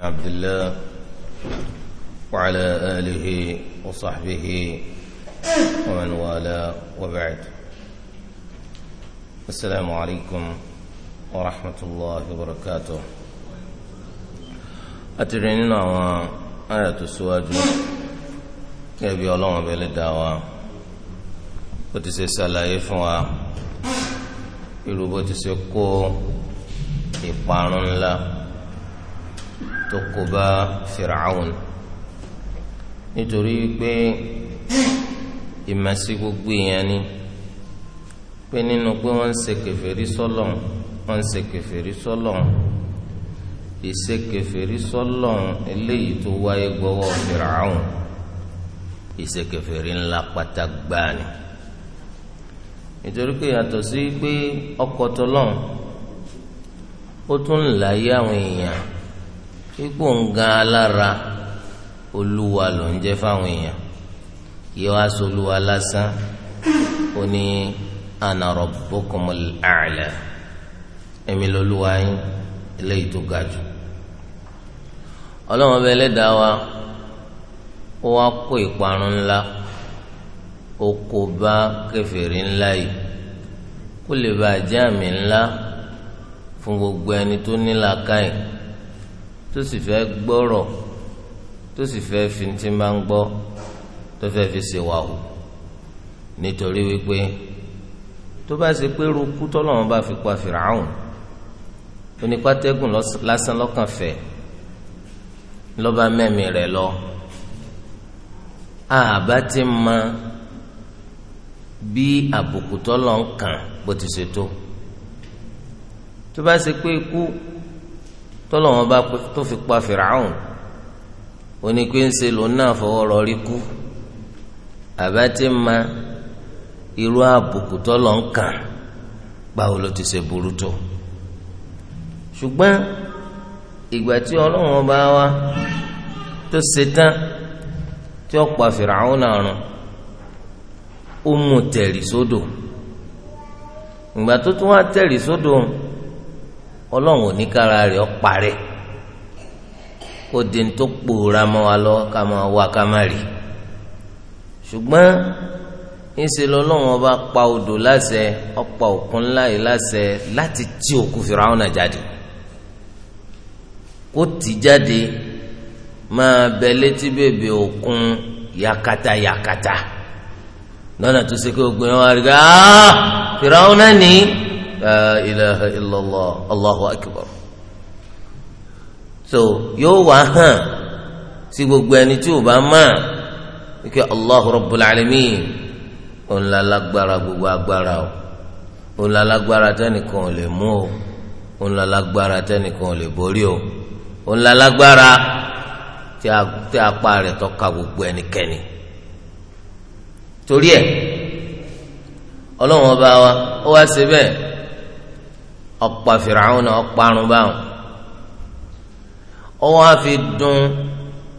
بن عبد الله وعلى آله وصحبه ومن والاه وبعد السلام عليكم ورحمة الله وبركاته أتريننا آية السواج كيبي الله بين الدعوة يفوى irú bó ti ṣe kó tó kó bá fìràwọn nítorí pé ìmọ̀sí gbogbo èèyàn ni pé nínú pé wọ́n ń ṣe kèfèrí sọ́lọ̀ wọ́n ń ṣe kèfèrí sọ́lọ̀ ìṣe kèfèrí sọ́lọ̀ eléyìí tó wáyé gbọ́wọ́ fìràwọn ìṣe kèfèrí ńlá pátá gbáà ni nítorí pé yàtọ̀ sí pé ọkọ̀ tọ́lọ́n ó tún ń láyé àwọn èèyàn pípò ń gan alára olúwa ló ń jẹ́ fáwọn èèyàn yìí wá sọlúwa lásán ó ana rabbukumul a'la èmi lolúwa yín eléyìí tó ga jù ọlọ́wọ́n bẹ wa ó wá kó ìparun ńlá ó kó bá kèfèrí ńlá yìí kó lè bàa àmì ńlá fún gbogbo ẹni tó ní làákàyè. tó sì fẹ́ gbọ́rọ̀ tó sì fẹ́ fi ti máa ń gbọ́ tó fẹ́ fi ṣe wà o nítorí wípé tó bá ṣe pé rúkú tọ́lọ́run bá fi pa fìràhùn onípàtẹ́gùn lásán lọ́kàn fẹ́ lọ́ba mẹ́mi rẹ̀ lọ àbá ti mọ bí àbùkù tọ́lọ́run kàn bó ti ṣe tó tó bá ṣe pé ikú tọ́lọ́wọ́n bá tó fi pa fìràhùn onípe ń ṣe lòun náà fọwọ́ rọrí kú àbá ti ma irú àbùkù tọ́lọ̀ ń kàn báwo ló ti ṣe burú tó ṣùgbọ́n ìgbà tí ọlọ́run bá wá tó ṣe tán tí ó pa fìràhùn náà rùn ó mú tẹ̀rì sódò ìgbà tó tún wá tẹ̀rì sódò. So ọlọ́run ò ní kára rẹ̀ ọ́ parẹ́ kó di ní tó kpòòrà mọ́ wa lọ ká máa wá ká má rí ṣùgbọ́n ńṣe lọ́lọ́run ọba pa odò láṣẹ ọ̀pá òkun ńlá láṣẹ láti tí òkú Fìráúnà jáde kó tì jáde máa bẹ létí bèbè òkun yakata yakata lọ́nà tó ṣe kí ogun yẹn wá rí ká Fìráúnà nìí la ilaha illallah allahu akbar so yóò wá hàn sí gbogbo ẹni tí o bá mọ̀ wípé allahu rabbul alamin òun la lágbára gbogbo agbára o òun la lágbára tẹnìkan ò lè mú o òun la lágbára tẹnìkan ò lè borí o òun la lágbára tí apá rẹ̀ tọ́ka gbogbo ẹnikẹ́ni torí ẹ̀ ọlọ́run ọba wa ó wá ṣe bẹ́ẹ̀ ọ̀pá fìràwọn ọ̀parun báwọn ó wá fi dùn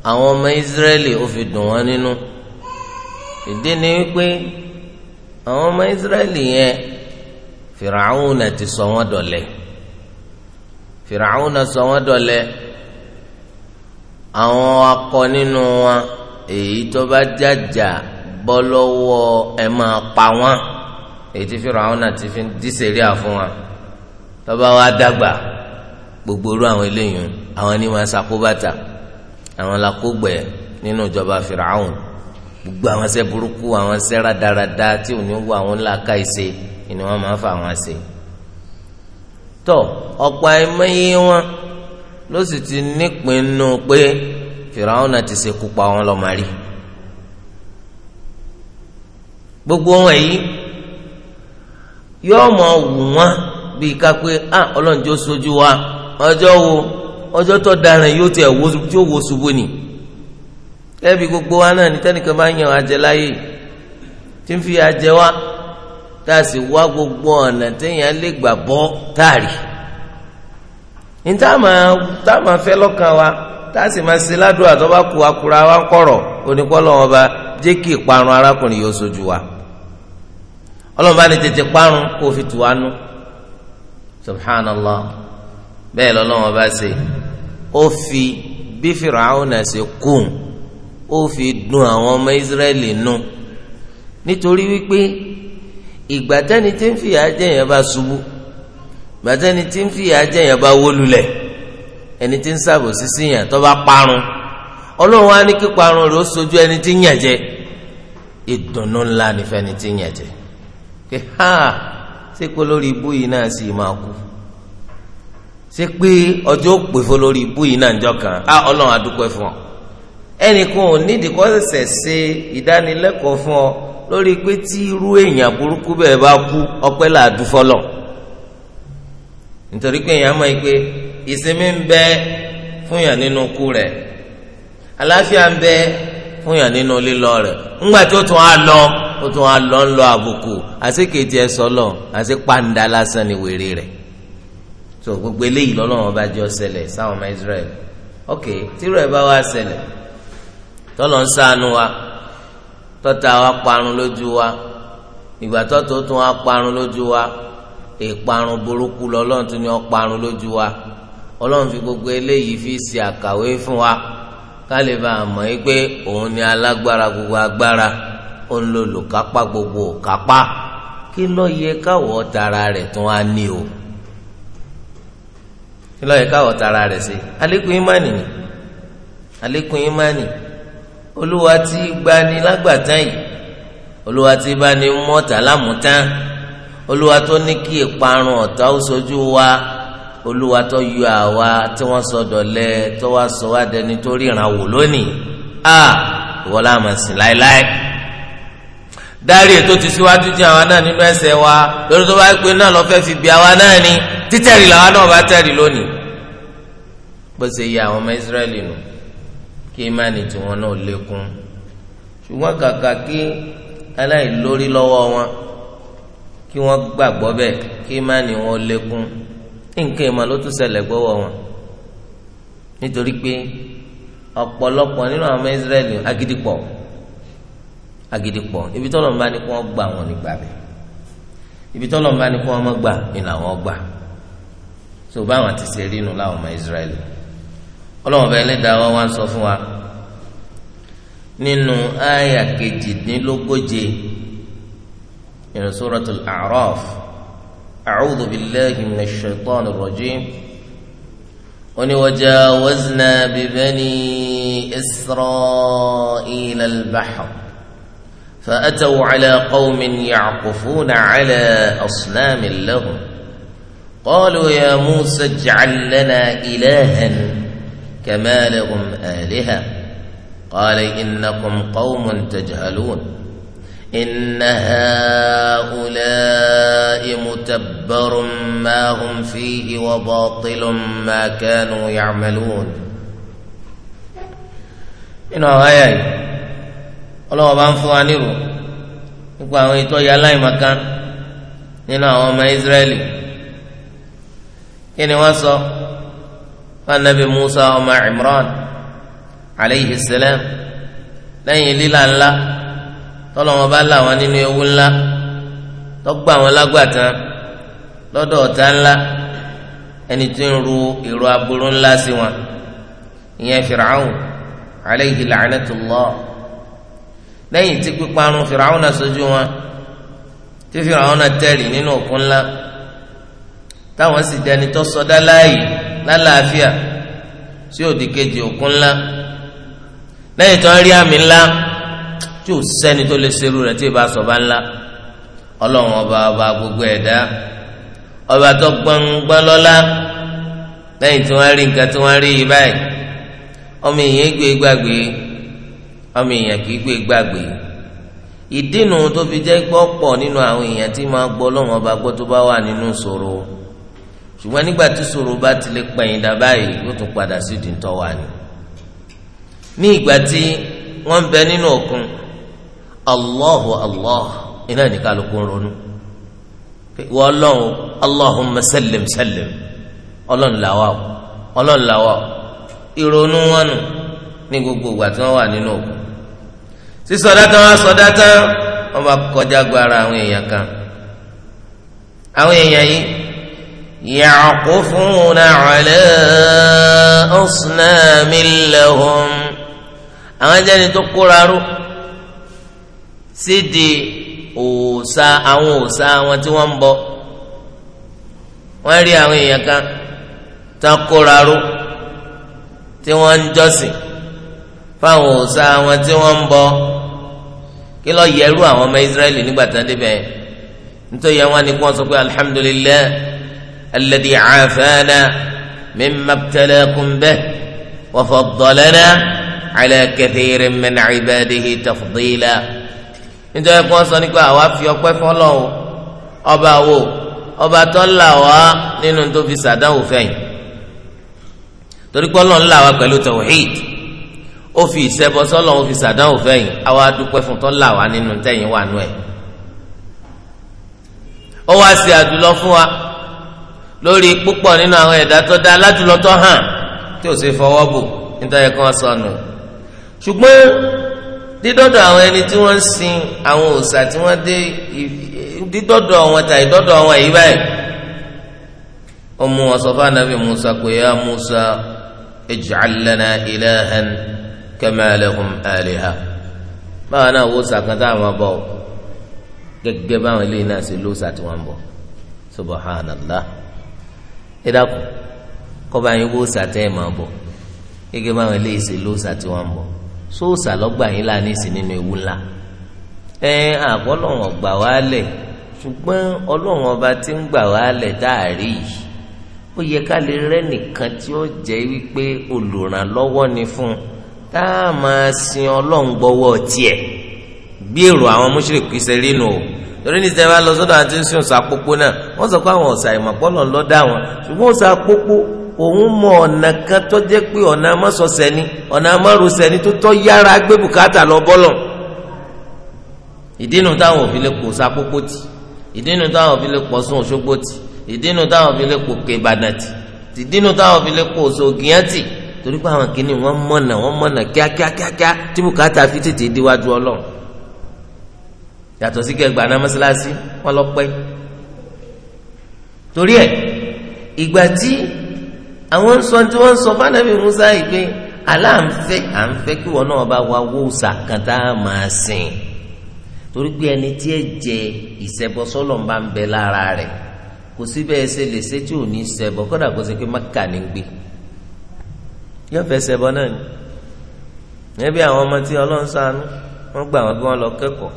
àwọn ọmọ Ísírẹ́lì ó fi dùn wọ́n nínú ìdí ni wípé àwọn ọmọ Ísírẹ́lì yẹn fìràwọn ti sọ wọ́n dọ̀lẹ fìràwọn sọ wọ́n dọ̀lẹ àwọn akọ nínú wọn èyí tó bá jàjà bọ́ lọ́wọ́ ẹ máa pa wọ́n èyí tí fìràwọn ti fi ń dísèrè wọn tọ́ba wa dàgbà gbogbo irú àwọn eléyìí àwọn ni wọ́n ṣàkóbàtà àwọn làkógbẹ̀ nínú ìjọba fìràhùn gbogbo àwọn ṣẹ́ burúkú àwọn ṣẹ́ rádaràda tí ò ní wọ àwọn ńlá ká ìṣe ni wọ́n máa fà wọ́n ṣe. tọ́ ọ̀pọ̀ àìmọye wọn ló sì ti nípinnu pé fìràhùn náà ti ṣekú pa wọn lọ́ọ́ rí gbogbo wọn yìí yóò mọ wù wọn. bíi ká pé ah ọlọ́run jọ sojú wa ọjọ́ wo ọjọ́ tó yóò tẹ̀ yóò wo ni gbogbo wa náà ní tẹ́nìkan bá yàn àjẹ láyé tí ń fi àjẹ wa tá a sì wá gbogbo ọ̀nà téèyàn lè gbà bọ́ táàrí ní tá fẹ́ lọ́kàn wa tá a sì máa ṣe ládùúgbò akura wa ń kọ̀rọ̀ yóò sojú wa ọlọ́run subhanallah bẹ́ẹ̀ lọ́lọ́wọ́n bá ṣe ó fi bí fìràwọ́nà ṣe kùn ó fi dùn àwọn ọmọ Ísírẹ́lì nù nítorí wípé ìgbà tẹ́ni tí ń fìyà jẹ yẹn bá ṣubú ìgbà tẹ́ni tí ń fìyà jẹ yẹn bá wó lulẹ̀ ẹni tí ń ṣàbò sísí yẹn tó bá parun ọlọ́run á ní kí parun rẹ̀ ó sojú ẹni tí ń yàn jẹ ìdùnnú ńlá nífẹ̀ẹ́ ni tí ń yàn jẹ ṣé pé lórí ibú yìí náà sì máa kú ṣé pé ọjọ́ òpè fún lórí ibú yìí náà jọ kàn ah, á ọlọ́run àdúpẹ́ fún ọ ẹnìkan ò nídìí kó ṣẹ̀ṣẹ̀ ṣe ìdánilẹ́kọ̀ọ́ fún ọ lórí pé tí irú èèyàn burúkú bẹ́ẹ̀ bá kú ọpẹ́ làádú fọlọ́ nítorí pé èèyàn mọ̀ pé ìsinmi ń bẹ fún yàn nínú kú rẹ̀ àlàáfíà ń bẹ fún yàn nínú lílọ rẹ̀ ńgbà tó tún á lọ ó tún wá lọ ń lọ àbùkù àṣekèjì ẹ sọlọ àṣe pàǹdà lásán ni wèrè rẹ tó gbogbo eléyìí lọ́lọ́wọ́n bá jọ ṣẹlẹ̀ sáwọn ọmọ Israẹli ok tírọ̀ ẹ bá wá ṣẹlẹ̀ tọ́lọ̀ ń ṣàánú wa tọ́ta wa parun lójú wa ìgbà tọ́tò tún wa parun lójú wa ìparun burúkú lọ́lọ́run tún ni wọ́n parun lójú wa ọlọ́run fi gbogbo eléyìí fi ṣe àkàwé fún wa ká lè bá a mọ̀ yí pé òun ni alágbára gbogbo agbára olólùkápá gbogbo òkápá kí ló yẹ káwọ tara rẹ̀ tún á ní o kí ló yẹ káwọ tara rẹ̀ sí àlékún ìmánì ni àlékún ìmánì olúwa ti gbani lágbàtàn yìí olúwa ti bá ní mọ́tà lámùtán olúwa tó ní kí ìparun ọ̀tá ó sojú wa olúwa tó yọ àwa tí wọ́n sọ dọ̀lẹ́ tó wá sọ wá dẹni tó ríran wò lónìí a ìwọ láàmú sí láéláé dárí ètò ti síwájú jẹ àwa náà nínú ẹ̀ṣẹ̀ wa lórí tó bá pé náà lọ fẹ́ fi bí àwa náà ni títẹ̀rì làwa náà bá tẹ̀rì lónìí bó ṣe yẹ àwọn ọmọ Ísírẹ́lì nù kí imáni tiwọn náà lékún ṣùgbọ́n kàkà kí aláìlórí lọ́wọ́ wọn kí wọ́n gbàgbọ́ bẹ́ẹ̀ kí imáni wọn lékún nǹkan ìmọ̀ ló tún ṣẹlẹ̀ gbọ́wọ́ wọn nítorí pé ọ̀pọ̀lọpọ̀ nínú àwọn ọmọ Ísírẹ́lì agídí agidi pọ̀ ibi tọ́lọ̀ ń bá ní kí wọ́n gbà wọn nígbà bẹ́ẹ̀ ibi tọ́lọ̀ ń bá ní kí wọ́n mọ́ gbà ni làwọn gbà so báwọn ti ṣe rí inú láwọn ọmọ Israẹli ọlọ́wọ́n bẹ́ẹ̀ lẹ́dàá wọn wá sọ fún wa nínú àyà kejìdínlógóje nínú suratul A'raf a'udhu billahi minash shaitanir rajim oni wajawazna bibani isra'ila al فأتوا على قوم يعقفون على أصنام لهم قالوا يا موسى اجعل لنا إلها كما لهم آلهة قال إنكم قوم تجهلون إن هؤلاء متبر ما هم فيه وباطل ما كانوا يعملون إنه آيات ọlọ́wọ́ bá ń fún wa nírò nípa àwọn ètò ọ̀yà aláìmọ̀kan nínú àwọn ọmọ Israẹli kí ni wọ́n sọ wọn nàbí Musa ọmọ Imran aleyhi salam lẹ́yìn líla ńlá tọ́lọ́wọ́n bá là wọn nínú ewu ńlá tọ́gbà wọn lágbàtàn lọ́dọ̀ ọ̀tá ńlá ẹni tí ń ru èrò aburú ńlá sí wọn ìyẹn Fir'aun aleyhi la'anatullah. lẹ́yìn tí píparun fìràwọn náà sojú wọn tí fìràwọn n'inu tẹ̀rì nínú òkun ńlá táwọn sì dẹni tó sọdá láàyè lálàáfíà sí òdìkejì òkun ńlá lẹ́yìn tó ń rí àmì ńlá tí ò sẹ́ni tó lè ṣerú rẹ̀ tí ì bá sọ̀bá ńlá ọba ọba gbogbo ẹ̀dá ọba tó gbọ̀ngbọ̀n lọ́lá lẹ́yìn tí wọ́n rí nǹkan tí wọ́n rí yìí báyìí ọmọ gbé gbàgbé. ọmọ èèyàn kì í gbé gbàgbé ìdínú tó fi jẹ́ pé ọ̀pọ̀ nínú àwọn èèyàn tí máa gbọ́ lọ́wọ́n bá gbọ́ tó bá wà nínú ṣòro ṣùgbọ́n nígbà tí ṣòro bá ti lè pẹ̀yìn dà báyìí yóò tún padà sí ìdíntọ́ wa ni. ní ìgbà tí wọ́n ń bẹ nínú òkun allahu allah iná ní kálukú ronú wọ́n lọ́hùn allahumma sallim sallim ọlọ́run làwa ọlọ́run làwa ìrònú wọn nù ní gbogbo ìgbà tí wọ́n wà nínú òkun sísọdá tán wá sọdá tán wọn bá kọjá gbára àwọn èèyàn kan àwọn èèyàn yìí ya'qufuna ala asnamin lahum àwọn jẹ́ni tó kóra ró sídi òòṣà àwọn òòṣà wọn tí wọ́n ń bọ wọ́n rí àwọn èèyàn kan tán kóra ró tí wọ́n ń jọ́sìn fáwọn òòṣà wọn tí wọ́n ń bọ kí ló yẹ irú àwọn ọmọ israẹli nígbà tí wọn débẹ̀ nítorí àwọn ni kí wọn sọ pé alhamdulilayi alladhi caafana mimma btalakum bih wa faddalana ala kathirin min ibadihi tafdila nítorí kí wọn sọ ní pé àwa fi ọpẹ́ fọ́lọ́run ọba wo ọba tó ń là nínú tó fi sàdánwò fẹ̀yìn torí pé Ọlọ́run là wá pẹ̀lú tawhid. ó fi ìṣẹ́bọ sọ́lọ́ ó fi sàdánwò fẹ́yìn àwa dúpẹ́ fún tó là wá nínú tẹ̀yìn wà nú ẹ̀. ó wá sí àdúlọ fún wa lórí púpọ̀ nínú àwọn ẹ̀dá tó dá alájùlọ tó hàn tí ò sì fọwọ́ bò nítorí kan sọnù. ṣùgbọ́n dídọ́dọ̀ àwọn ẹni tí wọ́n ń sin àwọn òòṣà tí wọ́n dé dídọ́dọ̀ wọn tàbí dọ́dọ̀ wọn èyí báyìí. ó mú wọn sọ fún anabi Musa pé ya Musa ij'al lana ilahan. kama lahum aliha báwa náà wó sàkán táwọn bọ̀ gẹ́gẹ́ báwọn eléyìí náà ṣe ló sà tí wọ́n bọ̀ subhanallah kọba yín wó sà tẹ́ máa bọ gẹ́gẹ́ báwọn eléyìí ṣe ló sà wọn bọ. sóòsà lọ́gbà yín láàánú ìsìn ewu ńlá ẹ ọba ti ń gbà dáàrí yìí ó yẹ ká lè nìkan tí ó tá a máa sin ọlọ́run gbọ́wọ́ tiẹ̀ bí àwọn mùsùlùmí ṣe rí nù o torí ní sẹ́wá lọ sọ́dọ̀ àti sùn ṣàpópó náà wọ́n sọ pé àwọn ọ̀sà ìmọ̀pọ̀ lọ́n lọ́ dá wọn ṣùgbọ́n ṣàpópó òun mọ ọ̀nà kan tó jẹ́ pé ọ̀nà amọ́sọ̀sẹ̀ ni ọ̀nà amọ́rùsẹ̀ ni tó tọ́ yára gbé bùkátà lọ bọ́lọ̀ ìdínú táwọn òfin lè pò ṣàpópó tì ìdínú táwọn òfin lè pọ̀ sún Òṣogbo tì ìdínú táwọn òfin lè pò kébàdàn tì ìdínú táwọn òfin lè torí pé àwọn kìíní wọn mọ̀nà wọn mọ̀nà kíákíákíá tí bùkátà fi tètè déwájú ọlọ́run yàtọ̀ sí kẹgbà náà mọ́sálásí wọn lọ pẹ́ torí ẹ̀ ìgbà tí àwọn ń sọ tí wọ́n ń sọ fánàbí Musa yìí pé aláǹfẹ́ àǹfẹ́ kí wọn náà bá wá wó sàkàtà máa sìn torí pé ẹni tí ẹ jẹ ìṣẹ́bọsọ́lọ̀ ń bá ń bẹ lára rẹ̀ kò síbẹ̀ ẹsẹ̀ lè ṣe tí ò ní ṣẹbọ kódà kó ṣe pé Mákà ní gbé yóò fẹsẹ̀ bọ́ náà ni níbi àwọn ọmọ tí ọlọ́run ṣàánú wọ́n gbà wọ́n bí wọ́n lọ kẹ́kọ̀ọ́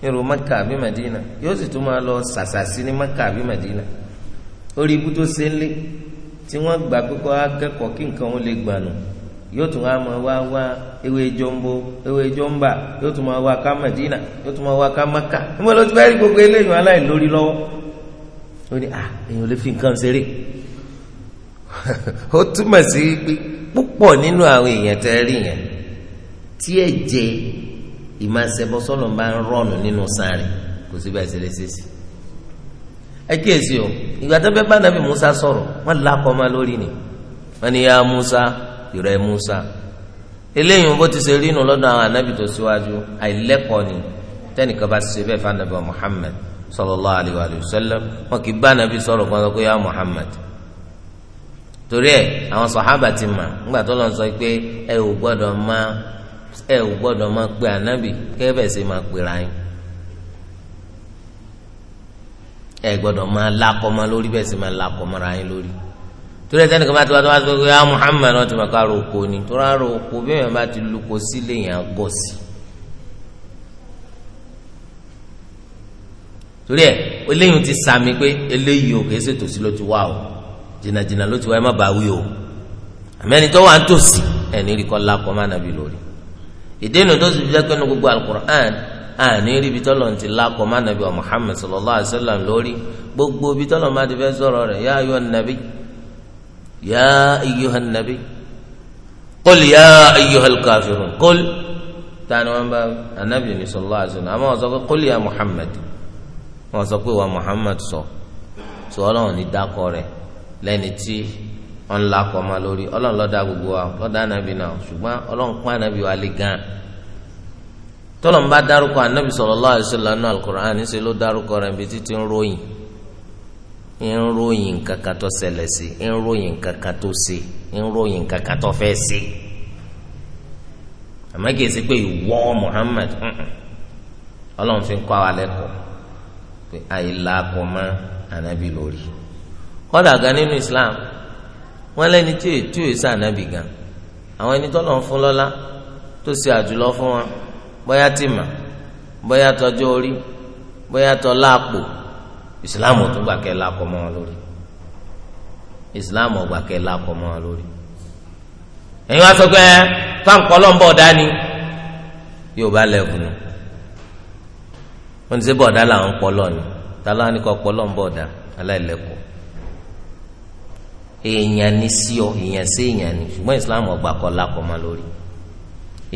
nírú maka àbí madina yóò sì tún máa lọ sàṣàṣì ní maka àbí madina orí ibú tó ṣe ń lé tí wọ́n gbà pípọ́ akẹ́kọ̀ọ́ kí nǹkan wọn lè gbànú yóò tún wá máa wá wá ewé jọmbo ewé jọmba yóò tún máa wá ká madina yóò tún máa wá ká maka níbo ló ti bá rí gbogbo eléyìí aláìlórí lọ́wọ́ ó ní à èèyàn lè fi nǹkan ṣeré ó túmọ̀ sí pé púpọ̀ nínú àwọn èèyàn tẹ́ rí yẹn tí ẹ̀jẹ̀ ìmọ̀sẹ̀bọ sọ́nà bá ń rọ̀nù nínú sáré kò sí bẹ́ẹ̀ ṣẹlẹ̀ ṣèṣì. ẹ kíyèsí o ìgbà tó bẹ́ẹ̀ bá nàbì Musa sọ̀rọ̀ wọ́n lakọ́ ọmọ lórí ni wọ́n ní ya Musa ìrẹ́ Musa eléyìí bó ti ṣe rí inú lọ́dọ̀ àwọn anábì tó síwájú àìlẹ́kọ̀ọ́ ni tẹ́nìkan bá ṣe bẹ́ẹ̀ fún anábì Muhammad sallallahu alayhi wa sallam wọn kì í bá anábì sọ̀rọ̀ kan ya Muhammad torí ẹ àwọn sọhábà ti mà ńgbà tó lọ sọ pé ẹ ò gbọ́dọ̀ máa ẹ ò gbọ́dọ̀ máa pe kẹfẹ yín ẹ lakọ lórí lakọ yín lórí torí ẹ sẹni kan bá ti wá tó wá sọ Muhammad náà ti ká roko ni tó rà roko bí bá ti luko ah, sí. torí jìnnàjìnnà ló ti wá ẹ má bàa wí o àmẹ́ni tó wà ń tòsí ẹ̀ ní rí kọ́ lakọ́ má nàbí lórí ìdénú tó sì fi jẹ́ pé ní gbogbo alukur'an àní rí ibi tọ́lọ̀ ti lakọ̀ má nàbí wa muhammed sallallahu alayhi wa sallam lórí gbogbo ibi tọ́lọ̀ má ti fẹ́ sọ̀rọ̀ rẹ̀ yá ayọ́ nàbí yá ayọ́ nàbí kol yá ayọ́ kàfírùn kol tani wọn bá anabi ni sallallahu alayhi wa sallam àmọ́ wọn sọ pé kol lẹni tí ọ̀nla kọma ma lórí ọlọ́run ló dá gbogbo wa ló anabi náà ṣùgbọ́n ọlọ́run pọ́n anabi wa lé gan tọ́lọ́n bá dárúkọ anabi sallallahu alaihi wasallam al-Qur'an ló dárúkọ rẹ̀ bí títí ń ròyìn ń ròyìn kankan tó ṣẹlẹ̀ sí ń ròyìn kankan tó ṣe ń ròyìn kankan tó Muhammad fi ń pé anabi lórí. kọ́dà gan nínú islam wọ́n lẹ́ni tí ètò èsì ànábì gan àwọn ẹni tọ́lọ̀ ń fún lọ́lá tó ṣe àjùlọ fún wọn bóyá tìmà bóyá tọjọ́ orí bóyá tọ́ láàpò islam ò tún gbà kẹ́ láàpọ̀ mọ́ wọn lórí islam ò gbà kẹ́ láàpọ̀ mọ́ wọn lórí ẹ̀yin wá sọ pé fáǹkọ́ lọ́nbọ̀ dání yóò bá lẹ́kùn ní wọ́n ti ṣe bọ̀dá làwọn pọ̀ lọ́ni tálá ní kọ́ pọ̀ lọ́nbọ̀ dá aláìlẹ́kọ̀ọ́. èèyàn ni sí ọ èèyàn sí èèyàn ni ṣùgbọ́n islam ọgbà kọ́ lakọ̀ ma lórí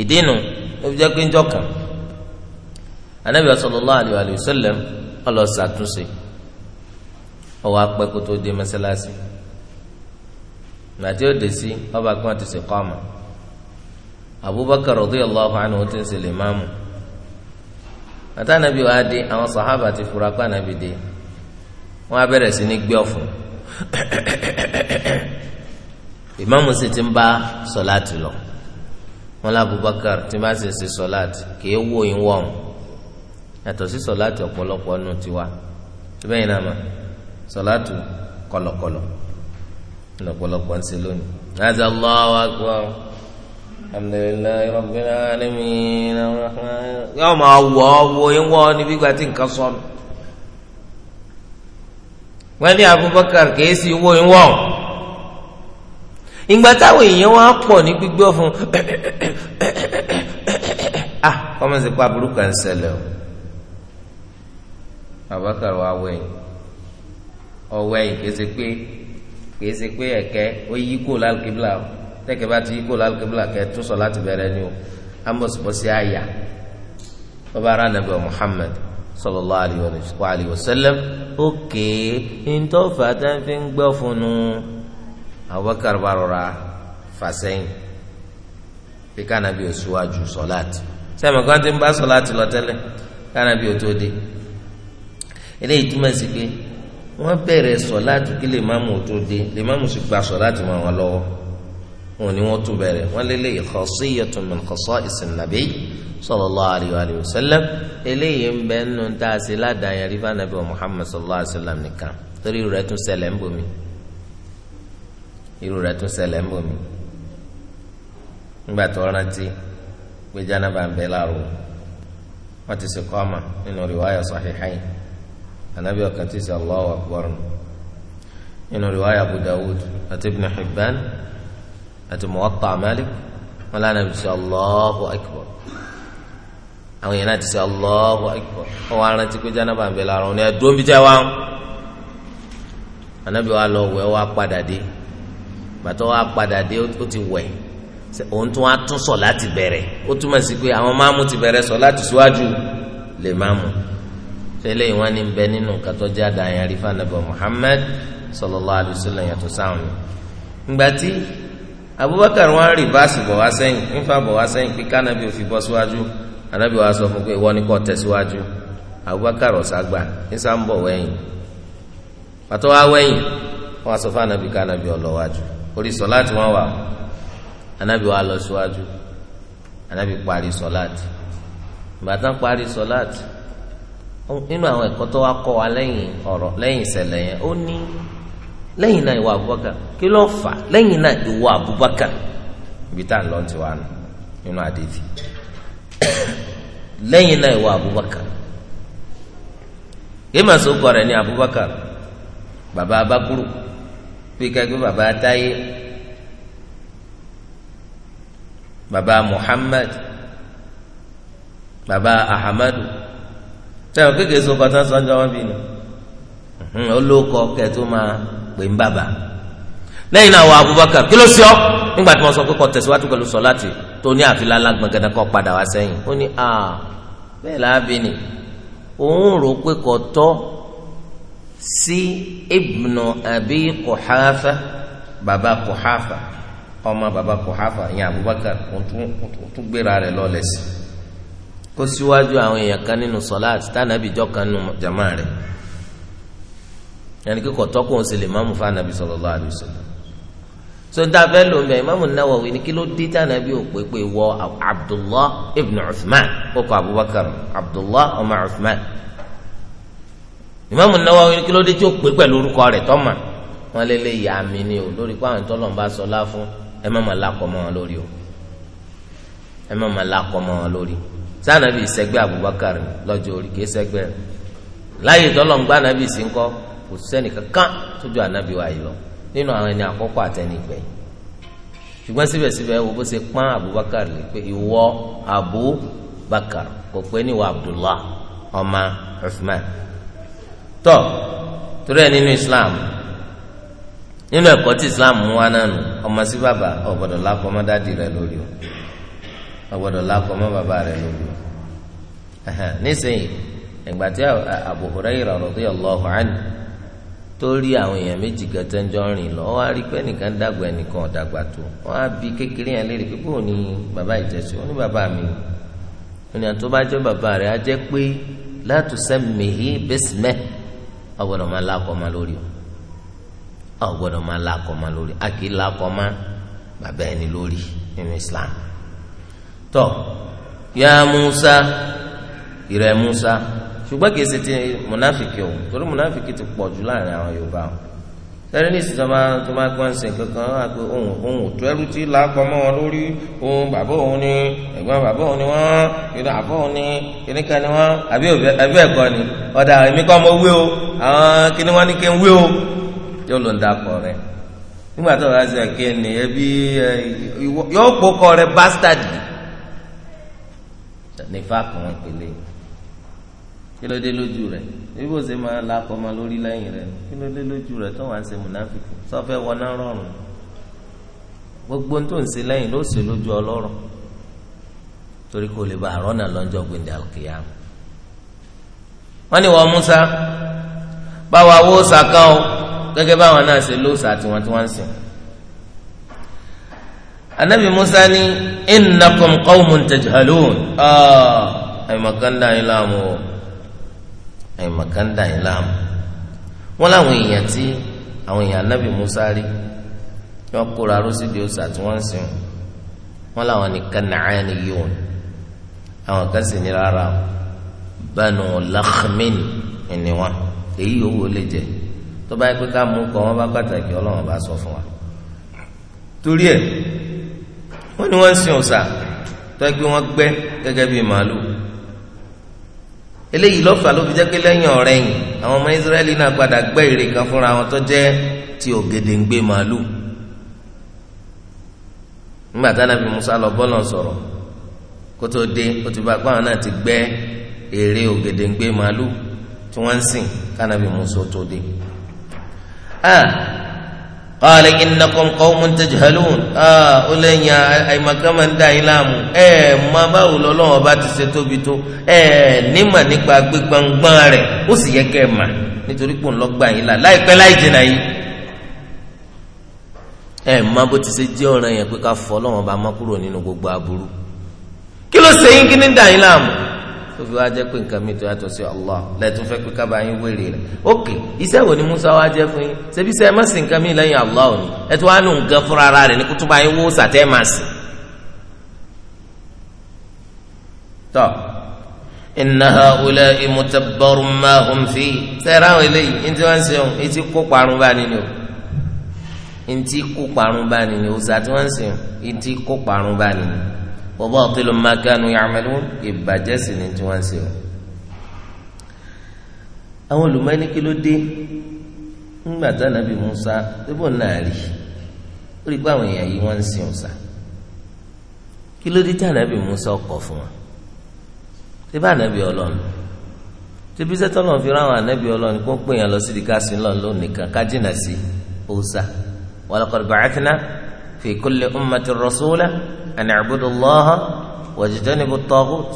ìdínú ó pé ń jọkàn anabi sallallahu aliyu aliyu sallam ọlọ ṣàtúnṣe ọwọ́ apẹ́ dé mẹ́sálásí nàti ó sí ọba kí abubakar anhu ti ń lè nàtà anabi dé àwọn sàhábà ti fura pé anabi dé ìmáàmù sì ti ń bá sọláàtì lọ wọn lá Abubakar tí bá sì ṣe sọláàtì kìí wò yín wọ̀ ọ́n yàtọ̀ sí sọláàtì ọ̀pọ̀lọpọ̀ nù tiwa síbẹ̀ yìí náà mà sọláàtì kọlọkọlọ lọ́pọ̀lọpọ̀ ń ṣe lónìí. láti Allahu akbar alhamdulilayi rabbil alamin yọọ máa wọ ọ wo yín wọ ọ níbi gbàtí nǹkan sọnù wọ́n ní Abubakar kèésì wo ìwọ ìgbà táwọn èèyàn wá pọ̀ ní gbígbọ́ fún ah kọ́mọ̀ sí pa burúkú à ń ṣẹlẹ̀ o Abubakar wà wẹ̀yìn ọwọ́ ẹ̀yìn kèése pé kèése pé ẹ̀kẹ́ ó yí kó lálùkébìlà o tẹ́kẹ̀ bá ti yí kó lálùkébìlà kẹ́ tó sọ láti bẹ̀rẹ̀ ni o amọ̀sibọ́sí àyà ọba ara nàbẹ̀ Muhammad sallallahu alayhi wa sallam òkè ntọ́fà tá a fi ń gbọ́ fún un Abubakar bá rọra fà sẹ́yìn bí kànábì ò síwájú sọláàtì sẹ́mi kan ti ń bá sọláàtì lọ tẹ́lẹ̀ kànábì ò tó dé eléyìí túmọ̀ sí pé wọ́n bẹ̀rẹ̀ sọláàtì kí lè má mú ò tó lè má mú sì gba sọláàtì mọ́ wọn lọ́wọ́ wọn ni wọ́n tún bẹ̀rẹ̀ wọ́n lélẹ́yìí khasiyyatun min khasa'is an-nabi sallallahu alayhi wa sallam eléyìí ń bẹ nínú tá a ṣe ládàáyàn rí fanabi wa muhammad sallallahu alayhi wa sallam nìkan torí irú rẹ̀ tún ṣẹlẹ̀ ń bomi irú rẹ̀ tún ṣẹlẹ̀ ń bomi nígbà tó rántí pé jánaba ń bẹ láàrú wọn ti sèkọ́ ọmọ nínú riwaya sahihayn anabi ọkàn ti sẹ allahu akbar nínú riwaya abu dawud àti ibn hibban àti muwatta malik wọn lánàá bi sẹ allahu àwọn yẹn náà ti sẹ Allahu Akbar wọn wá rántí pé jánábà ń bẹ lára wọn ni ẹdùn bí jẹ wá ń anabi wa lọ wẹ wa padà dé bàtọ wa padà dé ó ti wẹ òun tún wa tún sọ láti bẹ̀rẹ̀ ó túmọ̀ sí pé àwọn máàmù ti bẹ̀rẹ̀ sọ láti síwájú lè máàmù tẹ́lẹ̀ ìwọ́n ní bẹ nínú kàtọ́jú àdáyà rífà nàbẹ̀ Muhammad sallallahu alaihi wasallam yàtọ̀ sáwọn ni. ngbàtí Abubakar wọn rìvásì bọ̀ wá sẹ́yìn nfa bọ̀ wá sẹ́yìn pé kánàbí ò fi bọ́ síwájú anabi wa sọ fún pé ìwọ ni kò tẹ̀síwájú abubakar ọ̀sàgbà nísà ń bọ̀ wẹ̀yìn pàtó wa wẹ̀yìn wọn sọ fún anabi ká anabi ọlọ́wájú orí sọláàtì wọn wà anabi wa lọ síwájú anabi parí sọláàtì ìbátan parí sọláàtì nínú àwọn ẹ̀kọ́ tó wá kọ́ wa lẹ́yìn ọ̀rọ̀ lẹ́yìn ìṣẹ̀lẹ̀ yẹn ó ní lẹ́yìn náà ìwà abubakar kí ló fà lẹ́yìn náà ìwà abubakar ibi tá à ń lọ ti wà nù nínú àdéhìí. lẹ́yìn náà Abubakar yéèmà sókò rẹ̀ ni Abubakar baba abakuru baba baba Muhammad baba Ahamadu sẹ́wọ̀n kékeré sọ́njọ́ wọn bí olóko máa pè ń lẹ́yìn náà Abubakar kí ló sọ nígbà tí wọ́n sọ pé tẹ̀síwájú pẹ̀lú sọ láti bẹ́ẹ̀ láàbì ni òun rò pé kò tọ́ sí abi kuhafa baba kuhafa ọmọ baba kuhafa ìyẹn abubakar tún gbéra rẹ̀ lọlẹ sí kó síwájú àwọn èèyàn kan nínú sọláàt tánàbì jọ kan nínú jama rẹ̀ yẹn ni kí sọdá fẹ lò mẹ imamu nawawi ni kí ló dé tànà bí òpè pé wọ abdullah ibn uthman ó kọ abubakar abdullah ọmọ uthman imamu nawawi ni kí ló dé tí ó pè pẹ̀lú orúkọ rẹ̀ tọ́mà wọn lé lé ìyá mi ni o lórí pé àwọn tọ́lọ̀ ń bá sọ lá fún ẹ má máa lakọ mọ́ wọn lórí o ẹ má wọn lórí sànà bí sẹgbẹ́ abubakar lọ́jọ́ orí kìí sẹgbẹ́ láyé tọ́lọ̀ ń gbá nàbí sí kò sẹ́nìkan tó ju ànábì wa yìí lọ. nínú àwọn ẹni àkọ́kọ́ àtẹnigbẹ́ ṣùgbọ́n síbẹ̀síbẹ̀ wo bó ṣe Abubakar lè pé ìwọ Abubakar kò pé níwọ Abdullah ọmọ Uthman tọ torí ẹ̀ nínú Islam nínú ẹ̀kọ́ tí Islam mú wa náà nù ọmọ sí bàbá ọ̀gbọ́dọ̀ lákọ́ mọ́ lórí o ọ̀gbọ́dọ̀ lákọ́ mọ́ bàbá rẹ̀ lórí o nísìnyí ìgbà tí Abu Hurairah tó rí àwọn èèyàn méjì gẹ̀tẹ́ ń jọ rìn lọ wọ́n á rí pé ẹnìkan dàgbà ẹnìkan ọ̀dàgbà tó wọ́n á bi kékeré yẹn léèrè pé bóò ni bàbá ìjẹsí ó ní bàbá mi ni ó ní àtọ́ bá jẹ́ bàbá rẹ̀ á jẹ́ pé látùsẹ́ mèhí bẹ́sìmẹ́ ọ̀gbọ́dọ̀ máa lákọ̀ máa lórí o ọ̀gbọ́dọ̀ máa lákọ̀ máa lórí a kì í lákọ̀ máa bàbá ẹni lórí nínú Islam tó yá Musa ìrẹ̀ Musa ṣùgbọ́n kìí ṣe ti mùnáfìkì o torí mùnáfìkì ti pọ̀ jù láàrin àwọn yorùbá o sẹ́ni ní ìsìtọ́mà tó máa gbọ́n ṣe kankan á pé ohun ohun òtú ẹrú tí lápọ̀ mọ́ wọn lórí ohun bàbá òun ni ẹ̀gbọ́n bàbá òun ni wọ́n ìdá àbọ̀ òun ni kíníkan ni wọ́n àbí ẹ̀kọ́ ni ọ̀dà èmi kọ́ mo wé o àwọn kíní wọn ní kí n wé o yóò ló ń dakọ̀ rẹ̀ nígbà tó bá ṣe kí ni ẹbí yóò kó kọ́ rẹ̀ bastard nífà kan ìpele kí ló dé lójú rẹ̀ ebi bó ṣe máa la akọ ọmọ lórí lẹ́yìn rẹ̀ kí ló dé lójú rẹ̀ tó wàá ṣe múnáfíkì sọfẹ́ wọná rọrùn gbogbo tó ń ṣe lẹ́yìn ló ṣe lójú ọlọ́rọ̀ torí kò lè ba àrọ́nà lọ́jọ́ gbèndé àlùkìyà wọ́n ní wọ́n Musa báwa wó sàkán o gẹ́gẹ́ báwọn náà ṣe ló sà tiwọn tí wọ́n ń sìn anabi Musa ní innakum qawmun tajhalun ẹ̀ mọ̀kàndá yín láàmú o àyìnmọ̀kàndà yìí láàmú wọn láwọn èèyàn tí àwọn èèyàn anábì musa rí wọn kóra rọsídìí ọsà tí wọn sìn wọn láwọn ní kanaani yíwọn àwọn kan sì ní rárá banu lakhmin ni wọn èyí yòówó lè jẹ tó bá yẹ pé ká mú kọ wọn bá pàtàkì Ọlọ́run bá sọ fún wa torí ẹ wọn ni wọn sìn ọsà tó yẹ pé wọn gbẹ́ gẹ́gẹ́ bíi màálù eléyìí lọ́fà ló fi jẹ́ pé lẹ́yìn ọ̀rẹ́yìn àwọn ọmọ Ísírẹ́lì náà padà gbẹ́ ère kan fúnra wọn tó jẹ́ ti ògèdèǹgbè màálù nígbà tá nàbí Musa lọ bọ́lọ̀ sọ̀rọ̀ kó tó dé ó ti bá a pàwọn náà ti gbẹ́ ère ògèdèǹgbè màálù tí wọ́n ń sìn ká nàbí Musa tó dé. Ah! قال إنكم قوم تجهلون آه أولئك أي مكان من دا إلام إيه ما باو لولو بات ستوبيتو إيه نما نكبا بيكبان باري وسي يكيما نتوري كون لقبا إلا لا يكبا لا يجنعي إيه ما بو تسجي أولا يكبا فولو ما با ما نينو بو بابرو كيلو سيين كنين دا إلام tó fi wá jẹ́ pé nǹkan mi tó yàtọ̀ sí Allah lẹ́tún fẹ́ pé kábàá yín wéèrè rẹ̀ ok iṣẹ́ wo ni Musa wá jẹ́ fún yín ṣebí sẹ́ ẹ má sìn nǹkan mi lẹ́yìn Allah òní ẹ tó wá lò nǹkan fúnra ara rẹ̀ ní kó bá yín wó sàtẹ́ má sìn. tọ́ inna haula'i mutabbarun ma hum fi sẹ́ẹ̀rẹ́ àwọn eléyìí ní wọ́n ń ṣe òun etí kó parun bá nínú ntí kó parun bá nínú o sàtí wọ́n ń ṣe òun etí kó parun bá nínú wa batilun ma kanu ya'malun ìbàjẹ́ sì ni tí wọ́n ń ṣe o. àwọn olùmọ̀ẹ́ni kí ló dé ńgbà tá nàbì Musa débò náà rí ó rí pé àwọn èèyàn yìí wọ́n ń sin òòṣà kí ló dé tá nàbì Musa kọ̀ fún wọn ṣé bá nàbì Ọlọ́run tẹbi sẹtọ lọ fi ráwọn anabi Ọlọ́run kó pè yàn lọ sí di káàsì ńlọ lónìí kan kájínà sí òòṣà walaqad an a'budu Allaha wajtanibu at-taghut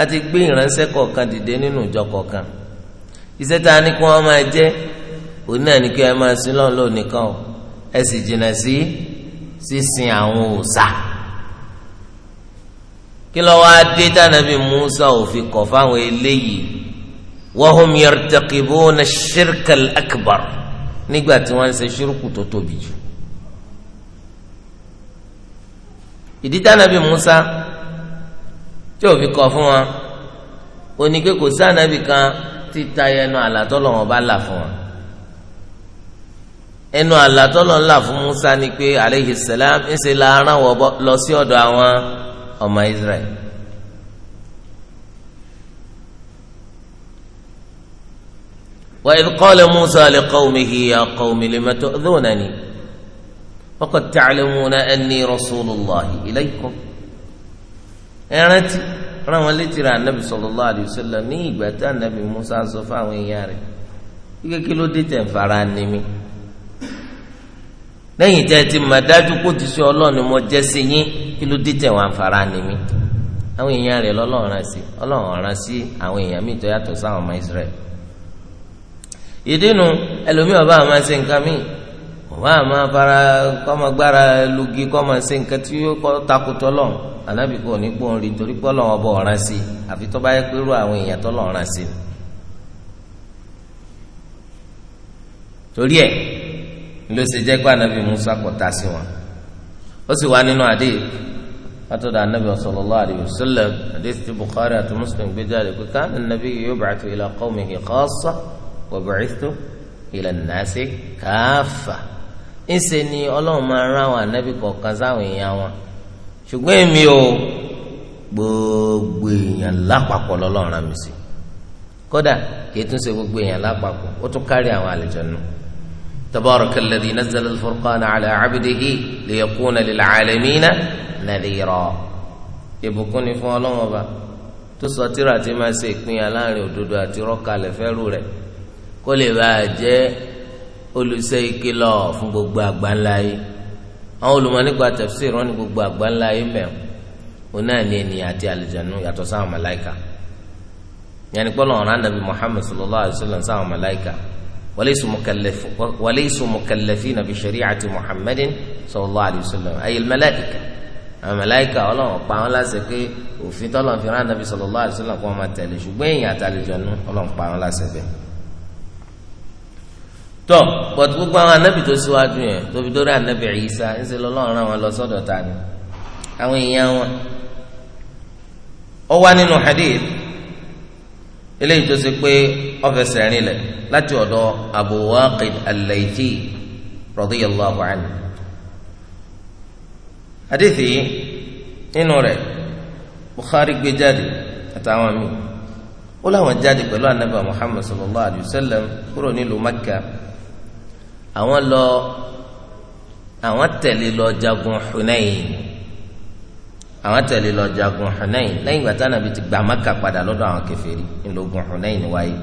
a ti gbé ìránṣẹ́ kọ̀ọ̀kan dìde nínú ìjọ kọ̀ọ̀kan iṣẹ́ tá a ní kí wọ́n máa jẹ́ òun náà ní kí wọ́n máa sin lọ́n lónìí kan o ẹ sì jìnnà sí sísìn àwọn òòṣà kí ló wá dé tànàbí Musa òfin kọ̀ fáwọn eléyìí wahum yartaqibuna ash-shirka al-akbar nígbà tí wọ́n ń ṣe ṣírùkù tó tóbi jù ìdí tánàbí Musa tí òfin kọ fún wọn òní pé kò sànàbí kan ti ta ẹnu àlàtọ́lọ̀ wọn bá là fún wọn ẹnu àlàtọ́lọ̀ ńlá fún Musa ni pé aleyhi salam ńṣe la rán wọ lọ sí ọ̀dọ̀ àwọn ọmọ Israel. وإذ قال موسى لقومه يا قوم لم تؤذونني وقد تعلمون أني رسول الله إليكم ẹrántí rán wọn létí ra anabi sallallahu alayhi wa sallam ní ìgbà tá anabi musa sọ fáwọn èèyàn rẹ̀ kíkẹ́ kí ló dé tẹ̀ ń fara ni mí. lẹ́yìn tẹ́ ẹ ti mà dájú kó ti ṣe ọlọ́ọ̀ni mo jẹ́ sí yín kí ló dé tẹ̀ wọ́n fara ni mí. àwọn èèyàn rẹ̀ lọ́lọ́run rán sí ọlọ́run rán sí àwọn èèyàn míì tó yàtọ̀ sáwọn ọmọ israẹl. ìdí nu ẹlòmíràn bá àwọn máa ń ṣe nǹkan míì wọn á máa fara kọ́mọ gbára lugi kọ́mọ ṣe nǹkan tí yóò kọ́ takùtọ̀ lọ́n anábì kò ní gbóhùn rí torí pé ọlọ́run ọba ọ̀ràn sí àfi tó bá yẹ pé irú àwọn èèyàn tó lọ́ọ́ ràn sí ni. torí ẹ̀ ló ṣe jẹ́ pé anábì Musa kò ta sí wọn ó sì wá nínú àdé látọ̀dọ̀ anábì sallallahu alayhi wa sallam àdé ti Bukhari àti Muslim gbé jáde pé ká anábì yub'athu ila qawmihi khassa wa bu'ithtu ila an-nasi kaffa ńṣe ni ọlọ́run máa rán àwọn ànábì kọ̀ọ̀kan sáwọn èèyàn wọn ṣùgbọ́n èmi o gbogbo èèyàn lápapọ̀ lọ́lọ́run rán mi sí kódà kì í tún ṣe gbogbo èèyàn lápapọ̀ ó tún kárí àwọn àlejò nù. تبارك الذي نزل الفرقان على عبده ليكون للعالمين نذيرا ìbùkún ni fún Ọlọ́run Ọba tó sọ tírà tí máa ṣe ìpínyà láàrin òdodo àti irọ́ fẹ́rù rẹ̀ kó lè bàa jẹ́ olùṣe ìkìlọ̀ fún gbogbo àgbáńlá yìí àwọn olùmọ̀ nípa tafsir wọn ní gbogbo àgbáńlá yìí mẹ́rin òun náà ní ènìyàn àti àlùjànnú yàtọ̀ sáwọn màláìka yẹnni pé lọ́wọ́n rán nàbí Muhammad sallallahu alayhi wa sallam sáwọn màláìka walaysu mukallafina bi shari'ati Muhammadin sallallahu alayhi sallallahu alayhi wa sallam kó wọn máa pa wọn láṣẹ tọ bọ̀t gbogbo àwọn anábì tó síwájú yẹn tóbi dórí anábì Ìsá ńṣe lọ́lọ́run rán wọn lọ sọ́dọ̀ ta ni àwọn èèyàn wọn. ó wá nínú hadith eléyìí tó ṣe pé ó fẹsẹ̀ rìn lẹ̀ láti ọ̀dọ̀ Abu Waqid al-Laythi radiyallahu anhu. hadith yìí nínú rẹ̀ Bukhari gbé jáde àtàwọn míì ó láwọn jáde pẹ̀lú anábì Muhammad sallallahu alayhi wa sallam kúrò nílùú Makkah àwọn lọ àwọn tẹ̀lé lọ jagun Hunain àwọn tẹ̀lé lọ jagun Hunain lẹ́yìn ìgbà táwọn àbí ti gba Maka padà lọ́dọ̀ àwọn kèfèrí ńlọgùn Hunain wáyé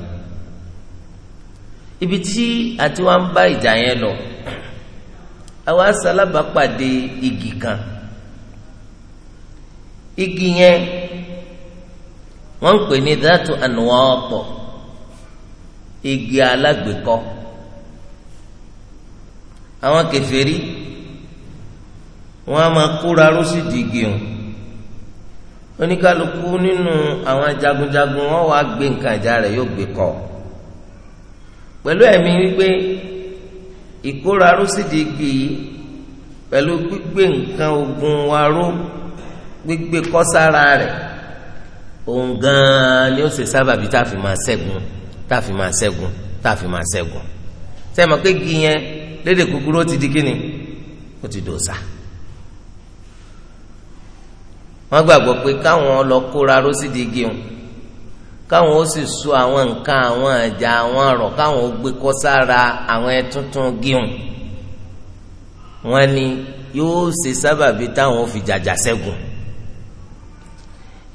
ibi tí àti wọn bá ìjà yẹn lọ àwọn asalábàápàdé igi kan igi yẹn wọ́n pè ní dátù ànúwọ́ ọ̀pọ̀ igi alágbèkọ́ àwọn kèfèrí wọn a máa kóra ló sì dìgì o oníkálukú nínú àwọn jagunjagun wọn wàá gbé nǹkan ìjà rẹ̀ yóò gbé kọ pẹ̀lú ẹ̀mí wípé ìkóra ló sì dìgì pẹ̀lú gbígbé nǹkan ogun wa ró gbígbé kọ sára rẹ̀ òun gan ni ó ṣe sábàbí tá a fi máa ṣẹ́gun tá a fi máa ṣẹ́gun tá a fi máa ṣẹ́gun sẹ́mi pé gi yẹn lédè kúkúrú ó ti di kíni ó ti dòòsà wọ́n gbàgbọ́ pé káwọn lọ kóra ró sí di gíun káwọn ó sì so àwọn nǹkan àwọn àjà àwọn ọ̀rọ̀ káwọn ó gbé kọ́ sára àwọn ẹtúntún gíun wọ́n ni yóò ṣe sábàbí táwọn ó fi jàjà ṣẹ́gun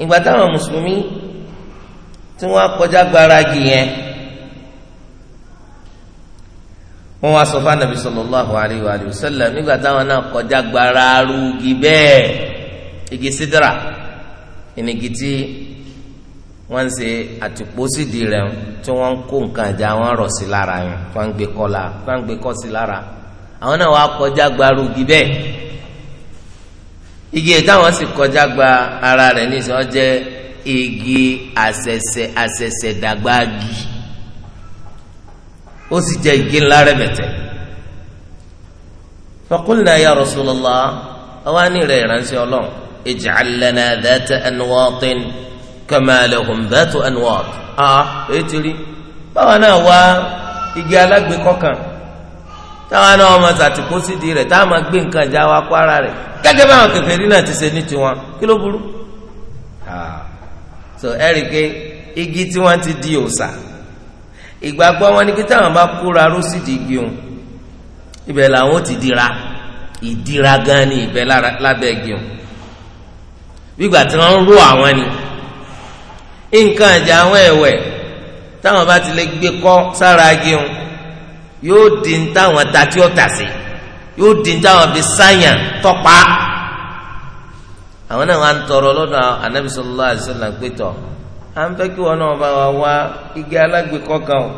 ìgbà táwọn mùsùlùmí tí wọ́n kọjá gbára gì yẹn. wọn wá sọ fún anabi sallallahu alayhi wa sallam nígbà táwọn náà kọjá gbara arugi bẹ́ẹ̀ igi sidra ìnìkì tí wọn ń ṣe àtìpó sídìí rẹ tí wọn ń kó nǹkan ìjà wọn rọ sí lára yẹn wọn ń gbé kọ la wọn ń gbé kọ sí lára àwọn náà wá kọjá gba arugi bẹ́ẹ̀ igi táwọn sì kọjá gba ara rẹ ní ìsọ jẹ igi àṣẹ̀ṣẹ̀ àṣẹ̀ṣẹ̀ dàgbà gi ó sì jẹ́ igi ńlá rẹ̀bẹ̀tẹ̀ faqulna ya Rasulullah àwa ní rẹ̀ ìránṣẹ́ ọlọ́run ij'al lana dhata anwatin kama lahum dhatu anwat ah èyí ti rí báwa náà wá igi alágbèékọ́ kan táwa náà ọmọ sàtìkó sídìí rẹ̀ táwa máa gbé nǹkan ìjà wa kó ara rẹ̀ gẹ́gẹ́ báwọn kèfèrí náà ti ṣe ní tiwọn kí ló burú so ẹ̀rí ke igi tí wọ́n ti di òòsà ìgbàgbọ́ wọn ni pé táwọn bá kóra ró di igi òun ibẹ̀ làwọn ó ti dira ìdira gan ni ibẹ̀ lábẹ́ igi òun gbígbà tí wọ́n ń ró àwọn ni nǹkan àjà àwọn ẹ̀wẹ̀ táwọn bá ti lè gbé kọ́ sára igi òun yóò di ní táwọn ta tí ó tà sí yóò di ní táwọn fi sáyàn tọ́pa àwọn náà wà ń tọrọ lọ́dọ̀ anabi sallallahu alaihi wasallam pé à ń fẹ́ kí wọn náà bá wa wá igi alágbèékọ́ kan o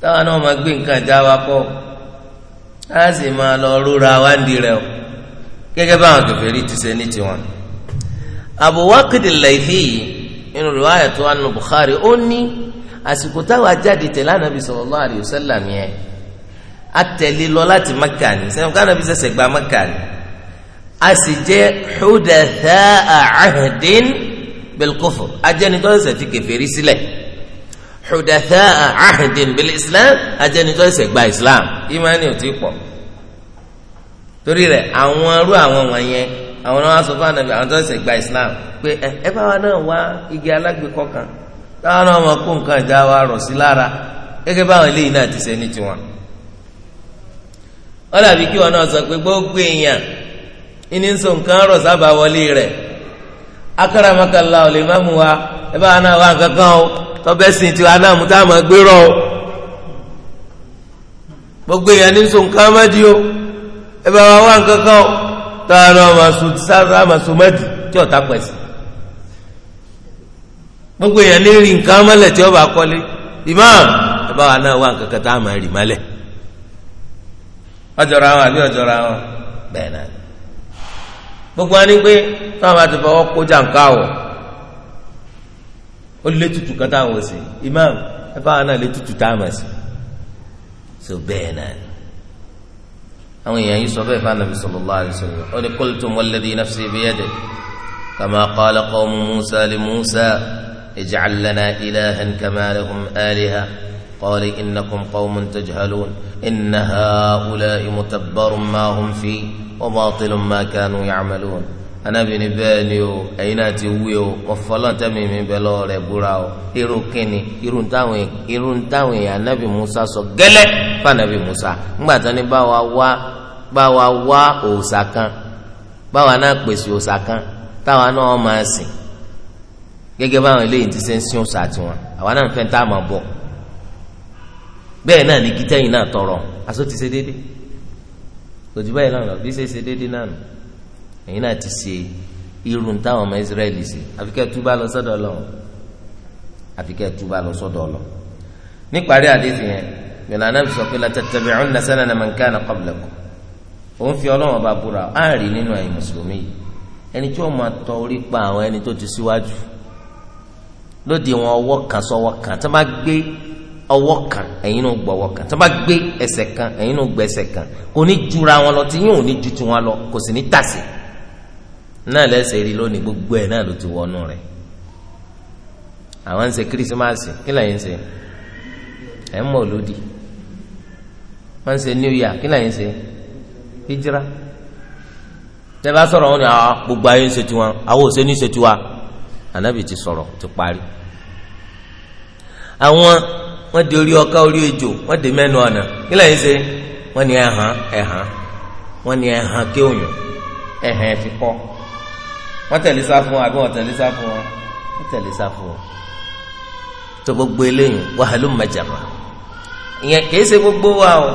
táwa náà máa gbé nǹkan já wa kọ́ á sì máa lọ rúra wá ń di rẹ o gẹ́gẹ́ báwọn kèfèrí ti ṣe ní tiwọn. Abu Waqid yìí nínú riwaya tó wà nínú ó ní àsìkò táwa jáde tẹ̀lé ànábì sallallahu alayhi wa sallam atẹ̀lé lọ láti Mẹ́kà ni sẹ́yìn ká ànábì gba Mẹ́kà ni a sì jẹ́ hudatha bilkufur ajẹnitọ́ ẹsẹ̀ fi kèfèrí sílẹ̀ xudatha ahadin bil islam ajẹnitọ́ ẹsẹ̀ gba islam torí rẹ̀ àwọn arú àwọn wọ̀nyẹn àwọn náà wá sọ fún anabi àwọn gba islam pé ẹ ẹ bá wa náà wá igi alágbèkọ́ kan táwọn náà máa kó nǹkan ìjà wa rọ sí lára gẹ́gẹ́ báwọn eléyìí náà ti ní kí wọn náà akaramakala ò lè má mu wa ẹ bá wa náà tá a máa gbérò o gbogbo èèyàn ní sùn má di o ẹ bá wa wá nǹkan o tá a náà máa sùn sára máa sùn má di tí gbogbo èèyàn ní rí nǹkan mọ́lẹ̀ tí kọ́lé imam ẹ bá wa náà wá nǹkan tá a máa rì mọ́lẹ̀ gbogbo wọn ni pé táwọn bá ti fọwọ́ kó jàǹká wọ̀ ó lé tutù kan táwọn ò sí imam ẹ fáwọn náà lé tutù táwọn sí so bẹ́ẹ̀ náà ni àwọn èèyàn yìí sọ bẹ́ẹ̀ fún anabi sallallahu alaihi wasallam ó ní qultum walladhi nafsi biyadihi kama qala qawmu musa li musa ij'al lana ilahan kama lahum aliha. قال إنكم قوم تجهلون إن هؤلاء متبر ما هم فيه وباطل ما كانوا يعملون anabi ni bẹ́ẹ̀ ni o ẹ̀yin náà ti wí o ọ̀fọlọ́ntẹ́ mi mi bẹ lọ́wọ́ rẹ̀ búra o irú kínni irú táwọn irú táwọn èèyàn anabi musa sọ gẹ́lẹ́ fún anabi musa ńgbà tán ni báwa wá báwa wá òòṣà kan báwa náà pèsè òòṣà kan táwa náà máa sìn gẹ́gẹ́ báwọn eléyìí ti ṣe ń sin òòṣà tiwọn àwa náà ń fẹ́ tá a máa bọ̀ bẹ́ẹ̀ náà ní kìtẹ́yìn náà tọrọ aṣọ ti ṣe déédéé òjú báyìí náà lọ bí ṣe ṣe déédéé náà nù ẹ̀yin náà ti ṣe irun táwọn ọmọ Israẹli ṣe àfikẹ́ túbà lọ sọ́dọ̀ lọ àfikẹ́ túbà lọ sọ́dọ̀ lọ níparí àdéhùn yẹn yọ̀nà anábì sọ pé latattabi'unna sanana man kana qablakum òun fi ọlọ́wọ́n bá búra áàrí nínú ẹ̀yin mùsùlùmí yìí ẹni tí wọ́n máa tọ orí pa àwọn ẹni tó ti síwájú lóde wọn ọwọ́ kan sọ́wọ́ kan tó máa gbé ọwọ́ kan ẹ̀yin náà gbọ́wọ́ kan tó bá gbé ẹsẹ̀ kan ẹ̀yin náà gbẹ́sẹ̀ kan kò ní jura wọn lọ tí yóò ní ju tiwọn lọ kò sì ní tàsí náà lẹ́sẹ̀ rí lónìí gbogbo ẹ̀ náà ló ti wọnú rẹ̀ àwọn ń ṣe kírísímàsì kí lẹ́yìn ń ṣe ẹ̀ ń mọ̀ lódì wọ́n ń ṣe new year kí lẹ́yìn ń ṣe hijira tẹ́ bá sọ̀rọ̀ wọn ni ah, gbogbo ayé ń ṣe tiwọn àwọn òṣèlú ń ṣe tiwa ànábì ti sọ̀rọ̀ ti parí àwọn wọ́n di orí ọká orí ejò wọ́n di mẹ́nu ọ̀nà kí lẹ́yìn ṣe wọ́n ní ẹ̀hán ẹ̀hán wọ́n ní ẹ̀hán kéwòn ẹ̀hán ẹ̀fi kọ́ wọ́n tẹ̀lé sá fún wọn àbí wọ́n tẹ̀lé sá fún wọn wọ́n tẹ̀lé sá fún wọn. tó gbogbo eléyìí wàhálù mẹjàmá ìyẹn kìí ṣe gbogbo wa o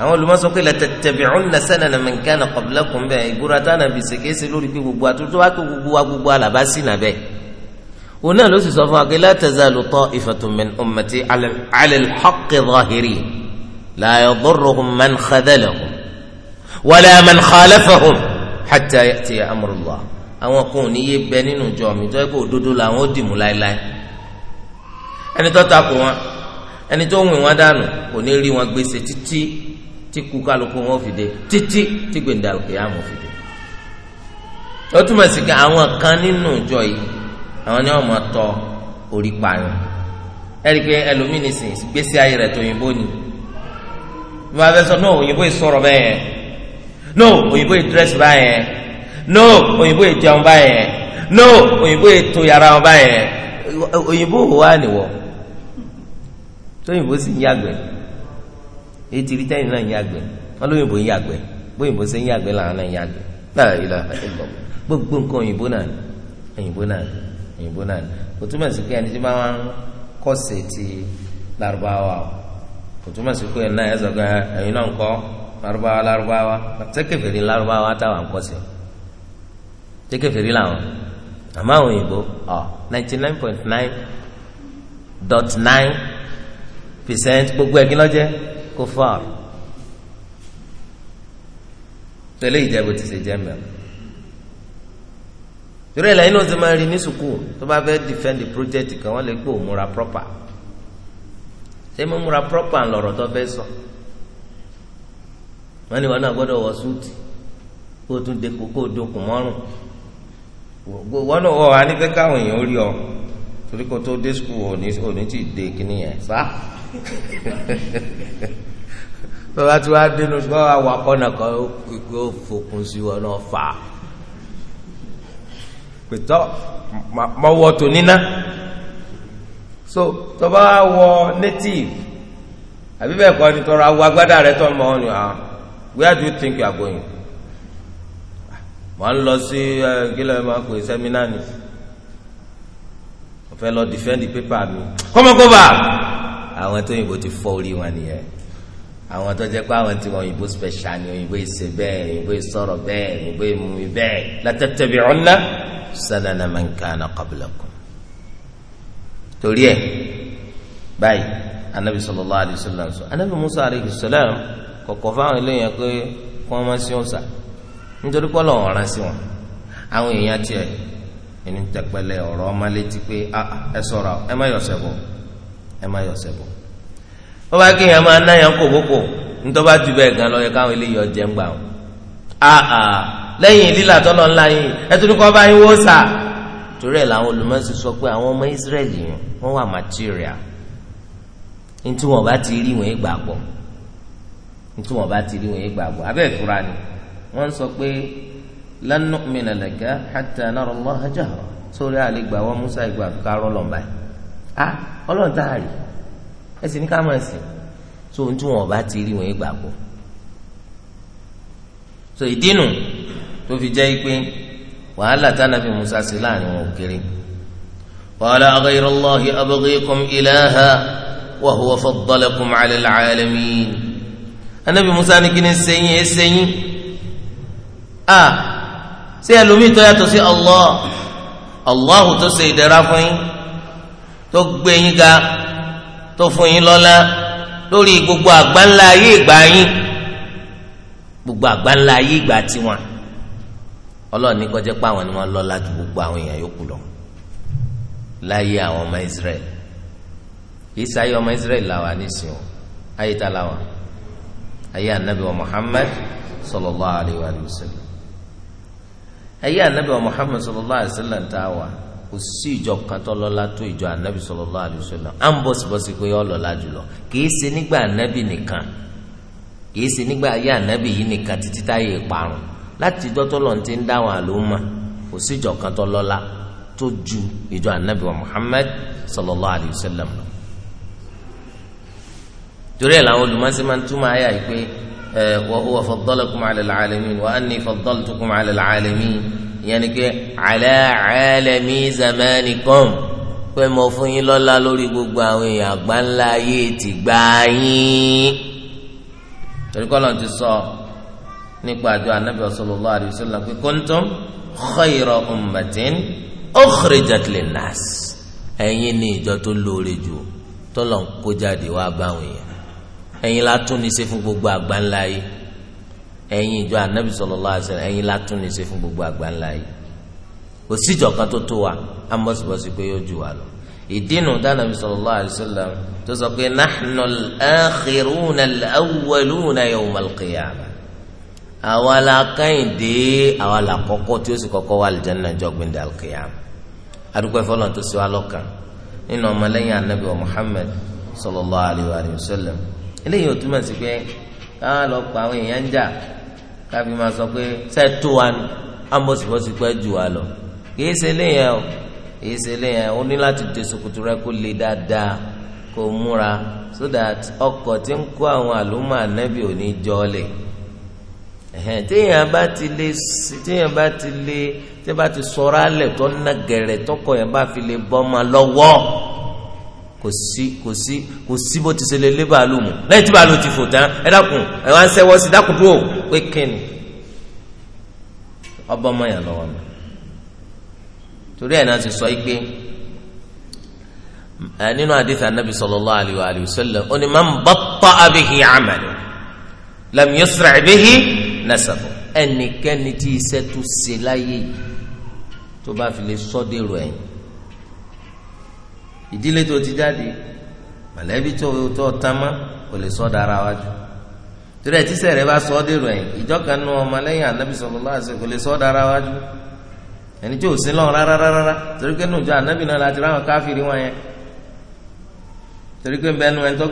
àwọn olùmọ̀sọ pé lẹ́tẹ̀tẹ̀bìrún na sẹ́nẹ̀nà mẹ́ńkánà kọ̀bílẹ́kùn bẹ́ẹ̀ ìbúra tánà bìsẹ̀ kìí ṣe lórí pé gbogbo àtúntò wá pé gbogbo wa gbogbo alàbá nàbẹ́ẹ̀ òun náà ló sì sọ fún wa pé la tazalu ta'ifatun min ummati 'ala al-haqqi zahirin la yadurruhum man khadhalahum wala man khalafahum hatta ya'tiya amrullah àwọn kan ò ní yé bẹ nínú ìjọ mi tó yẹ kó òdodo làwọn ó dìmú láéláé ẹni tó takò wọn ẹni tó wìn wọn dànù kò ní rí wọn gbèsè títí tí kú kálukú wọn fi dé títí tí gbèǹdàlùkè àmọ́ fi dé ó túmọ̀ sí pé àwọn kan nínú ìjọ yìí àwọn ni wọn máa tọ orí pààyàn ẹrí pé ẹlòmíì nìsín gbèsè ayé rẹ ni bí wọn bá sọ no òyìnbó yìí sọ̀rọ̀ bẹ́ẹ̀ no òyìnbó yìí dírẹ́sì báyẹn no òyìnbó yìí jẹun no òyìnbó yìí tó yàrá wọn òyìnbó wò wá tóyìnbó sì ń oyibo ètí rí tẹyìn náà ń yàgbẹ́ wọn ń bóyìnbó sì ń làwọn náà ń náà yìí lọ òyìnbó náà ni kò túmọ̀ sí pé ẹni tí máa ń kọ́sẹ̀ ti lárúbáwá o kò túmọ̀ sí pé ẹni náà ẹ sọ pé ẹ̀yin náà ń kọ́ lárúbáwá lárúbáwá tẹ́kẹ̀fẹ̀rí lárúbáwá táwọn ń kọ́sẹ̀ tẹ́kẹ̀fẹ̀rí làwọn àmọ́ àwọn òyìnbó ọ̀ ninety nine point nine dot nine percent gbogbo ẹ̀kí lọ́jẹ́ kó fà á tẹ́lẹ̀ ìjẹ́bù ti ṣe jẹ́ mẹ́rin torí ẹ̀ lẹ́yìn náà ti máa rí ní sukùl tó bá fẹ́ defend the project kan wọ́n lè gbé òmùra proper ṣé mo múra proper ńlọrọ̀ tó fẹ́ sọ wọ́n ní wọn náà gbọ́dọ̀ wọ súùtì kó o tún de kókó dokùn mọ́rùn wọ́n náà wọ̀ wá ní fẹ́ káwọn èèyàn ó rí ọ torí kó tó dé sukùl òní òní ti dé kíní yẹn sá bàbá tí wàá dénú bá wà kọ́nà kan ó fòkun sí wọn náà fà á pẹ̀tọ́ mọ́wọ́ tó níná so tó bá wọ native àbí bẹ́ẹ̀ kọ́ ni tọrọ awọ agbádá rẹ tó mọ́ ni ah where do you think you are going mọ̀ ń lọ sí gílẹ̀ máa pè sẹ́mínà ni mo fẹ́ lọ defend the paper mi kọ́mọkọ́ba àwọn tó yìnbó ti fọ́ orí wọn nìyẹn àwọn tó jẹ́ pé àwọn tí wọn òyìnbó special ni òyìnbó ìṣe bẹ́ẹ̀ òyìnbó ìsọ̀rọ̀ bẹ́ẹ̀ òyìnbó ìmúmi bẹ́ẹ̀ látẹ̀tẹ̀bí ọ̀nà sanana man kana qablakum torí ẹ báyìí anabi sallallahu alayhi wa sallam sọ anabi musa alayhi salam kọ́kọ́ fáwọn eléyàn pé kí wọn sí ọsà nítorí pọlọ ọràn sí wọn àwọn èèyàn tiẹ ẹni tẹpẹlẹ ọ̀rọ̀ ọmọ létí pé ẹ ẹ má ẹ má bá kéèyàn máa náyàn ntọ́ bá ju bẹ́ẹ̀ gan káwọn ń gbà wọn lẹ́yìn lílà tọ́lọ̀ ńlá yìí ẹtú ní kọ́ bá yín wó sà torí ẹ̀ làwọn olùmọ̀ọ́sì sọ pé àwọn ọmọ Ísírẹ́lì yẹn wọ́n wà material ntí wọn bá ti rí wọn yé gbàgbọ́ ntí wọn bá ti rí wọn yé gbàgbọ́ abẹ́ ìfura ni wọ́n sọ pé lan nu'mina laka hatta nara Allaha jahra sórí àlégbà wọn Musa ìgbà kárọ̀ lọ́nba yìí a ah, ọlọ́run tá a rí ẹ sì ní ká máa sìn so ntí wọn bá ti rí wọn yé gbàgbọ́ so ìdí nù tó fi jẹ́ pé wàhálà tánàbí musa sí láàrin wọn ò kéré. qala aghayra Allahi abghikum ilaha wa huwa faddalakum ala al-alamin. anabi musa ní kí ni sẹ́yìn ẹ sẹ́yìn a ṣé ẹlòmíì tó yàtọ̀ sí Allah Allah tó ṣe ìdẹ̀ra fún yín tó gbé ga tó fún yín lọ́lá lórí gbogbo àgbáńlá ayé ìgbà yín gbogbo àgbáńlá ayé ìgbà tiwọn ọlọ́run ní kọjá pé àwọn ni wọ́n lọ́lá ju gbogbo àwọn èèyàn yòókù lọ láyé àwọn ọmọ israẹli yìí sáyé ọmọ israẹli làwà nísìn o ayé ta làwà ayé anabi wa muhammad sallallahu alayhi wa sallam ayé anabi wa muhammad sallallahu alayhi wa sallam tá a wà kò sí ìjọ kan tó lọ́lá tó ìjọ anabi sallallahu alayhi wa sallam à ń bọ̀sibọ̀si pé ó lọ́lá jùlọ kìí ṣe nígbà anabi nìkan kìí ṣe nígbà ayé anabi yìí nìkan títí táyé ìparun láti ìjọ tó lọ́n ti ń dáhùn àlùmọ́ kò sí ìjọ kan tó lọ́lá tó ju ìjọ anabi wa muhammad sallallahu alayhi wa sallam lọ. torí ẹ̀ làwọn olùmọ̀ọ́sí máa ń túmọ̀ ayà yìí pé wa huwa faddalakum ala al-alamin wa anni faddaltukum ala al-alamin ìyẹn ni pé ala alami zamanikum pé mo fún yín lọ́lá lórí gbogbo àwọn èèyàn àgbáńlá ayé ti gbà yín torí kọ́ lọ́n ti sọ. So, nípa àjọ anabi sallallahu alaihi wasallam pé kuntum khayra ummatin ukhrijat linnas ẹ̀yin ní ìjọ tó lóore jù tọ́lọ̀ ń kó jáde wá báwọn yẹn ẹ̀yin la tún ní ṣe fún gbogbo àgbáńlá yìí ẹ̀yin ìjọ anabi sallallahu alaihi wasallam ẹ̀yin la tún ní ṣe fún gbogbo àgbáńlá yìí kò síjọ kan tó tó wa amọ̀sibọ̀sí pé yóò ju wa lọ ìdínú dánàbí sallallahu alaihi wasallam tó sọ pé nahnu al-akhiruna al-awwaluna yawm al-qiyamah. àwa la kẹ́hìndé àwa la kọ́kọ́ tí ó sì kọ́kọ́ wà lìjánná jọ́gbìn dàlùkìyà adúpẹ́ fọlọ́n tó sì wà lọ́kàn nínú ọmọlẹ́yìn anabi wa muhammed sallallahu alayhi wa sallam eléyìí ò túmọ̀ sí pé àwọn èèyàn ń jà káfí máa sọ pé wa ni pẹ́ wa lọ kìí ṣe léyìn o kìí ṣe léyìn o ní láti dé ṣòkòtò rẹ kó le dáadáa kó múra so that ọkọ̀ ti ń ẹhẹn téèyàn bá ti lè téèyàn bá ti lè téèyàn bá ti sọ̀rọ̀ alẹ̀ tó ná gẹ̀rẹ̀ tọkọ yẹn bá fi lè bọ́mọ lọ́wọ́ kò sí kò sí kò sí bó ti ṣe lè lé bàálù mu lẹ́yìn tí bàálù ti fò tán ẹ dákun ẹ wá ń sẹ́wọ́ sí dákun dúró pé kíni ọba ọmọ yẹn lọ́wọ́ mi torí ẹ̀ náà ti sọ pé nínú àdìsá nàbì sallallahu alaihi wa alihi wasallam ó ní man batta'a bihi 'amaluhu lam yusri' bihi. nasabu ẹnikẹ́ni tí iṣẹ́ tó ṣe láyé yìí tó bá fi lè sọ dèrò ẹ̀yìn ìdílé tó ti jáde mọ̀lẹ́bí tó tó tamá kò lè sọ dára wájú torí ẹ̀ tí rẹ bá sọ dèrò ẹ̀yìn ìjọkan ọmọ anabi kò lè sọ dára wájú ẹni tí ò sí rárá rárá torí anabi náà láti ráwọn káfíìrì wọn yẹn torí pé ẹni tó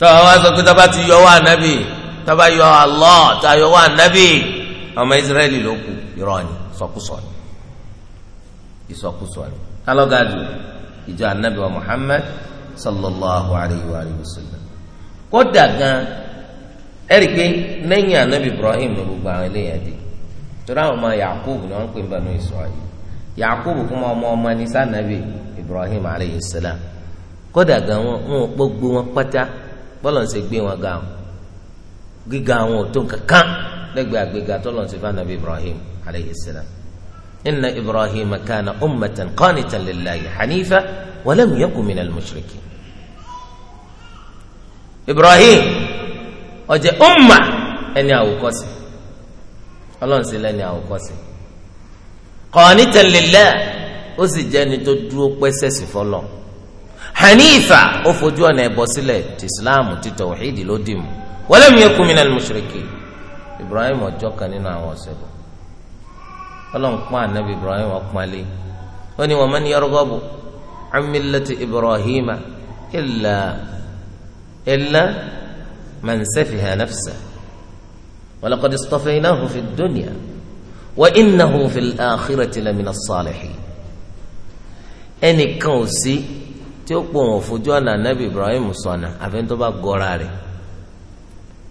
tọ́wọ́ wá sọ pé tá a bá ti yọ wá ànábì tá a bá yọ Allah tá a yọ wá ànábì ọmọ Israẹli ló kù irọ́ ni ìsọkúsọ ni ìsọkúsọ ni alọ́gàdù ìjọ ànábì wa Muhammad sallallahu alayhi wa sallam kódà gan ẹ̀rí pé lẹ́yìn ànábì Ibrahim ló gbogbo àwọn eléyàn dé torí àwọn ọmọ Yakubu ni wọ́n ń pè bẹ́ẹ̀ ní Israẹli Yakubu kúmọ ọmọ ọmọ ní sànàbì Ibrahim alayhi salam kódà gan wọn ò gbogbo wọn pátá bọ́lọ̀ ń ṣe gbé wọn ga wọn gíga àwọn ò tó kankan lẹ́gbẹ̀ẹ́ àgbéga tọ́lọ̀ ń ṣe fún anabi ibrahim alayhi salam inna ibrahim kana ummatan qanitan lillahi hanifa wa lam yakun minal mushrikin ibrahim ó umma ẹni àwòkọ́ṣe ọlọ́run lẹ́ni àwòkọ́ṣe qanitan lillahi ó sì jẹ́ ẹni tó dúró pẹ́sẹ̀ sí fọlọ́ọ̀ hanifa ó fojú ọ̀nà ẹ̀bọ sílẹ̀ ti islamu ti tawhidi ló dì mú walam yakun minal mushrikin ibrahim ọjọ́ kan nínú àwọn ọ̀sẹ̀ bọ̀ ọlọ́run pọ́n ànábì ibrahim ọ̀pọ̀nlé ó ní wa man yarghabu an millati ibrahim illa illa man safiha nafsahu wa laqad istafaynahu fid dunya wa innahu fil akhirati lamina as-salihin ẹnìkan ò sí tí ó pò wọn fojú ọ̀nà nàbì Ibrahim sọ̀nà àfẹn tó bá gọra rẹ̀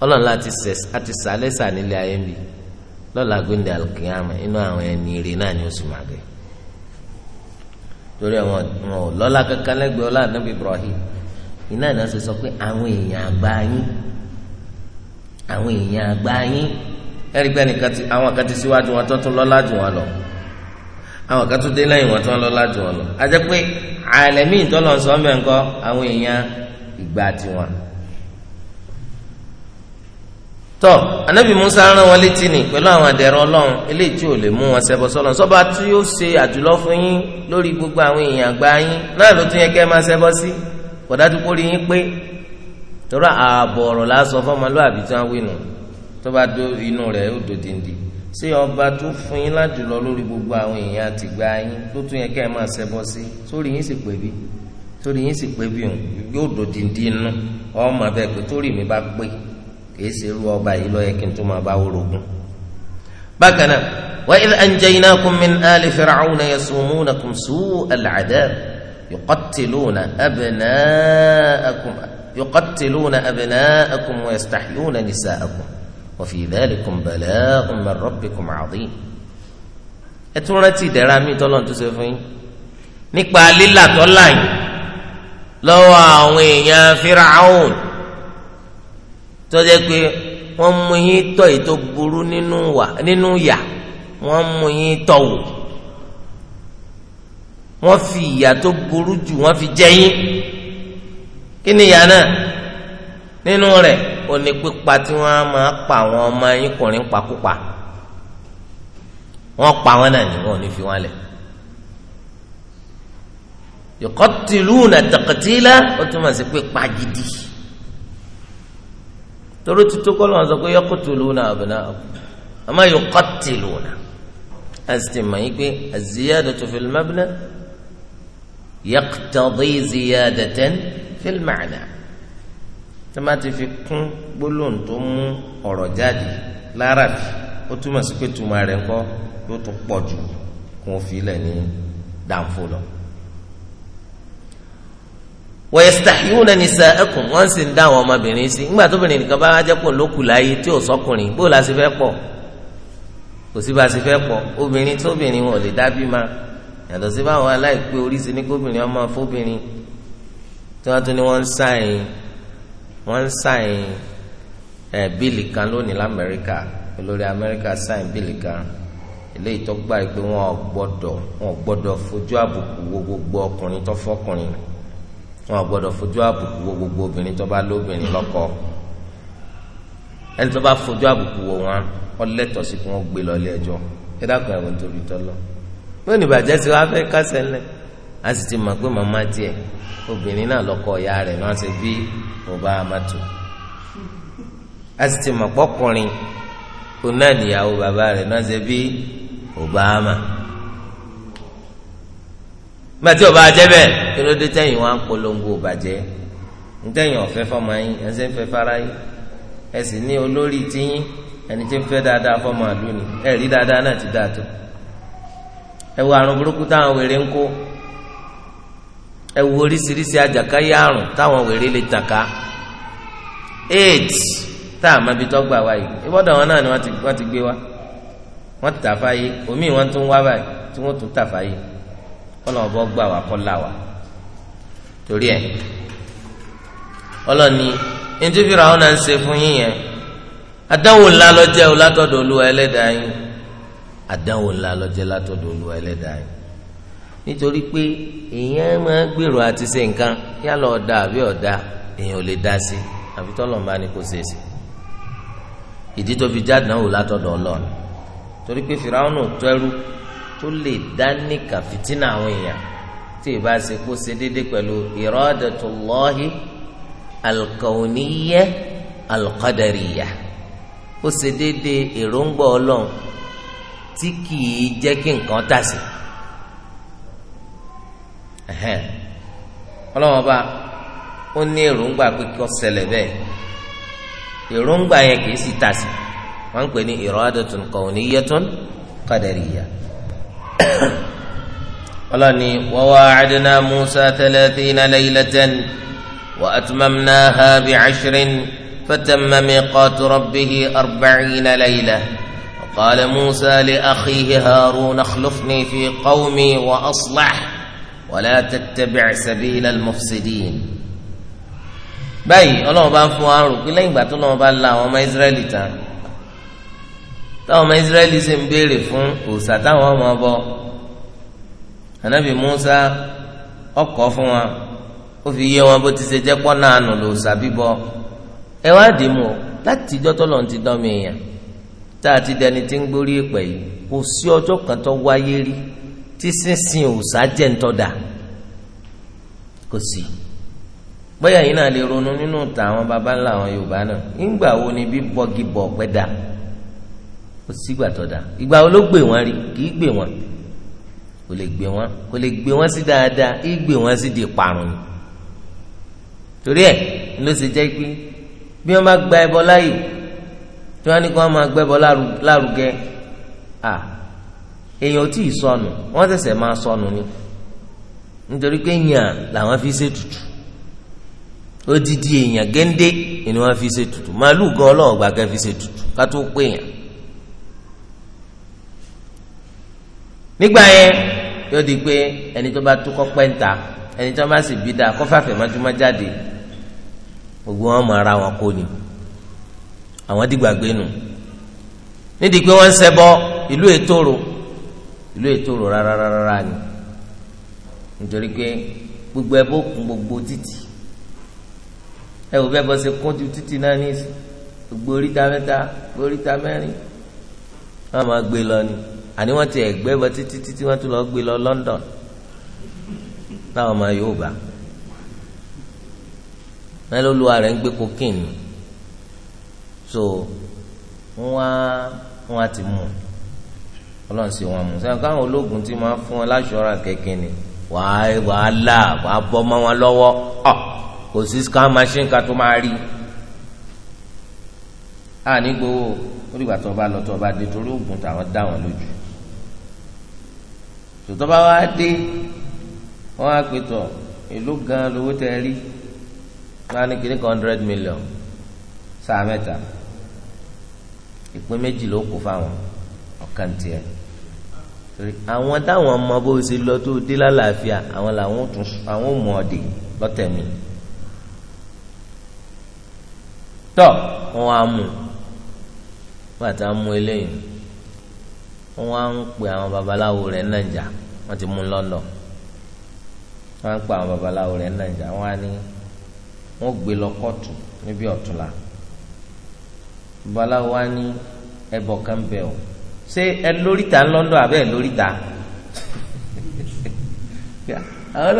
ọlọ́run láti sẹ̀ àti sàlẹ́sà nílé ayé mi lọ́la gbẹ̀ndẹ̀ alùkìyàmù inú àwọn ẹni rè náà ni ó sì máa gbé torí àwọn ò lọ́la kankan lẹ́gbẹ̀ẹ́ ọlá nàbì Ibrahim iná ìná ṣe sọ pé àwọn èèyàn àgbà yín àwọn èèyàn àgbà yín ẹ̀rí pé àwọn kan ti síwájú wọn tó tún lọ́la jù wọn lọ àwọn kan tó dé lẹ́yìn wọn tó ń lọ láti wọn lọ àti pé àlẹ́mí ìtọ́lọ̀ sọ mẹ́ ńkọ́ àwọn èèyàn ìgbà tiwọn. tọ́ anábì Musa rán wọn létí ni pẹ̀lú àwọn àdẹ̀rọ ọlọ́run eléyìí tí ò lè mú wọn ṣẹbọ sọ́lọ́run sọ́ba tí ó ṣe àjùlọ fún yín lórí gbogbo àwọn èèyàn àgbà yín náà ló tún yẹ kẹ́ máa ṣẹbọ sí kọ̀dájú kó rí yín pé tọ́ra ààbọ̀ ọ̀rọ̀ ṣé ọba tó fún yín lájùlọ lórí gbogbo àwọn èèyàn àtìgbà yín ló tún yẹ ká ẹ máa ṣẹbọ sí sórí yín sì pé bí sórí yín sì pé bí òun yóò dòdìndín inú ọmọ abẹ pé torí mi bá pé kìí ṣe irú ọba yìí ló yẹ kí n tó máa bá worogun. bákan náà wa idh anjaynakum min ali fir'auna yasumunakum su'al 'adab yuqattiluna abna'akum yuqattiluna abna'akum wa yastahyuna nisa'akum. وفي ذلك بلاء من ربكم عظيم ẹ tún rántí ìdẹ̀ra نكبا tọ́lọ́n tó لو fún yín nípa lílà tọ́lá yìí lọ́wọ́ àwọn èèyàn Firaun tó jẹ́ pé wọ́n mú yín tọ́ èyí tó burú nínú yà wọ́n mú yín tọ́ wò wọ́n fi ìyà tó burú jù wọ́n fi jẹ yín kí ni ìyà náà nínú rẹ̀ ó ní pípa tí wọ́n máa pa àwọn ọmọ yín kùnrin pakúpa wọ́n pa wọn náà ní wọn ò ní fi wọn lẹ̀ yuqattiluna taqtila ó túmọ̀ sí pé pa gidi torí tuntun kọ́ lọ́wọ́ sọ pé yaqtuluna abna'akum àmọ́ yuqattiluna asìtì mọ̀ yín pé az-ziyadatu fil mabna yaqtadi ziyadatan fil ma'na. tó má ti fi kún gbólóhùn tó mú ọ̀rọ̀ jáde lárabì ó túmọ̀ sí pé túmọ̀ rẹ̀ ńkọ́ yóò tún pọ̀ jù kún òfin lẹ̀ ní dànfò lọ. wayastahiyuna ẹkùn wọ́n sì ń dá àwọn ọmọbìnrin sí nígbà tóbìnrin nìkan bá wá jẹ́ lókù láyé tí ò sọkùnrin bó la sì fẹ́ pọ̀ kò sí bá a sì fẹ́ pọ̀ obìnrin tóbìnrin wọn ò lè wọ́n ń sáìn ẹ̀ eh, bíìlì kan lónìí lamẹ́ríkà olórí amẹ́ríkà sáìn bíìlì kan eléyìí tó gbà pé wọn ò gbọ́dọ̀ wọn ò gbọ́dọ̀ fojú àbùkù wo gbogbo ọkùnrin tó fọkùnrin wọn ò gbọ́dọ̀ fojú àbùkù wo gbogbo obìnrin tó bá lóbìnrin lọ́kọ ẹni tó bá fojú àbùkù wo wọn ọlẹ́tọ̀ọ́ sí kí wọ́n gbé lọ ilé ẹjọ́ ẹ dákun ẹ̀wọ̀n tóbi tọ́lọ́ bó ní ìbàjẹ́ sí wàá fẹ́ kásẹ̀ ńlẹ̀ a sì ti mọ̀ pé màmá tiẹ̀ obìnrin náà lọ́kọ ìyá rẹ̀ bí bàbá amátò a sì ti mọ̀ pọ́kùnrin kó náà níyàwó bàbá rẹ̀ bí amá ọba àjẹbẹ kí ló dé tẹ̀yìn wọn polongo bàjẹ́ ọ̀fẹ́ fọmọ yín ẹsẹ̀ ń fẹ́ fara yín ní olórí ẹni tí ẹ wo oríṣiríṣi àjàkáyé àrùn táwọn wèrè lè tàn ká tá a máa fi tọ́gbà wá yìí ìbọ̀dọ̀ wọn náà ni ti gbé wá wọ́n tà omi wọn tún wá báyìí tí wọ́n tún tà fáyé ọlọ́run bọ́ gbà wá kọ́ là wá torí ẹ̀ ọlọ́ni ntúfìrà ọ̀nà ń ṣe fún yín yẹn àdánwò ńlá lọ́jẹ́ o látọ̀dọ̀ olúwa ẹlẹ́dàá yín àdánwò ńlá lọ́jẹ́ nítorí pé èèyàn máa gbèrò àti ṣe nǹkan yálà ọ̀dà àbí ọ̀dà èèyàn ò lè dá sí àfi tọ́lọ̀ máa ní kó ṣe é sí ìdí tó fi jáde náà wò látọ̀dọ̀ ọlọ́run torí pé fìràwọnù tẹ́rú tó lè dá níkà fìtínà àwọn èèyàn tí ì bá ṣe kó ṣe déédéé pẹ̀lú iradatullahi alkauniyya alqadariyya ó ṣe déédéé èròǹgbà ọlọ́run tí kì í jẹ́ kí nǹkan tà sí i. ẹhẹn ọlọ́wọ́n bá ó ní èròǹgbà pé kí ọ ṣẹlẹ̀ bẹ́ẹ̀ èròǹgbà yẹn kì sì tà sí wọ́n ń pè ní iradatun kawniyatun yá. ọlọ́ni wa àdínà Musa thalathina laylatan wa atmamnaha bi'ashrin fatamma miqatu rabbihi arba'ina laylah. قال موسى لأخيه هارون fi في قومي وأصلح wala tattabi' sabila al-mufsidin báyìí ọlọ́run bá ń fún wa rò pé lẹ́yìn ìgbà tó lọ́wọ́ bá la àwọn ọmọ israẹli tán táwọn ọmọ israẹli ṣe ń béèrè fún òòṣà táwọn ọmọ bọ anabi musa ọkọ fún wa ó fi yé wọn bó ti ṣe jẹ́ pọ́ náà nù lòòṣà bíbọ ẹ wá dì mú o láti ìjọ tó lọ́n ti dán mi èèyàn tá ti dẹni tí ń gbórí èpè yìí kò sí ọjọ́ kan tó wáyé rí tí sísìn òòṣà jẹ́ ntọ́da kò sí bóyá yìí náà lè ronú nínú ìtàn àwọn baba ńlá àwọn Yorùbá náà ìgbà wo ni bí bọ́gì bọ̀ pẹ́ da kò sí ìgbà tó da ìgbà wo ló gbé wọn rí kì í gbé wọn kò lè gbé wọn kò lè gbé wọn sí dáadáa kì í gbé wọn sí di ìparun ni torí ẹ ló ṣe jẹ́ pé bí wọ́n bá gba ẹbọ láàyè tí wọ́n á ní kí wọ́n máa gbẹ́bọ lárugẹ Ah èèyàn ò tí ì sọnù wọ́n ṣẹ̀ṣẹ̀ máa sọnù ni nítorí pé èèyàn làwọn fi ṣe tutù odidi èèyàn géńdé ni wọ́n fi ṣe tutù màálù gan ọlọ́run gbà kẹ́ fi ṣe tutù ká tó pé èèyàn. nígbà yẹn yóò di pé ẹni tó bá tó kọ́ pẹ́ńta ẹni tó bá sì bí dáa kó fàfẹ́ májúmá jáde gbogbo wọn mọ ara wọn kó ni àwọn dìgbàgbé nù nídìí pé wọ́n ń ṣẹbọ ìlú ètòrò. E ìlú ètò rò rárá rárá ni nítorí pé gbogbo ẹ bó kún gbogbo títì ẹ wò bẹ́ẹ̀ bọ́ ṣe kún ju títì náà ní gbogbo oríta mẹ́ta gbogbo oríta mẹ́rin wọ́n máa gbé lọ ni àní wọ́n ti ẹ̀gbẹ́ bọ́ títí títí wọ́n tún lọ gbé lọ London táwọn ọmọ yóò bá mẹlẹ́lúwa rẹ̀ ń gbé kokéènì so wọ́n á wọ́n ti mú un ọlọ́run sì wọn mú sẹ́yìn káwọn ológun ti máa fún wọn láṣọra kẹ̀kẹ́ ni wàá wàhálà wàá bọ́ mọ́ wọn lọ́wọ́ ọ kò sí scan machine ká tó máa rí a ní gbowó ó dìgbà tó bá lọ tó bá dé torí oògùn táwọn dá wọn lójú tòtọ́ bá wá dé wọ́n á pè tọ̀ ìlú gan lówó tẹ rí wọ́n á ní kíní kan hundred million sáà mẹ́ta ìpín méjì ló kù fáwọn ọ̀kan tiẹ̀ àwọn táwọn ọmọ bó ṣe lọ tó dé lálàáfíà àwọn làwọn tún àwọn mọ ọdẹ lọtẹmí tọ wọn á mú bàtà mú eléyìí wọn á ń pè àwọn babaláwo rẹ nàìjà wọn ti mú lọlọ wọn á ń pè àwọn babaláwo rẹ nàìjà wọn á ní wọn gbé lọ kóòtù níbi ọ̀túnla babaláwo á ní ẹbọ kan bẹ ọ ṣé ẹ lóríta ńlọ́ńdọ̀ àbẹ́ ẹ lóríta àwọn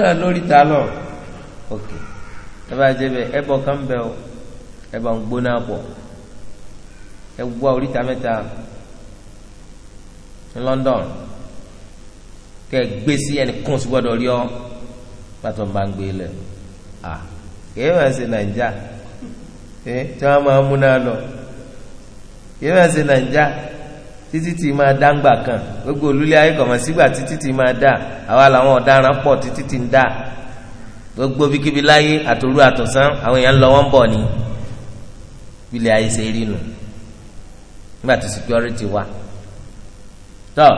náà lóríta lọ ok ẹ bá jẹ bẹ ẹ bọ kán bẹ o ẹ bá ń gbóná pọ̀ ẹ wá oríta mẹ́ta ní London kẹ gbé sí ẹnì kún sí gbọ́dọ̀ rí ọ pàtó ń bá ń gbé lẹ à kìí máa ṣe nàìjà ẹ eh, tí wọn máa mú lọ kìí máa ṣe nàìjà títí tí máa dá ńgbà kan gbogbo olúlé ayé kọ̀mọ̀ sígbà títí tí máa dá àwa làwọn ọ̀daràn pọ̀ títí tí ń dá gbogbo bíkíbi láyé àtòlú àtọ̀sán àwọn èèyàn ń lọ wọ́n ń bọ̀ ni ilé ayé ṣe rí nù nígbà tí security wà tọ́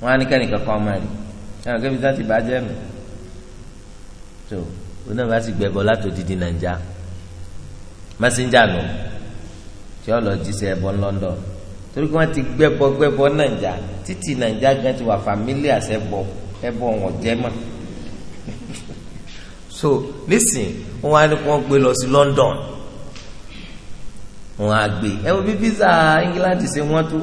wọ́n á ní kẹ́nìkan kan máa rí ẹ̀rọ kébí sá ti bàjẹ́ nù tó oní ọba sì gbẹ̀bọ̀ látò dídì nàìjà mẹ́sẹ̀njà nù tí ó lọ jíṣẹ́ ẹ̀bọ̀ ń London torí kí wọ́n ti gbẹ́bọ gbẹ́bọ nàìjà títí nàìjà gan ti wà fàmílíà sẹ́bọ ẹbọ wọn jẹ́ mọ́ so nísìn wọn á ní kí wọ́n gbé lọ sí London wọn á gbé ẹ wo bí visa England ṣe wọ́n tó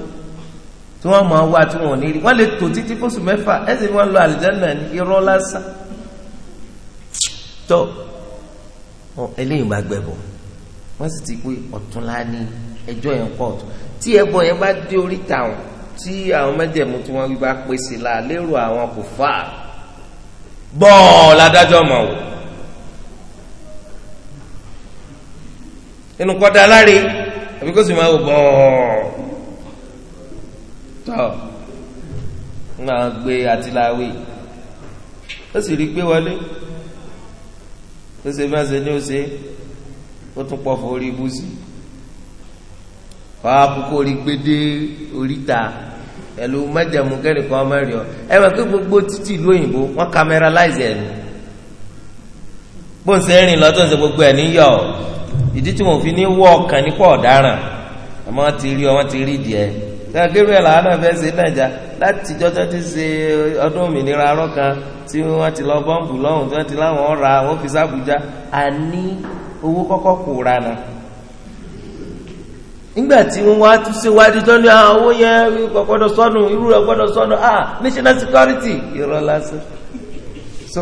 tí wọ́n máa wá tí wọ́n ò ní rí wọ́n lè tò títí fóṣù mẹ́fà ẹ sì wọ́n lọ àlùjáná ní irọ́ lásán tó eléyìí bá gbẹ̀bọ̀ wọ́n sì ti pé ọ̀túnla ní ẹjọ́ yẹn kóòtù tí ẹbọ yẹn bá dé orí tàwọn tí àwọn mẹjẹmú tí wọn bá pèsè la lérò àwọn kò fà á bọ́ọ̀ ládájọ́ mọ̀ wò inú kọ́dá láre àbí kó sì máa wò bọ́ọ̀ tọ́ náà gbé àtìláwé ó sì rí gbé wọlé ó ṣe bí wọ́n ṣe ní ó ṣe ó tún pọ̀ fún orí ibùsùn. kọ́ akókó orí gbédé oríta pẹ̀lú májàmú kẹ́nìkan ọmọ ẹ gbogbo títì ìlú òyìnbó wọ́n kamẹ́ráláìsì ẹ̀ bó ń gbogbo ẹ̀ níyọ̀ ìdí tí wọ́n fi ní wọ ọkàn nípa ọ̀daràn ti ọ ti rí làwọn náà ṣe nàìjà láti ti kan tí ti lọ tí ti láwọn fi nígbà tí wọ́n wá tún síwájú tó ní owó yẹn gbọ́dọ̀ sọnù irú rẹ̀ gbọ́dọ̀ sọnù ah national security irọ́ lásán so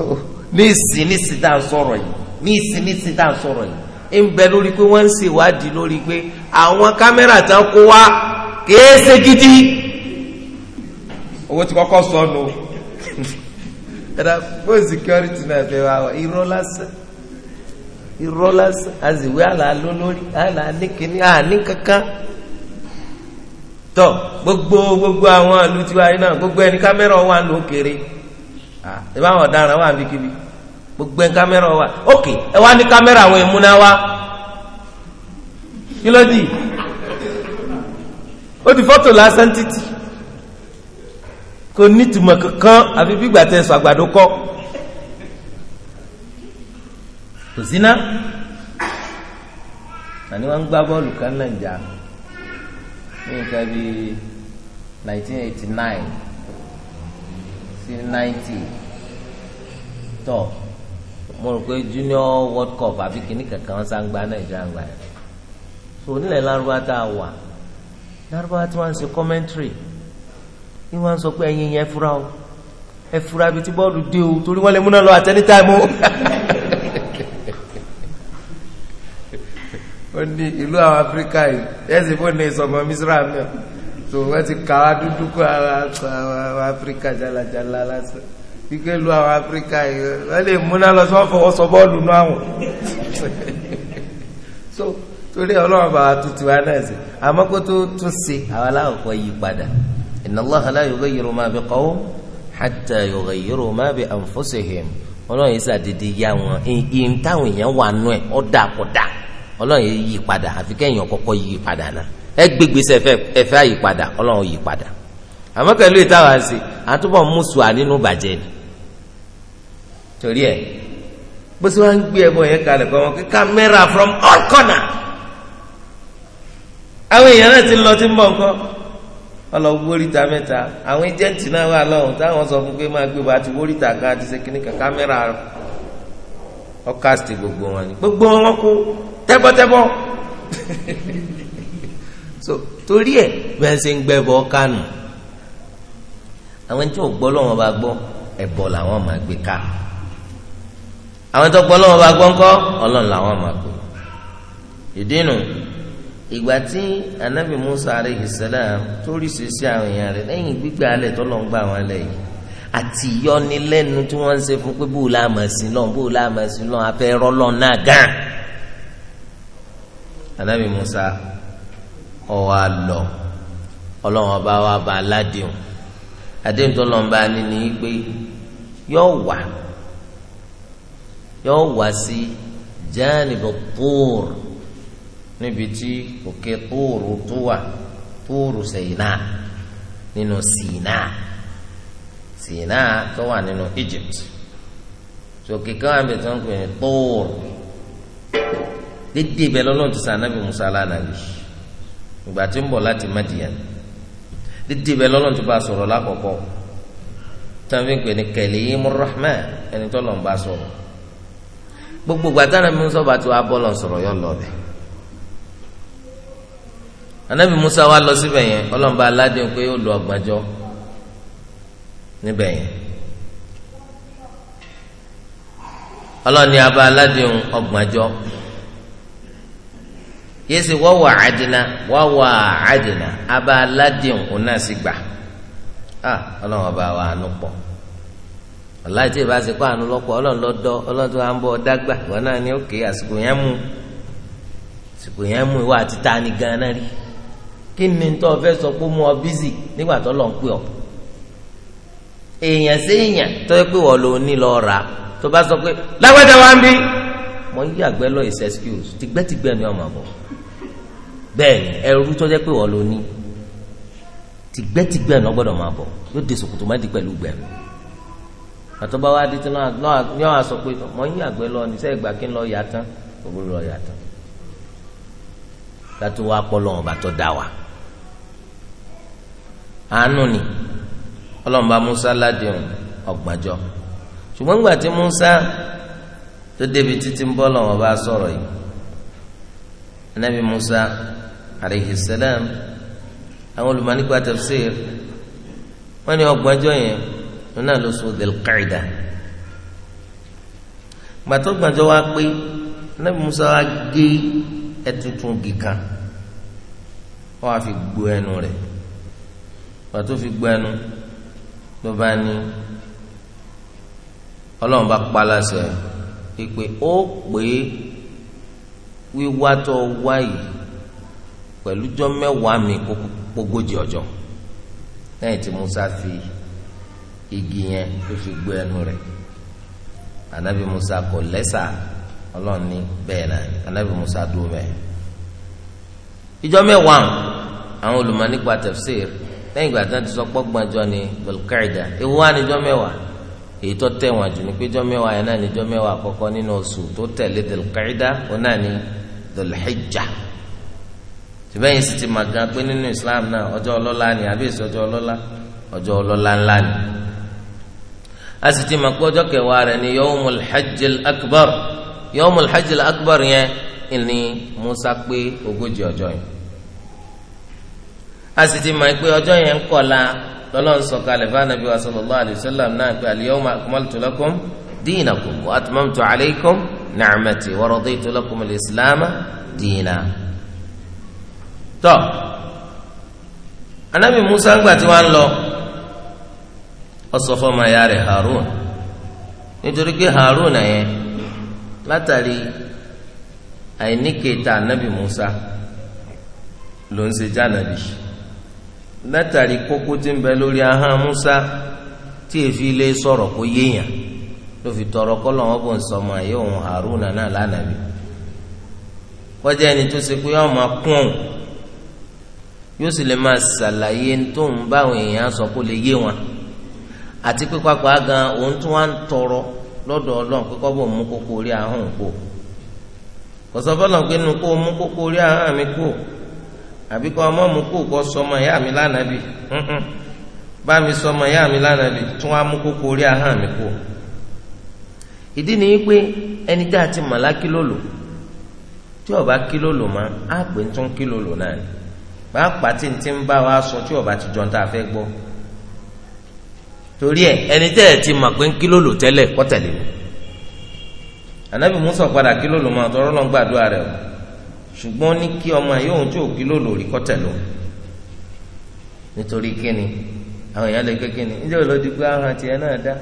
ní ìsìn ní ìsìn tá à ń sọ̀rọ̀ yìí ní ìsìn ní ìsìn tá à ń sọ̀rọ̀ yìí ń bẹ lórí pé wọ́n ń ṣèwádìí lórí pé àwọn kámẹ́rà tá a kó wá kìí ṣe gidi owó ti kọ́kọ́ sọnù ẹ̀dá fún security náà fẹ́ wá irọ́ lásán irọ́ lásán azìwé àlàló lórí àlàní kìíní àní kankan tọ gbogbo gbogbo àwọn àlù tiwa yìí náà gbogbo ẹni kámẹ́rà wà lókèrè ìbá àwọn ọ̀daràn wà níbikíbi gbogbo ẹni kámẹ́rà wà ókè ẹ wá ní kámẹ́rà àwọn ìmúná wa kí ló dì ó di fọ́tò lásán títì kò nítumọ̀ kankan àfi bí gbàtẹ́ sọ àgbàdo kọ́ kò síná àní wọn ń gbá bọ́ọ̀lù kan náà jà ní nǹkan bíi nineteen eighty nine sí ninety tọ mo rò pé junior world cup àbí kìíní kankan wọn sáà ń gba nàìjíríà ń gba yẹn so onílẹ̀ lárúbá tá a wà lárúbá tí wọ́n ń ṣe commentary ni wọ́n ń sọ pé ẹ̀yin yẹn fura o ẹ fura bíi ti bọ́ọ̀lù dé o torí wọ́n lè múná lọ àtẹnitá mú. ó ní ìlú àwọn Áfíríkà yìí ẹ̀sìn bó ní ìsọmọ Mísírà náà tó wọ́n ti kà á dúdú kó àwọn Áfíríkà jalajala lásán ike lu àwọn Áfíríkà yìí wọ́n lè múná lọ sí wọ́n fọwọ́ sọ bọ́ọ̀lù náà wọ̀ so torí ọlọ́run bàbá tuntun wa náà sí àmọ́ kó tó tún ṣe àwọn aláwọ̀ yí padà inna Allaha la yughayyiru ma bi qawm hatta yughayyiru ma bi anfusihim ọlọ́run yìí sàdédé yá wọn ìyìn táwọn èèyàn wà nù ẹ̀ ọ́ dà kó dà ọlọ́run yìí yí padà àfi kẹ́yìn ọ̀kọ́kọ́ yí padà náà ẹ gbégbèsè ẹfẹ àyípadà ọlọ́run yí padà àmọ́ pẹ̀lú ìtawà sí àtúbọ̀ mùsùà nínú bàjẹ́ ni torí ẹ bó ṣe wá ń gbé ẹbọ yẹn kalẹ̀ kọ́ wọn kámẹ́rà from all corner àwọn èèyàn náà ti lọ tí ń bọ̀ nǹkan ọlọ wóríta mẹ́ta àwọn ẹjẹǹtì náà wà lọ́hùn táwọn sọ fún pé máa gbé bá ti wóríta kan ọkàstì gbogbo wọn ni gbogbo wọn kú tẹ́bọ́tẹ́bọ́ so torí ẹ̀ bẹ́ẹ̀ ṣe ń gbẹ́bọ kánù àwọn tí ò gbọ́ lọ́wọ́ bá gbọ́ ẹ̀bọ làwọn máa gbé ká àwọn tó gbọ́ lọ́wọ́ bá gbọ́ ńkọ́ ọlọ́run làwọn máa gbé ìdínú ìgbà tí anabi musa aleyhi salam tó rí sèse àwọn èèyàn rẹ̀ lẹ́yìn gbígbé alẹ̀ tó lọ ń gbà wọn lẹ́yìn àti ìyọnilẹ́nu tí wọ́n ń ṣe fún pé bó la mọ̀ sí lọ́n bó la mọ̀ sí lọ́n afẹ́ rọ́lọ́n náà gàn. anabi musa ọwọ́ àlọ́ ọlọ́run ọba wa bá aládìhùn àdéhùn tó lọ́n bá ní ni pé yóò wà yóò wà sí jáànìbọ̀ tóòrù níbi tí òkè tóòrù tó wà tóòrù sẹ̀yìn náà nínú sìn náà. Sinaa tó wà nínú Egypt sókè káwọn àbẹ tó ń pè ní tóor dédé ibẹ̀ lọ́lọ́run ti sàn Musa alánàbì ìgbà tí ń bọ̀ láti Madian dídì bẹ lọ́lọ́run tó bá sọ̀rọ̀ lákọ̀ọ́kọ́ tàbí pé ní Kalimur Rahman ẹni tó bá gbogbo gbàtàrà mi ti tó sọrọ yọ lọ anabi Musa wa lọ síbẹ̀ yẹn pé yóò níbẹ̀ yẹn ọlọ́ni abá aládìhun ọgbọ̀njọ́ yéésì wọ́n wà àdínà wọ́n abá aládìhun òun náà sì gbà á ọlọ́run ọba wa àánú pọ̀ ọ̀làjì bá ti kọ́ àánú lọ́pọ̀ ọlọ́run ọlọ́run tó ń bọ̀ dágbà wọn náà ní òkè àsìkò yẹn mú àsìkò yẹn mú ìwà àti gan rí kí ni tó o fẹ́ sọ pé ọ nígbà tó lọ́n èèyàn séèyàn tó yẹ pé wọ́n lò ní lọ́ọ́ rà tó bá sọ pé lágbàjá wa ń bí mo yí àgbẹ̀ lọ is excuse tìgbẹ́tìgbẹ́ ni ọmọ bọ̀ bẹ́ẹ̀ ni ẹrú tó yẹ pé wọ́n lò ní tìgbẹ́tìgbẹ́ ni ọgbọ́dọ̀ máa bọ̀ yóò de sòkòtò má di pẹ̀lú gbẹ̀rù àtọ́ba wa di tí náà wà sọ pé mo yí àgbẹ̀ lọ ní sẹ́yìn gbà kí n lọ yà tán òwúrò lọ yà tán kátó wa pọ̀ lọ́wọ́n bá tọ́ da wa àánú ni ọlọ́run bá musa ládìrún ọgbàjọ ṣùgbọ́n nígbà tí musa tó débi títí ń bọ́ lọ́wọ́ bá sọ̀rọ̀ yìí anabi musa aleyhi salam àwọn olùmọ̀nìkọ́ àtẹ̀fẹ́sẹ̀ wọ́n ní ọgbàjọ yẹn wọn náà ló sùn delqaida gbàtọ́ gbàjọ wa pé anabi musa wa gé ẹtuntun gìkan wọ́n á fi gbó ẹnu rẹ̀ gbàtọ́ fi gbó ẹnu rẹ̀ ló bá ní ọlọ́run bá palasẹ̀ pípé ó pé wíwá tó wá yìí pẹ̀lú jọ́ mẹ́wàá mi kókógójì ọjọ́ lẹ́yìn tí Musa fi igi yẹn tó fi gbé ẹnu rẹ̀ anabi Musa kò lẹ́sà ọlọ́run ní bẹ́ẹ̀ náà anabi Musa dúró bẹ́ẹ̀ ìjọ́ mẹ́wàá àwọn olùmọ̀ nípa tafsir lẹ́yìn ìgbà tí wọ́n ti sọ pọ́gbọ́n jọ ní bulqaida ewu wá níjọ́ mẹ́wàá èyí tó tẹ̀ wọ́n jù ní pé jọ́ mẹ́wàá yẹn náà níjọ́ mẹ́wàá àkọ́kọ́ nínú oṣù tó tẹ̀lé ó Islam náà ọjọ́ ọlọ́lá ni àbí èsì ọjọ́ ọlọ́lá ọjọ́ ọlọ́lá ńlá ni a sì ti mà pé kẹwàá rẹ̀ ni Musa pé ogójì a sì ti mọ̀ pé ọjọ́ yẹn ń kọ̀la lọ́lọ́run sọ̀kalẹ̀ fún anabi wa sallallahu alayhi wa sallam náà pé al-yawma akmaltu lakum dinakum wa atmamtu alaykum ni'mati wa raditu lakum al diina. tọ́ anabi musa ń gbà lọ ó sọ fún ọmọ ìyá nítorí pé harun yẹn látàrí àìníkèéta anabi musa ló ń ṣe jánàbí. látàrí kókó tí ń bẹ lórí ahọ́n Musa tí èfi lé sọ̀rọ̀ kó yéèyàn ló fi tọrọ kọ́lọ̀ wọn bò ń sọmọ ẹ̀yẹ òun Haruna náà lánàá bi kọjá ẹni tó ṣe pé ọmọ kún òun yóò sì lè máa ṣàlàyé tó ń báwọn èèyàn sọ kó lè yé àti pé pápá gan òun tún wá ń tọrọ lọ́dọ̀ kókó orí ahọ́n àbí kọ́ ọmọ mu kó kọ́ sọmọ ìyá mi lánàá bì bá mi sọmọ ìyá mi lánàá bì tún wá mú kókó orí ahọ́n mi kú. ìdí ni pé ẹni tá a ti mọ̀ lá kílòlò tí ọba kílòlò mọ́ á pè tún kílòlò náà ni pàápàá tí n ti bá wa sọ tí ọba ti jọ tá a fẹ́ gbọ́. torí ẹ ẹni tẹ́ ẹ ti mọ̀ pé ń kílòlò tẹ́lẹ̀ kọ́ mi. ànábì Mùsá padà kílòlò mọ́ àtọ́rọ́ lọ́n rẹ̀ o. ṣùgbọ́n ní kí ọmọ yìí òun tí ò kí ló lórí kini nítorí kíni àwọn èèyàn lè gbé kíni níjẹ́ daa pé ahọ́n tiẹ̀ náà dá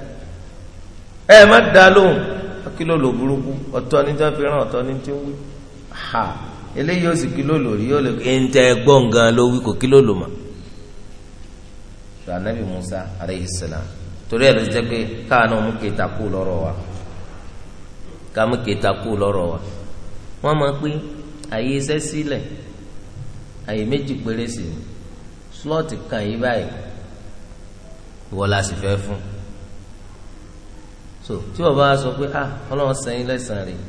ẹ má dá lóhùn kí lò burúkú ní fi rán ní wí ha eléyìí ó sì kí ló yóò lè anabi musa aleyhi salam torí ẹ lọ sí jẹ pé káàánú lọrọ wa kú wa àyè iṣẹ́ sílẹ̀ àyè méjì péré sí i slọ́ọ̀tì kan yìí báyìí ìwọ la sì fẹ́ fún so tí wọ́n bá sọ pé ah ọlọ́run sẹ́yìn lẹ́sàn-án rẹ̀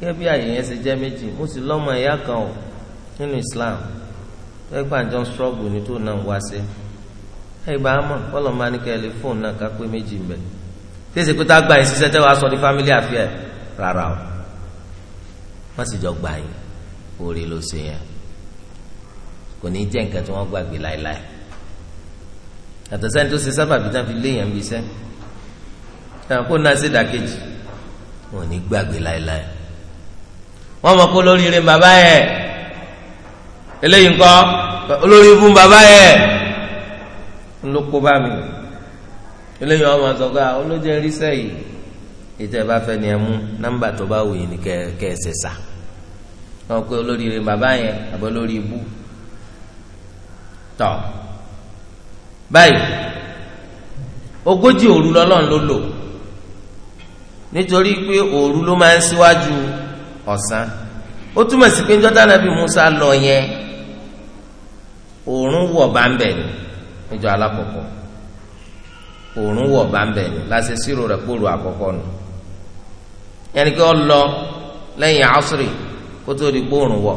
gẹ́gẹ́ bí àyè yẹn ṣe jẹ́ méjì mo sì lọ́mọ ìyá kan o nínú Islam tẹ́lẹ̀ pé àjọ ń ṣọ́ọ̀bù ní tó náà ń wá sí ẹ̀ bá mọ̀ kọ́lọ̀ máa ní kẹ́lẹ́ fóònù náà ká pé méjì ń tẹ́sí pé gbà yín ṣiṣẹ́ tẹ́wọ́ aṣọ ní family affair rárá o wọ́n sì jọ gbà yín oore ló ṣe yẹn kò ní jẹ́ nǹkan tí wọ́n gbàgbé láéláé yàtọ̀ sẹ́ni tó ṣe sábàbí náà fi léèyàn bí iṣẹ́ táwọn kó náà ṣe dàkejì wọn ò ní gbàgbé láéláé wọ́n mọ̀ kó lóríire bàbá yẹ eléyìí ńkọ́ olórí fún bàbá yẹ ló kó bá mi eléyìí wọ́n mọ̀ sọ́gbà olójẹ́ rí sẹ́yìn ètò ẹ̀ bá fẹ́ ni ẹ mú nọ́mbà tó bá wù yín ni kẹ́ ẹ ṣẹ̀ṣà wọn pe olóríire bàbá yẹn àbọ̀ lórí ibú tọ̀ báyìí ogójì òru lọ́lọ́run ló lò nítorí pé òru ló máa ń síwájú ọ̀sán ó túmọ̀ sí pé njọ́tà nàbí Musa lọ yẹn òórùn wọ̀ bá ń bẹ̀ níjọ́ alákọ̀ọ́kọ́ òórùn wọ̀ bá ń bẹ̀ láti sírò rẹ̀ kóòrò àkọ́kọ́ nù yẹnni kí ọ lọ lẹ́yìn asiri kó di gbóòrùn wọ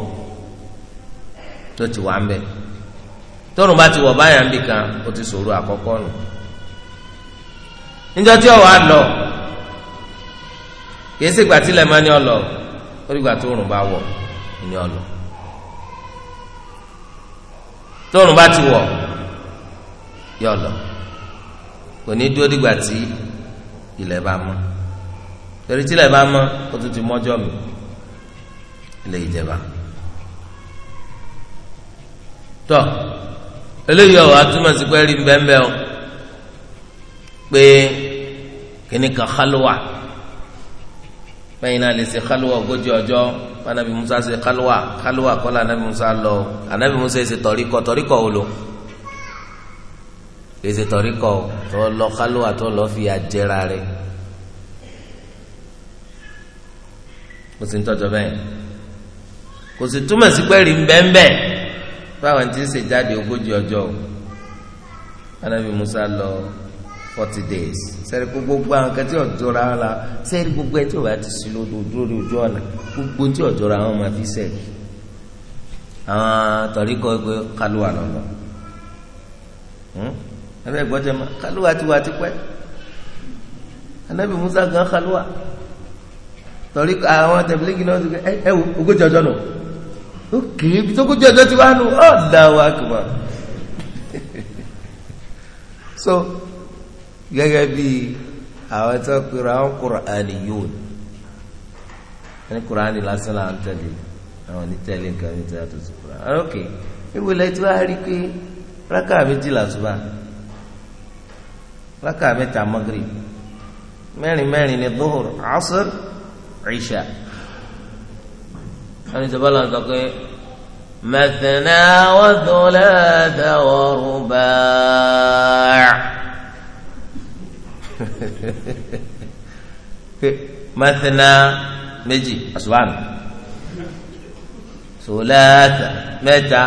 tó ti wà ń bẹ tóòrùn bá ti wọ báyà ń bì kan ó ti sòrò àkọ́kọ́ nù níjọ́ tí ọwọ àlọ kìí sì gbà tilẹ̀ máa ní ọlọ ó dìgbà tóòrùn bá wọ ní ọlọ tóòrùn bá ti wọ yọ ọlọ kò ní dúró dìgbà tí ilẹ̀ bá mọ́ torí tí ilẹ̀ bá mọ́ ó tún ti mọ́jọ́ mi ilé ìjẹba tọ eléyìí ọ̀rọ̀ atúmọ̀ sí pé rí bẹ́ẹ̀bẹ́ẹ̀ o pé kíní kan kálúwà bẹ́ẹ̀ náà lè ṣe kálúwà ogójì ọjọ́ anabi musa ṣe kálúwà kálúwà kọ́lá anabi musa lọ anabi musa ṣe tọ̀ríkọ̀ tọ̀ríkọ̀ wò lò èsì tọ̀ríkọ̀ tó lọ kálúwà tó lọ fi àjẹra rẹ̀ ó sì ń tọ́jọ́ bẹ́ẹ̀ kò sì túmọ̀ sí pé rí bẹ́ẹ̀nbẹ́ fáwọn tí ń ṣe jáde ogójì ọjọ́ anabi musa lọ forty days sẹ́ni gbogbo àwọn kan tí ọ̀jọ́ ra la sẹ́ni gbogbo ẹ̀ tí ọ̀bá ti sí lódò lójú ọ̀nà gbogbo tí ọ̀jọ́ ra wọn máa fi sẹ́ni àwọn tọ̀ríkọ̀ hmm? ẹgbẹ́ kálúwà lọ́lọ́ ẹgbẹ́ ìgbọ́jẹ́ ma kálúwà ti wà tipẹ́ anabi musa gan kálúwà tọ̀ríkọ̀ àwọn tẹ̀blẹ́gì náà ti gbé ẹ ẹ wò ogójì ọjọ́ náà ókè ibi tó kójú ọjọ́ ti wá nù akbar so gẹ́gẹ́ bí àwọn tó pèrè àwọn Qur'aniyun ní Qur'ani lásán là ń tẹ̀lé àwọn onítẹ̀lé nǹkan ní tẹ̀lé tó ah, ti Qur'an ok ewu ilẹ̀ tí wàá rí pé rákà méjìlá ṣùgbà rákà mẹ́ta Maghrib mẹ́rin mẹ́rin ní Dhuhr Asr Isha ẹni tó bá lọ sọ pé mẹsànán àwọn tó lẹ́ẹ̀dá ọ̀rùn bá mẹsànán méjì àṣùwàmì sọlẹ́ẹ̀dá mẹ́ta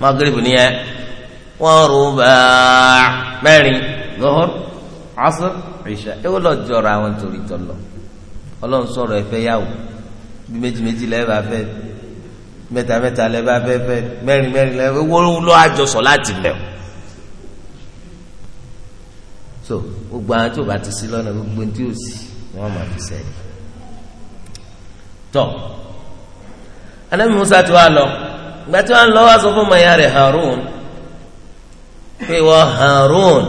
magrib nìyẹn wọ́n rún bá mẹ́rin lọ́hùr asr ìṣá ewu jọra àwọn torí tọ́lọ̀ ọlọ́run sọ̀rọ̀ ẹ̀fẹ́ yàwó bí méjì méjì lẹ́ẹ̀ bá fẹ́ mẹ́ta mẹ́ta lẹ́ẹ̀ bá fẹ́ fẹ́ mẹ́rin mẹ́rin lẹ́ẹ̀ fẹ́ wọ́n lọ́ àjọsọ láti bẹ̀ so gbogbo àwọn tí o bá ti sí lọ́nà gbogbo tí o sì ni wọ́n máa fi sẹ́yìn tọ́ anabi musa ti wá lọ ìgbà tí wọ́n lọ wá sọ fún maya rẹ̀ harun pé wọ́n harun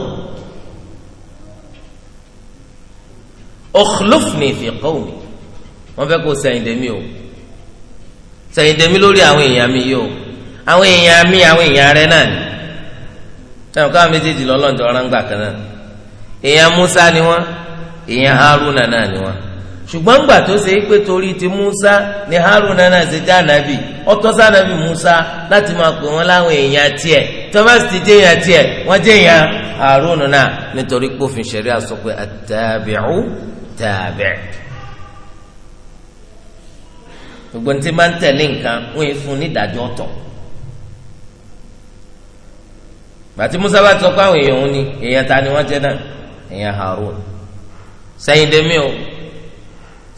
ukhlifni fi qawmi. wọ́n fẹ́ kó sẹ̀yìn dèmí o sẹ̀yìn dèmí lórí àwọn èèyàn mi yìí o àwọn èèyàn mi àwọn èèyàn rẹ náà ni táwọn káwọn méjèèjì lọ́lọ́dún ọ̀rọ̀ ń gbà kan náà èèyàn Musa ni èèyàn Haruna náà ni wọ́n ṣùgbọ́n gbà tó ṣe é pé torí ti Musa ni Haruna náà ṣe já nàbì ọtọ́ Musa láti máa pè láwọn èèyàn tiẹ̀ thomas gbogbo ní ti máa ń tẹ̀lé nǹkan wọ́n yìí fún nídàájọ́ ọ̀tọ̀ bàtí Musa bá tọ́ èèyàn òun ni èèyàn ta ni wọ́n jẹ́ náà èèyàn Harun sẹ́yìn dẹ́mi o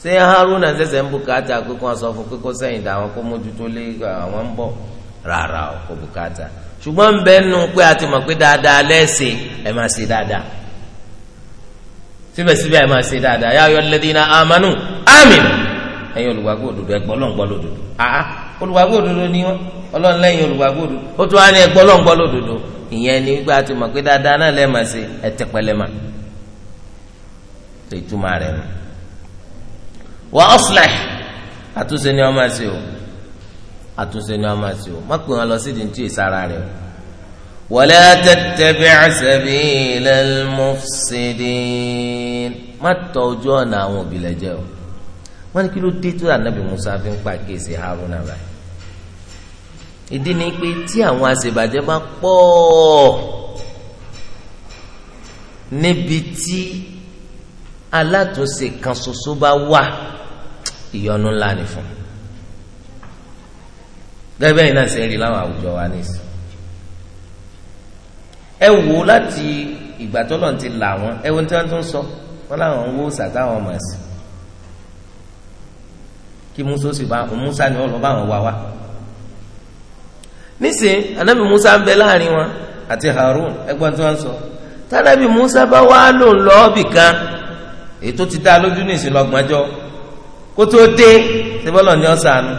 ṣé Harun náà ń bùkátà pé sọ fún pé sẹ́yìn dá kó mójútó lé àwọn ń bọ̀ rárá o kò bùkátà ṣùgbọ́n ń nu pé a ti mọ̀ pé dáadáa lẹ́sẹ̀ ẹ̀ máa ṣe dáadáa síbẹ̀síbẹ̀ ẹ̀yin olùwàgbọ́ òdodo ẹgbọ́ lọ́ngbọ́ lódodo àá olùwàgbọ́ òdodo ni wọn ọlọ́run lẹ́yìn olùwàgbọ́ òdodo ó tún wá ní ẹgbọ́ lọ́ngbọ́ lódodo ìyẹn ni gbà tó mọ̀ pé dáadáa náà lẹ́ẹ̀ máa ṣe ẹ̀tẹ̀ pẹlẹmà tó ìtumọ̀ rẹ̀ nù. wà á àtúnṣe ni wọ́n máa ṣe o àtúnṣe ni wọ́n máa ṣe o má pè wọn lọ sídìí tí ìsara rẹ̀ o. wala tattabi' sabilal mufsidin má tọ ojú ọ̀nà àwọn òbí lẹ́jẹ̀ o wọ́n ní kí ló dé tó ànábì Musa fi ń pàkíyèsí Haruna báyìí ìdí ni pé tí àwọn àṣebàjẹ́ bá pọ̀ níbi tí alátúnṣe kan ṣoṣo bá wà ìyọnu ńlá ni fún gẹ́gẹ́ bẹ́ẹ̀ náà ṣe ń rí láwọn àwùjọ wa nísì ẹ wò láti ìgbà tó lọ́n ti là wọ́n ẹ wo ní tí wọ́n tún sọ wọ́n láwọn ń wó sàtáwọn mọ̀ sí kí musa sì bá àwọn musa ni wọn lọ bá àwọn wá wa nísìnyí anabi musa ń bẹ láàrin wọn àti harun ẹ̀gbọ́n tí wọn sọ tànàbí musa bá wà lòun lọọbì kan ètò ti dá lójú ní ìsìnlọgbọnjọ kó tó dé síbọlọ ní ọsàánú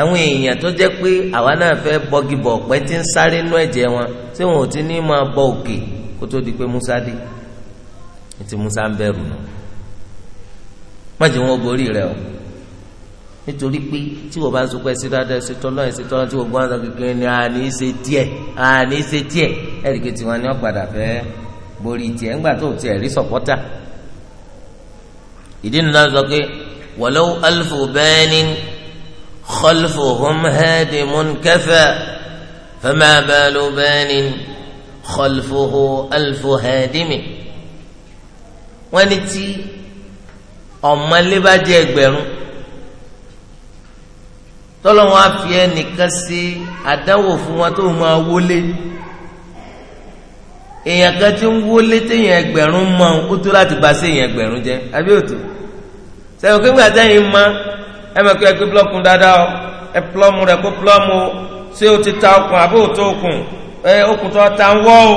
àwọn èèyàn tó jẹ́ pé àwa náà fẹ́ bọgi bọ tí ń sáré nú ẹ̀jẹ̀ wọn tí wọn ò ti ní máa bọ òkè kó tó di pé musa dé ètò musa ń bẹ̀rù nù má jẹ́ wọn borí rẹ̀ o nítorí pé tí wọ́n bá sọkọ ẹsẹ dáadáa ẹsẹ tọ́lọ́ ẹsẹ tọ́lọ́ tí wọ́n gbọ́n sọ kékeré ni àní ṣe tiẹ̀ àní ṣe tiẹ̀ ẹ̀rí pé tiwọn ni wọ́n padà fẹ́ borí tiẹ̀ ńgbà tó tiẹ̀ rí sọ̀pọ́tà. ìdí nínú náà sọ pé walaw alfu banin khalfuhum hadimun kafa fama balu banin khalfuhu alfu hadimin. wọ́n ní tí ọ̀mọ́lé bá ẹgbẹ̀rún tọ́lọ́wọ́n á fi ẹnìkan sí àdáwò fún wọn tó máa wọlé èèyàn kan tí ń wọlé téèyàn ẹgbẹ̀rún mọ ó tó láti gba sí èèyàn ẹgbẹ̀rún jẹ àbí òtò sẹ́wọ̀n kí ngbàdá yìí mọ ẹ mọ̀ kí ẹ gbé blọ́ọ̀kù dáadáa ọ ẹ plọ́ọ̀mù rẹ̀ kó plọ́ọ̀mù o ṣé o ti ta okùn àbí òtó okùn ẹ okùn tó ta ń wọ́ o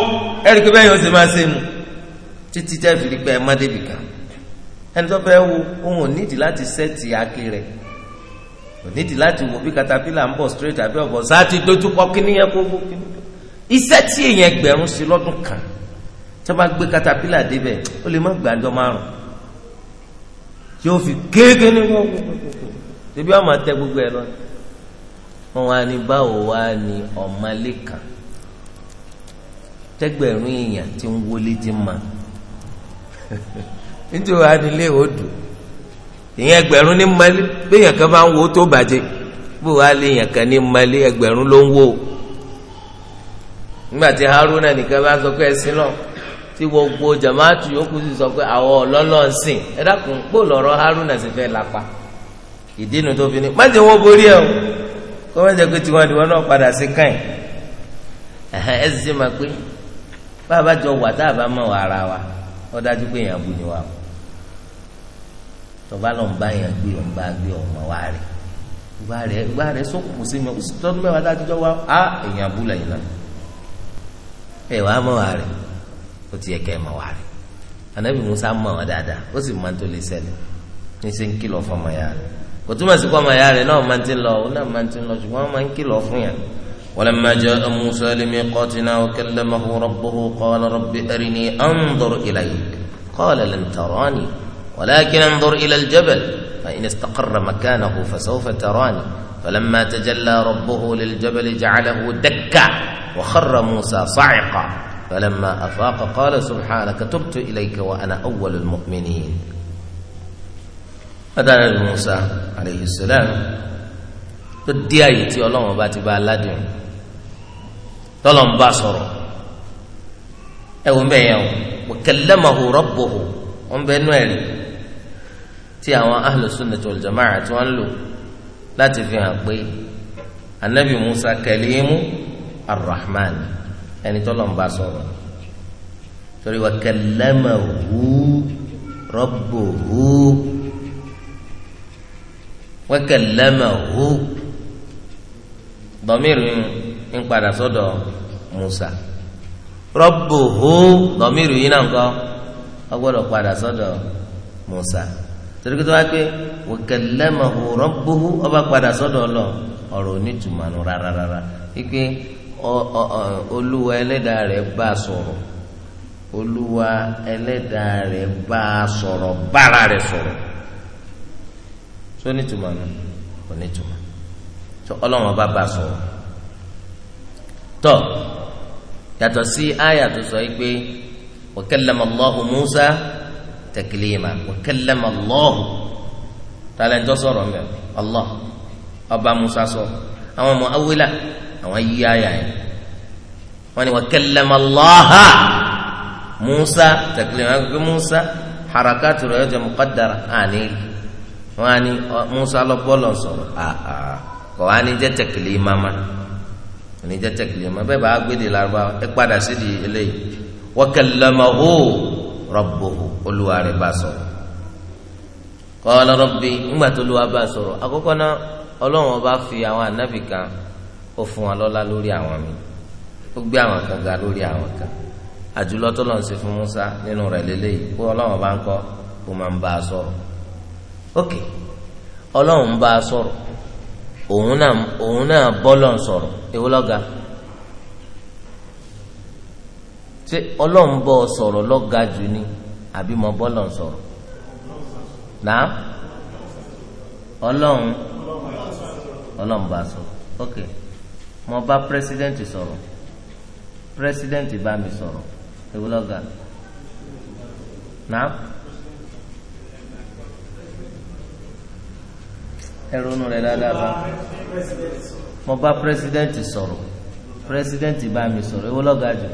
ẹ rí i pé bẹ́ẹ̀ yóò ṣe máa ṣe nù títí tẹ́ fi rí pé ẹ má débìkan ẹni tó fẹ́ wo òun ò nídìí láti sẹ́ẹ̀tì àkè rẹ̀ onídìí láti wò bí katapila ń bọ̀ straight àbí ọ̀bọ̀ sáàtì dojú kọ kíní yẹn kó kó kíní. iṣẹ́ tí èèyàn gbẹ̀rún sí lọ́dún kan tí bá gbé katapila débẹ̀ ó lè má gbàdọ̀ márùn yóò fi kéèké ní kó kó kó kó débi wọn máa tẹ gbogbo ẹ lọ wọn wá ní báwo wá ní ọmọlẹ́kàn tẹgbẹ̀rún èèyàn ti ń wọlé ti ma nítorí wàá nílé odò ìyẹn ẹgbẹ̀rún ní mali béèyàn kan máa ń wo tó bàjẹ́ bó wàá lé èèyàn kan ní mali ẹgbẹ̀rún ló ń wo nígbà tí haruna nìkan bá sọ pé ẹsìn náà tí gbogbo jamaatu yòókù sì sọ pé àwọn ọlọ́lọ́ọ̀ sìn ẹ haruna sì fẹ́ lápá ìdí inú tó fi ní má ti wọ́n borí ẹ o kó má jẹ́ pé tiwọn ni wọ́n náà padà sí káyìn ẹ sì máa pé a bá jọ wà tá a bá wa ó dájú pé tọba lọ ń bá yẹn gbé ọ ń bá gbé ọmọ wa rẹ ìgbà rẹ ìgbà rẹ sókùnkùn sí mi tọdún mẹ́wàá dájújọ wa á èèyàn abúlé yìí náà ẹ wàá mọ wa rẹ ó ti yẹ kẹ ẹ mọ wa rẹ anabi musa mọ wọn dáadáa ó sì máa ń tó lè ṣẹlẹ̀ ní sẹ ń kìlọ̀ fún ọmọ ya rẹ kò túmọ̀ sí kó ọmọ ya rẹ náà máa ń ti lọ òun náà máa ń ti lọ ṣùgbọ́n máa ń kìlọ̀ fún yàn. ولما جاء موسى لميقاتنا وكلمه ربه قال رب أرني أنظر إليك قال لن تراني ولكن انظر إلى الجبل فإن استقر مكانه فسوف تراني فلما تجلى ربه للجبل جعله دكا وخر موسى صعقا فلما أفاق قال سبحانك تبت إليك وأنا أول المؤمنين هذا موسى عليه السلام tó dé àyè tí الله ti bá باصر أو ń bá sọ̀rọ̀ ẹ tí àwọn ahlùsùnà wal jama'a tí wọ́n lò láti fi hàn pé anabi musa kẹlẹ́mú arrahman ẹni tọ́lọ̀ ń bá sọ̀rọ̀ torí wa kẹlẹ́mẹ̀hu rabbuhu wa kẹlẹ́mẹ̀hu dọ̀míìrì ń padà sọ́dọ̀ musa rabbuhu dọ̀míìrì yìí náà ń kọ́ ọ padà sọ́dọ̀ musa torí kí tó wá pé wa kallamahu rabbuhu ọba padà sọ́dọ̀ ọlọ ọ̀rọ̀ onítùmọ̀ nù rárára wípé olúwa ẹlẹ́dàá rẹ̀ bá a sọ̀rọ̀ olúwa ẹlẹ́dàá rẹ̀ bá a sọ̀rọ̀ bára rẹ̀ sọ̀rọ̀ tó onítùmọ̀ nù onítùmọ̀ tó ọlọ́run ọba bá a sọ̀rọ̀ tó yàtọ̀ sí àyà tó sọ wípé wa kallama Musa tẹkílíma wa kallama Allah tààlà ń tọ́ sọ̀rọ̀ mẹ́ Allah ọba Musa sọ àwọn ọmọ awila àwọn yí àyà yẹn wọn ni wa kallama Allah Musa tẹkílíma gbé Musa harakatu rẹ̀ ọjọ́ muqaddara àní wọn ni Musa lọ bọ́ọ̀lù sọ̀rọ̀ àhà kọ̀ wá ní jẹ́ tẹkílíma máa ní jẹ́ tẹkílíma bá gbé de ẹ padà sí di eléyìí wa kallamahu rabbuhu olúwa rẹ̀ bá sọ̀rọ̀ qala rabbi ńgbà tó olúwa bá sọ̀rọ̀ àkọ́kọ́ náà ọlọ́run ọba fi àwọn ànábì kan ó fún wa lọ́lá lórí àwọn mi ó gbé àwọn kan ga lórí àwọn kan àjùlọ tó lọ́n ṣe fún Musa nínú rẹ̀ lélẹ́yìí pé ọlọ́run ọba ń kọ́ ó máa ń bá a sọ̀rọ̀ ok ọlọ́run ń bá a sọ̀rọ̀ òun náà òun náà bọ́ lọ́n sọ̀rọ̀ èwo ṣé ọlọ́run bọ́ ọ sọ̀rọ̀ lọ́ga jù ni àbí mo bọ́ lọ́n sọ̀rọ̀ nà ọlọ́run ọlọ́run bá sọ̀rọ̀ ok mo bá president sọ̀rọ̀ president bá mi sọ̀rọ̀ ewu lọ́ga nà ẹrú nu rẹ̀ dáadáa bá mo bá president sọ̀rọ̀ president bá mi sọ̀rọ̀ ewu lọ́ga jù.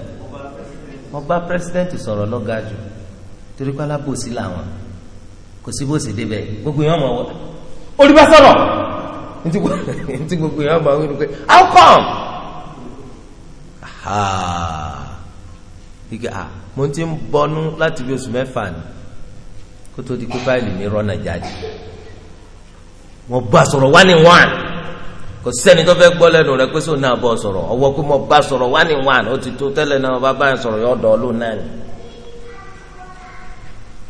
mo bá pírẹsidẹ́ǹtì sọ̀rọ̀ lọ́ga jù torí pé alábòsí làwọn kò sí bòsí débẹ̀ gbogbo yẹn ọmọ wọn olùbá sọ̀rọ̀ ntí gbogbo yẹn ọmọ wọn pé how come ike a ah, mo ti ń bọnú láti bí oṣù mẹ́fà ni kó tó di pé báyìí mi rọ́nà jáde mo bá sọ̀rọ̀ one in one. kò sẹ́ni tó fẹ́ gbọ́ lẹ́nu rẹ pé sọ náà bọ̀ sọ̀rọ̀ ọwọ́ pé mo bá sọ̀rọ̀ wá ní wàn ó ti tó tẹ́lẹ̀ náà bá sọ̀rọ̀ yọ ọ̀dọ̀ ọlọ́ náà ni.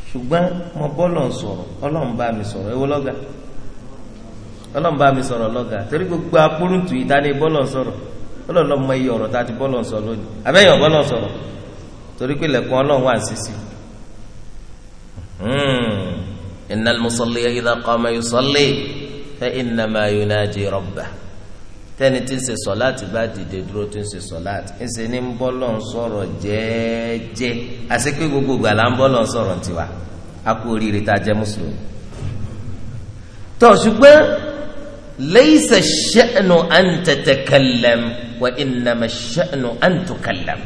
ṣùgbọ́n mo sọ̀rọ̀ ọlọ́run bá mi sọ̀rọ̀ lọ́gà ọlọ́run bá mi sọ̀rọ̀ lọ́gà torí gbogbo yìí tani bọ́lọ̀ sọ̀rọ̀ ọlọ́run mọ iye ọ̀rọ̀ tá a sọ̀rọ̀ fa innama yunaji rabbah tẹni tí ń ṣe sọláàtì bá dìde dúró tí ń ṣe sọláàtì ń ṣe ní ń bọ́ lọ́n sọ̀rọ̀ jẹ́ẹ́jẹ́ àti pé gbogbo ìgbà là ń bọ́ lọ́n sọ̀rọ̀ tiwa a kú oríire tá jẹ́ mùsùlùmí. tó ṣùgbọ́n laysa ash-sha'nu an tatakallam wa innama ash-sha'nu an tukallam.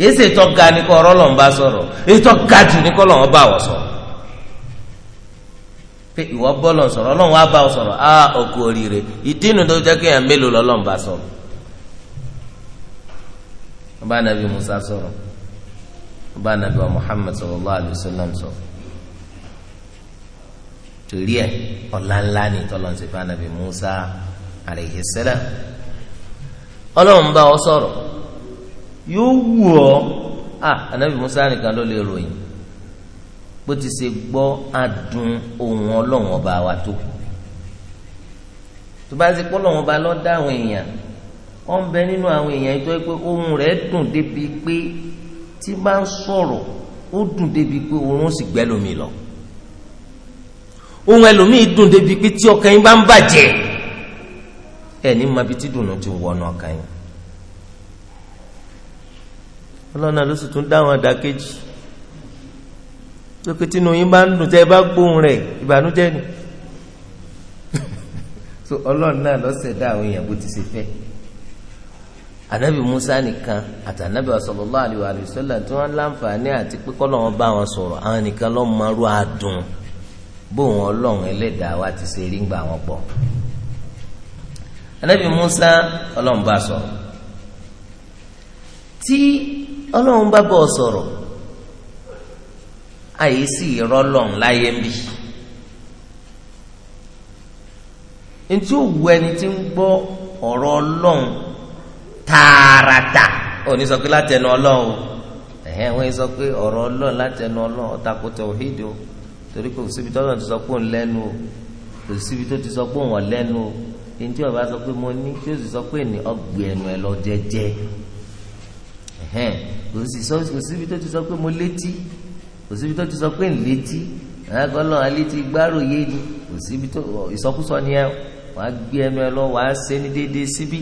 yìí ṣe ìtọ́ ga ni kọ́ ọ̀rọ̀ lọ́n sọ̀rọ̀ ìtọ́ ga jù ni kọ́ lọ́n wọ̀ sọ̀rọ̀ pé ìwọ bọ́lọ̀ sọ̀rọ̀ ọlọ́run wá bá ọ sọ̀rọ̀ á ọkọ oríire tó jẹ́ Musa sọ̀rọ̀ ọba nàbí wa Muhammad sallallahu alaihi wasallam sọ̀rọ̀ torí Musa ọlọ́run bá ọ sọ̀rọ̀ yóò wù ọ́ Musa nìkan ló bó ti ṣe gbọ́ adùn ohùn ọlọ́run ọba wa tó tó bá ti pọ́lọ́run ọba ló dá àwọn èèyàn ó ń bẹ nínú àwọn èèyàn ìtọ́ pé ohùn rẹ̀ dùn débi pé tí bá ń sọ̀rọ̀ ó dùn débi pé oorun sì gbẹ́ lómi lọ ohùn ẹlòmíì dùn débi pé tí ọkàn yín bá ń bàjẹ́ ẹ ní ma bi tí dùnú ti wọnà ọkàn yín ọlọ́run ló sì tún dá àwọn àdá kejì lókè tí nìyí bá ń dùn tẹ́ ẹ bá gbóhùn rẹ̀ ìbànújẹ́ ni so ọlọ́run náà lọ́sẹ̀dá àwọn èèyàn bó ti ṣe fẹ́ anabi musa nìkan àti anabi sallallahu alaihi wa sallam tí wọ́n láǹfààní àti pípọ́ lọ́wọ́ bá wọn sọ̀rọ̀ àwọn nìkan lọ́ marú adùn bóun ọlọ́run ẹlẹ́dàá wa ti ṣe rí ń gbà wọn pọ̀ anabi musa ọlọ́run bá sọ̀rọ̀ tí ọlọ́run bá bọ̀ sọ̀rọ̀ àyè sí irọ́ lọ́n láyé ń bì. ntí ó wu ẹni tí ń gbọ́ ọ̀rọ̀ ọlọ́run tààràtà òní sọ pé látẹnu ọlọ́run ẹ̀hẹ́n wọ́n sọ pé ọ̀rọ̀ ọlọ́run látẹnu ọlọ́run ọ̀tàkù tawhid torí kò o kò síbi tó ti sọ pé òun o ntí sọ pé mo ní sì sọ pé ní ẹnu ẹ lọ ẹ̀hẹ́n ti kò síbi tó ti sọ pé ńlétí àgọ́lọ́ àlétí gbárò yé ni kò síbi tó ìsọkúsọ ni ẹ wàá gbé ẹnu ẹ lọ wàá ṣe ní déédéé síbí.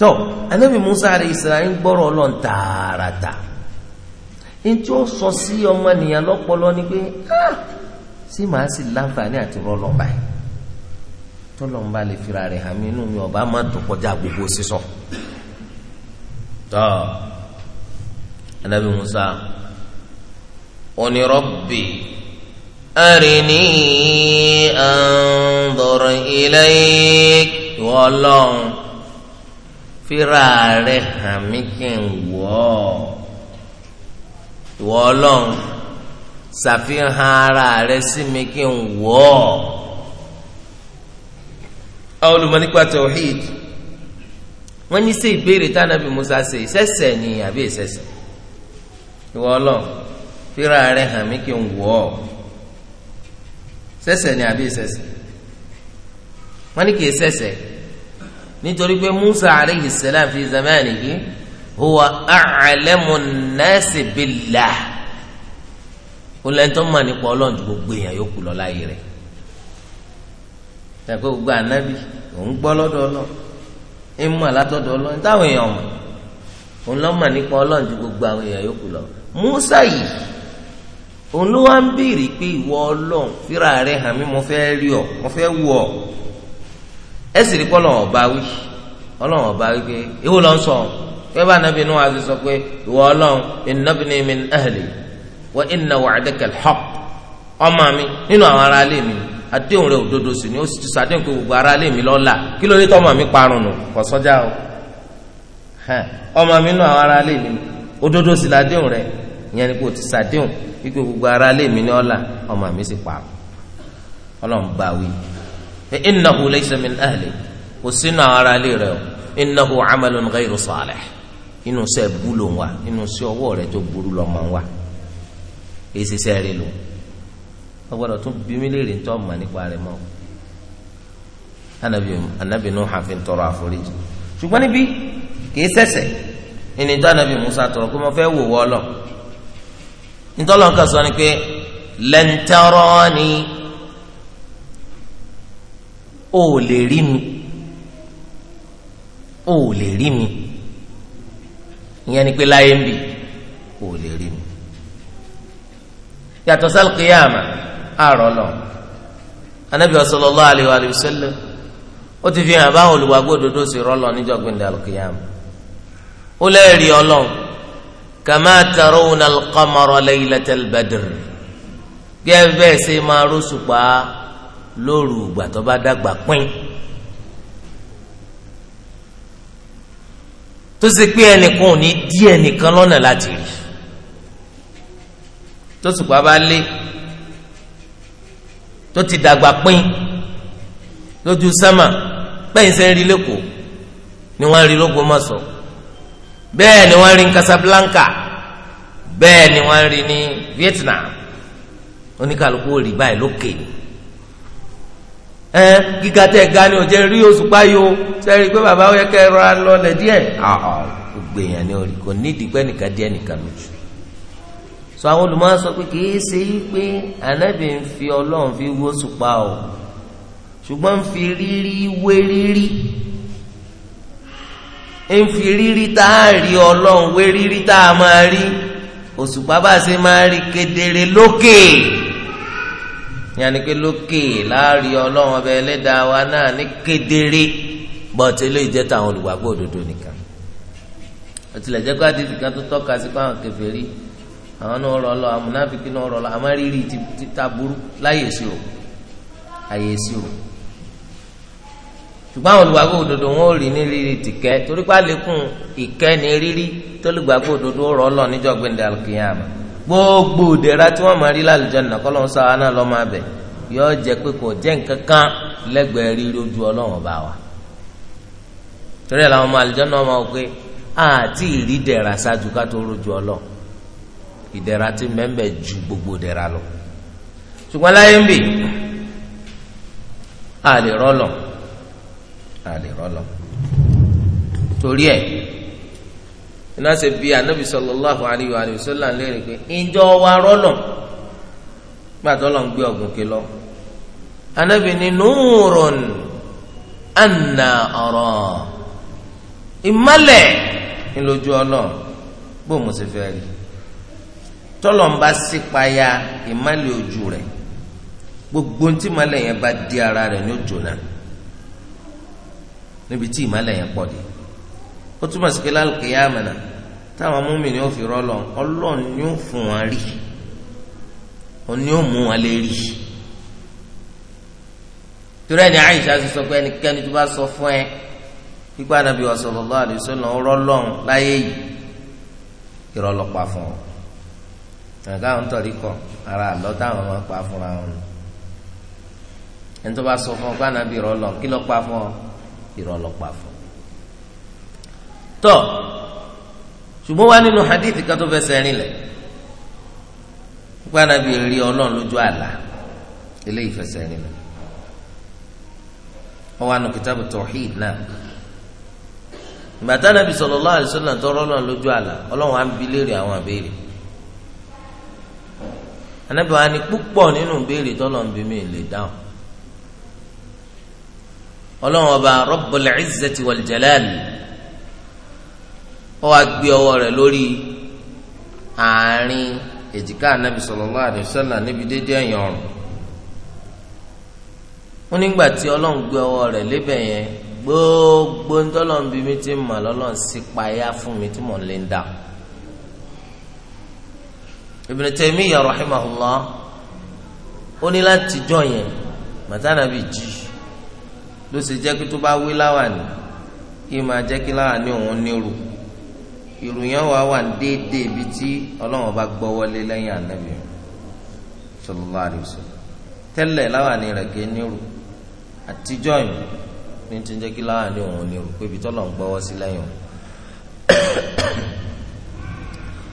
tọ́ anábì Musa àrẹ ìsirayín gbọ́rọ̀ ọlọ́run tààràtà ntí ó sọ sí ọmọnìyàn lọ́pọlọ ni pé sí màá sì láǹfààní àti rọlọ́ báyìí tọ́lọ́mùbá lè fira rẹ̀ hàmí inú mi ọba máa tó kọjá gbogbo sísọ. tọ́ọ̀ anabi musa oni rọbì arini anzọrọ ilayk wọlọ́n fira rẹ hàn mí kí n wọ́ wọlọ́n ṣàfihàn ara rẹ sí mi kí n wọ́ àwọn olùmọ̀ nípa tawhid wọ́n ní ṣe musa ṣe ìṣẹ̀ṣẹ̀ ni àbí ìṣẹ̀ṣẹ̀ ìwọ Ọlọ́run fíra rẹ hàn mí kí n wọ ọ ni àbí ṣẹ̀ṣẹ̀ wọn ni kì í nítorí Musa aleyhi salam fi zamanihi huwa a'lamu nnasi billah ó lẹ́ńtọ́ nípa Ọlọ́run gbogbo èèyàn yòókù lọ láyé rẹ̀ tẹ̀kọ́ gbogbo ànábì òun gbọ́ lọ́dọ̀ Ọlọ́run ń látọ̀dọ̀ Ọlọ́run táwọn èèyàn òun nípa gbogbo Musa yìí òun ló wá ń béèrè pé ìwọ Ọlọ́run fíra rẹ hàn mí mo fẹ́ rí ọ mo fẹ́ wù ọ ẹ sì rí kọlọn ọba wí Ọlọ́run ọba wí pé èwo ló ń sọ fẹbà nàbí inú wa ti sọ pé ìwọ Ọlọ́run innabni min ahli wa inna wa'daka al-haqq ọmọ mi nínú àwọn ará ilé mi àdéhùn rẹ òdodo sì ni ó sì ti sọ àdéhùn pé gbogbo ará ilé mi lọ́la kí ló dé tọ́mọ mi parun nù kò sọ́jà o ọmọ mi nínú àwọn ará ilé mi òdodo sì làdéhùn rẹ ìyẹn ni kò ti sàdéhùn wípé gbogbo ara lè mí ní ọ̀la ọmọ mi sì pààrọ̀ ọlọ́run bá wí innahu laysa min ahli kò sínú àwọn ará ilé rẹ o innahu amalun ghayru salih inú sẹ bú ló ń wá inú sẹ ọwọ́ rẹ tó burú lọ́mọ ń wá èsì sẹ rí lò ó gbọ́dọ̀ tún bí mi léèrè tó ọmọ nípa rẹ mọ́ anabi anabi nuhu hafi ń tọrọ àforíjì ṣùgbọ́n níbí kì í sẹ̀sẹ̀ anabi musa tọrọ kó mo fẹ́ wò wọ́ ntọ́lọ́ nǹkan sọ ni pé lẹ́ńtẹ́rọ́ ni o ò lè rí mi o ò lè rí mi ìyẹn ni pé láyé ń bì o ò lè rí mi yàtọ̀ sálùkìyàmà àrọ̀ lọ anabi sallallahu alayhi wa sallam ó ti fi hàn báwọn olùwàgbọ́ òdodo sì rọ́ lọ níjọ́ gbẹ̀ndẹ̀ àlùkìyàmà ó lè Ọlọ́run kama tarawna al-qamara laylatal badr gẹ́gẹ́ bẹ́ẹ̀ ṣe máa rọ́ṣùpá lóru ìgbà tó bá dàgbà pín tó ṣe pé ẹnìkan ò ní dí ẹnìkan lọ́nà láti rí tó ṣùpá bá lé tó ti dàgbà pín lójú sámà bẹ́ẹ̀ ṣe ń rí lẹ́kọ̀ọ́ ni wọ́n rí lóko mọ́sọ̀ bẹ́ẹ̀ ni wọ́n rí Casablanca bẹ́ẹ̀ ni wọ́n rí ní Vietnam oníkàlùkù ò rí báyìí lókè ẹ gíga tẹ ga ni òjẹ rí oṣù báyìí o sẹ́rí pé bàbá yẹ kẹ́ rọra lọlẹ̀ díẹ̀ gbogbo èèyàn ni orí kò ní ìdìgbẹ́ nìkan díẹ̀ nìkan lójú sọ àwọn olùmọ̀ sọ pé kì ṣe pé ń fi ọlọ́run fi wó o ṣùgbọ́n ń fi rírí òṣùpá bá ṣe máa rí kedere lókè yàní pé lókè láàrin ọlọ́run ọba ẹlẹ́dàá wa náà ní kedere bọ́ọ̀tì eléyìí jẹ́ tàwọn olùgbàgbọ́ òdodo nìkan òtìlẹ̀ jẹ́ kó àdìsí kan tó tọ́ka sí pé àwọn kèfèrí àwọn náà rọ lọ àmúnáfíkì náà rọ lọ àmọ́ rírì ti burú láyè sí o àyè sí o ṣùgbọ́n àwọn olùgbàgbọ́ òdodo wọn ò rí ní rírì tìkẹ́ torí pé àlékún ìkẹ́ ní rírì tó lùgbàgbọ́ òdodo rọ̀ lọ níjọ́ gbẹ̀ndẹ̀ alùkìyàmà gbogbo òdèrà tí wọ́n máa rí lálùjánnà kọ́lọ́hún sáà náà lọ́ máa yọ jẹ́ pé kò jẹ́ nǹkan kan lẹ́gbẹ̀ẹ́ rírí ojú ọlọ́run bá wa torí ẹ̀ làwọn ọmọ àlùjánnà máa wọ pé àti ìrí dẹ̀ra ṣáájú ká tó rojú ọlọ́run ìdẹ̀ra ti mẹ́mbẹ̀ ju gbogbo dẹ̀ra lọ ṣùgbọ́n láyé ń bì á lè rọ́lọ̀ a lè rọlọ torí ẹ iná ṣe bí anabi sallallahu alayhi wa sallam léèrè pé ǹjọ́ wa rọlọ gbàtọ́ lọ́n gbé ọ̀gùnkè lọ anabi ni nùrùn ànà ọ̀rọ̀ ìmálẹ̀ ńlójú ọlọ́run bó mo ṣe fẹ́ rí tọ́lọ̀ ń bá sípayà ìmálẹ̀ ojú rẹ̀ gbogbo ntí malẹ̀ yẹn bá di ara rẹ̀ ní òjò náà níbi tí ìmọ̀lẹ̀ yẹn pọ̀ dé o túmọ̀ sí pé ya àmàna táwọn múmìnì ó fi ọlọ́run ni ó fún wọn rí òun ni ó mú wọn lé rí torí ẹni àyíṣà ti sọ pé ẹnikẹ́ni tó bá sọ fún ẹ nàbí láyé yìí fún ọ àwọn tọ̀rí kọ ara àlọ́ táwọn máa pa fúnra wọn ẹni tó bá sọ fún ọ pa fún irọ́ ọlọ́pàá fún un. tọ́ ṣùgbọ́n wá nínú hadith kan tó fẹsẹ̀ rinlẹ̀ nípa nàbí rí ọlọ́run lójú àlá eléyìí fẹsẹ̀ rinlẹ̀ wọ́n wá nu kitabu tawhid náà gbàtà nàbì sallallahu alaihi wasallam tọrọ náà lójú àlá ọlọ́run á ń bi léèrè àwọn àbẹ́rẹ́ anábìwá ni púpọ̀ nínú béèrè tọ́lọ̀ ń bi mí lè dáhùn ọlọ́run ọba Rabbul Izzati wal Jalal ó wá gbé ọwọ́ rẹ̀ lórí àárín èjìká anabi sallallahu alaihi wasallam níbi dédé ẹ̀yìn ọrùn wọn nígbà tí ọlọ́run gbé ọwọ́ rẹ̀ lébẹ̀ yẹn gbogbo ńtọ́lọ́run bí mi ti mọ̀ lọ́lọ́run sì payá fún mi tí mò ń lè ń dà Ibn Taymiyyah rahimahullah ó ní láti jọ yẹn màtá jí ló ṣe jẹ́ pé tó bá wí láwàní kí máa jẹ́ kí láwàní òun nírú ìrù yẹn wà wà ní déédéé ibi tí ọlọ́run bá gbọ́ wọlé lẹ́yìn ànábì sallallahu alaihi wasallam tẹ́lẹ̀ láwàní rẹ̀ gé nírú àtijọ́ yìí ní ti jẹ́ kí láwàní òun nírú pé ibi tọ́lọ̀ ń gbọ́wọ́ sí lẹ́yìn òun.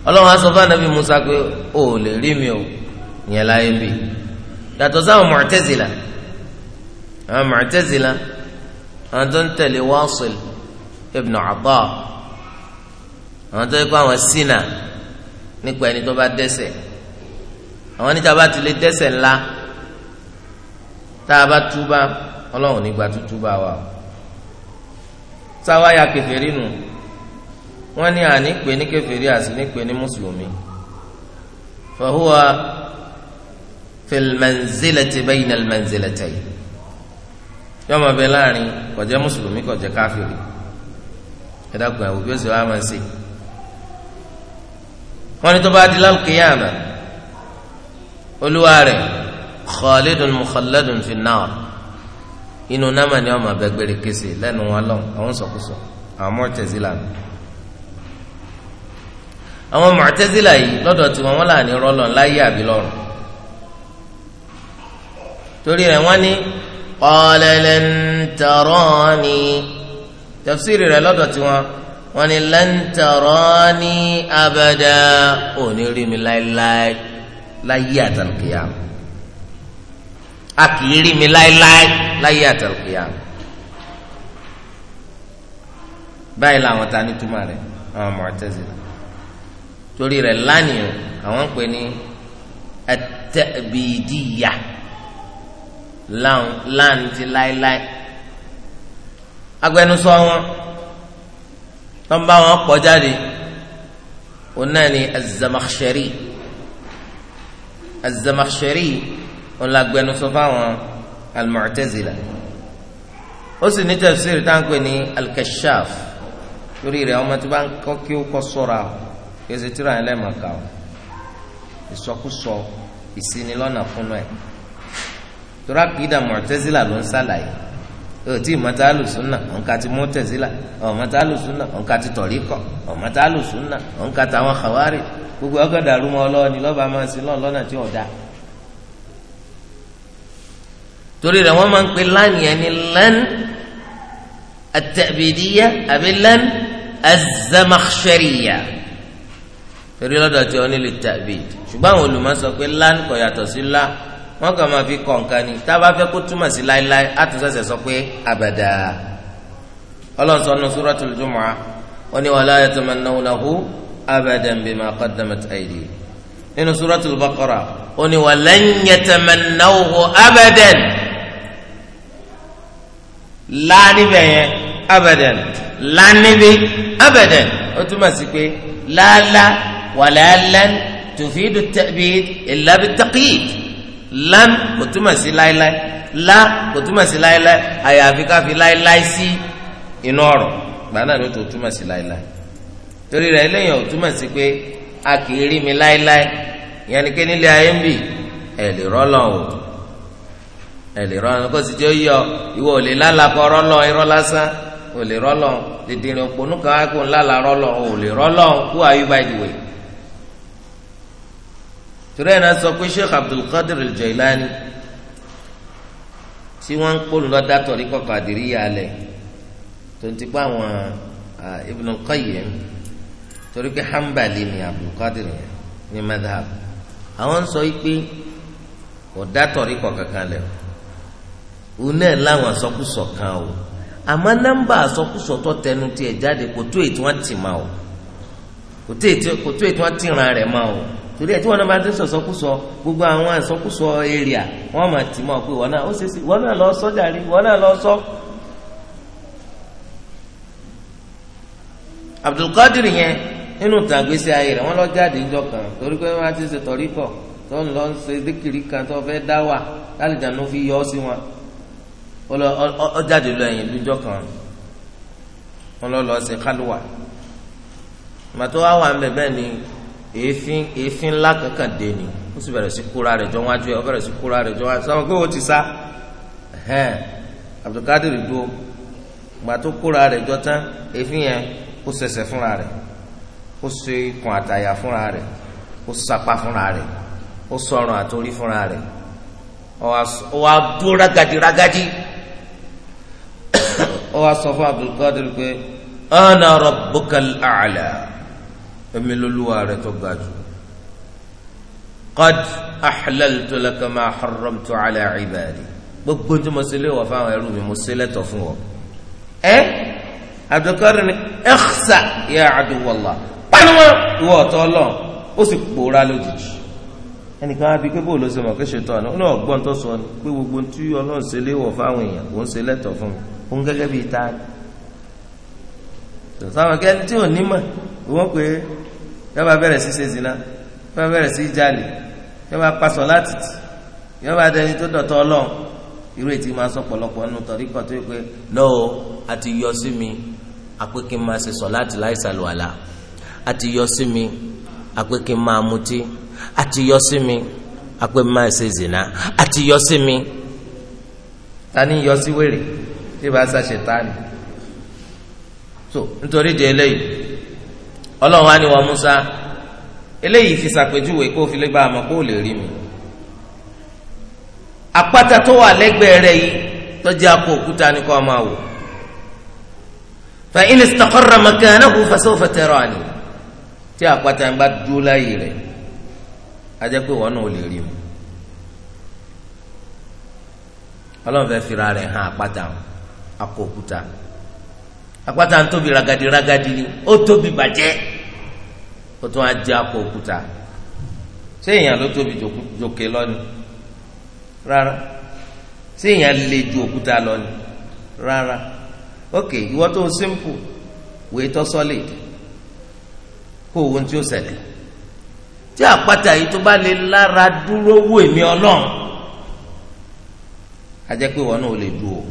ọlọ́run á sọ fún ànábì Musa pé o ò lè rí mi o ìyẹn láyé bì yàtọ̀ sáwọn Mu'tazila àwọn Mu'tazila àwọn tó ń tẹ̀lé Wasil ibn Ata àwọn tó ń kọ́ àwọn sínà nípa ẹni tó bá dẹ́ṣẹ̀ àwọn níta bá ti lè dẹ́ṣẹ̀ ńlá tá a bá túbá ọlọ́run nígbà tútúbá wa sáwáyà kèfèrí nù wọ́n ní àní pè ní kèfèrí àti ní pè ní mùsùlùmí fahuwa fil manzilati bayna al yọ ọmọ bẹ láàrin kò jẹ́ mùsùlùmí kò jẹ́ káfíìrì ẹ dákun ẹwù bí ó sì wá máa ṣe wọn ní tó bá di lálùkìyàmà olúwa rẹ̀ khalidun mukhalladun fi náà inú náà ni ọmọ abẹ gbére kése lẹ́nu wọn lọ àwọn sọkúsọ àwọn mọtẹsílà ni àwọn mọtẹsílà yìí lọ́dọ̀ tiwọn wọn là ní rọlọ láyé àbí lọ́run torí rẹ̀ wọn ní qala lan tarani tafsiri rẹ̀ lọ́dọ̀ tiwọn wọ́n ní lan tarani abada ò ní rí mi láéláé láyé àtàlùkìyà a kì í rí mi láéláé láyé àtàlùkìyà báyìí làwọn ta ní túmọ̀ rẹ̀ àwọn Mu'tazila torí rẹ̀ lánìí àwọn ń pè ní at-Ta'bidiyya láwọn láàánú ti láéláé agbẹnusọ wọn tó ń bá wọn pọ̀ jáde wọn náà ní az-Zamakhshari az-Zamakhshari wọn la gbẹnusọ fáwọn al-Mu'tazila ó sì ní tafsiri táǹkì ní al torí rẹ̀ ọmọ tó bá ń kọ́ kí ó kọ́ sọ́ra kí ẹsẹ̀ tíra ẹ̀ lẹ́ẹ̀mọ̀ ká o ìsọkúsọ ìsinilọ́nà fún ẹ̀ tora kìdá mọ̀tẹ́sílà ló ń sàlàyé òtí ìmọ̀tá alùsùnà òǹkà ti mọ̀tẹ́sílà ọ̀mọ̀tá alùsùnà òǹkà ti tọ̀ríkọ̀ ọ̀mọ̀tá alùsùnà òǹkà táwọn kàwárì gbogbo ọgọ́dà rúmọ ọlọ́ọ̀ni lọ́ba máa sin lọ́ọ̀ lọ́nà tí ọ̀dà. torí rẹ̀ wọ́n máa ń pe lánì yẹn ní lẹ́n àtẹ̀bìdíyà àbí lẹ́n azamaxẹ́ríyà torí lọ́dọ̀ tí wọ́n nílò tẹ̀bìd ṣùgbọ́n àwọn olùmọ̀ sọ pé lán kò yàtọ̀ sí lá wọn kàn máa fi kọ nǹkan ni tá a bá fẹ́ kó túmọ̀ sí láéláé á tún sẹ̀sẹ̀ sọ pé àbàdà ọlọ́run sọ nínú suratul Jumu'ah ó ní wala yatamannawnahu abadan bima qaddamat aydi nínú suratul Baqara ó ní walan yatamannawhu abadan lánìbẹ̀ yẹn abadan lánìbẹ̀ abadan ó túmọ̀ sí pé láàlá wàlálán tufidu at-ta'bid illa bit lan kò túmọ̀ sí láéláé la kò túmọ̀ sí láéláé àyàfi ká fi láéláé sí inú ọ̀rọ̀ gbaná ló tó túmọ̀ sí láéláé torí rẹ̀ eléyìí ò túmọ̀ sí pé a kì í rí mi láéláé ìyẹn ni pé nílé ayé ń bì ẹ̀ lè rọ́lọ́ o ẹ̀ lè rọ́lọ́ kó sì jẹ́ yọ ìwọ ò lè lálàkọ́ rọ́lọ́ irọ́ lásán ò lè rọ́lọ́ dèdèrè òpónú kan á kó ńlá la rọ́lọ́ ò lè rọ́lọ́ who are you by the way torí ẹ̀ náà sọ pé Sheikh Abdulkadir Al-Jailani tí wọ́n ń kpolu lọ́dá tọ̀rí kọ́ kàdírí yà lẹ̀ tó ń ti pa àwọn Ibn Qayyim torí pé Hanbali ni Abdulkadir yẹn ní madhab àwọn ń sọ yìí pé ọ̀dá tọ̀rí kọ́ kankan lẹ̀ òun náà láwọn àsọkúsọ kan o àmọ́ nọ́mbà àsọkúsọ tó tẹnu tiẹ̀ jáde kò tó ètò wọn tì máa o kò tó ètò wọn tìran rẹ̀ máa o. torí ẹ̀ tí wọ́n náà bá ti sọ sọkúsọ gbogbo àwọn ìsọkúsọ area wọ́n máa tì mọ́ pé wọ́n náà ó ṣe sí wọ́n náà lọ sọ jàre wọ́n náà lọ sọ. Abdulkadir yẹn nínú tàgbésí ayé rẹ̀ kan torí pé wọ́n ti ṣe tọ̀rí kọ̀ tó ń lọ ṣe dékìrí kan tó fẹ́ dá wà lálejò fi yọ ọ́ sí wọn ó jáde lọ kan lọ lọ èéfín èéfín ńlá kankan dé ni ó sì bẹ̀rẹ̀ sí kóra rẹ̀ jọ wájú ẹ̀ ó bẹ̀rẹ̀ sí kóra rẹ̀ jọ wájú ẹ̀ sọ́wọ́n pé ó ti sá ẹ̀hẹ́n Abdulkadir dúró gbà tó kóra rẹ̀ jọ tán èéfín yẹn ó sẹsẹ̀ fúnra rẹ̀ ó ṣe ikùn àtàyà fúnra rẹ̀ ó sapá fúnra rẹ̀ ó sọ̀rùn àtòrí fúnra rẹ̀ ó wá dúró rágàdì rágàdì ó wá sọ fún Abdulkadir pé ana rabbukal a'la èmi lolúwa rẹ tó ga jù qad ahlaltu laka ma harramtu ala ibadi gbogbo tí mo ṣe lé wọ fáwọn ẹrú mi mo ṣe lẹ́tọ̀ fún wọn. ẹ Abdulkadir ni ikhsa ya aduwallah pálọ́mọ́ ìwọ ọ̀tọ̀ ọlọ́run ó sì pòórá lójijì ẹnìkan á bí pé bóòlù ṣe mọ̀ kí ṣe tọ́ ni ó náà gbọ́n tó sọ ni pé gbogbo tí ọlọ́run ṣe lé wọ fáwọn èèyàn kò ń ṣe lẹ́tọ̀ fún mi ó ń gẹ́gẹ́ bíi ta ni. sọ̀tàn àwọn kẹ́ni tí ò ní mọ̀ wọ́n pé yọ́n bá bẹ̀rẹ̀ sí ṣe zina yọ́n bá bẹ̀rẹ̀ sí jalè yọ́n bá pa sọ̀láàtì tì yọ́n bá dẹni tó dọ̀tọ̀ ọlọ́run irú ètí máa sọ pọ̀lọpọ̀ nínú tọ̀rí kan tó yẹ pé no àti yọ sí mi àpékin máa ṣe sọ̀láàtì láì ṣàlùwàlà àti yọ sí mi àpékin máa mutí àti yọ sí mi àpé máa ṣe zina àti yọ sí mi tani yọ sí wèrè tí bá ṣàṣetá ni so nítorí di eléyìí ọlọ́run wá ní wọn Musa eléyìí fi ṣàpèjúwe kó fi lè bá a mọ̀ kó lè rí mi àpáta tó wà lẹ́gbẹ̀ẹ́ rẹ̀ yìí tó jẹ́ akọ òkúta ni kó máa wò fa in istaqarra makanahu fasawfa tarani tí àpáta ń bá dúró láyè rẹ̀ a pé wọn náà ò lè rí mi ọlọ́run fẹ́ fira rẹ̀ hàn àpáta akọ òkúta àpáta ń tóbi ragadi ragadi ni ó tóbi bàjẹ́ ó tún á jẹ àpò òkúta ṣé èèyàn ló tóbi jòkè lọ́ni rárá ṣé èèyàn lè ju òkúta lọ́ni rárá ok ìwọ tó simple wèé tó solid kó ohun tí ó ṣẹlẹ̀ tí àpáta yìí tó bá lè lára dúró wò èmi ọlọ́run a jẹ́ pé wọn ò lè du o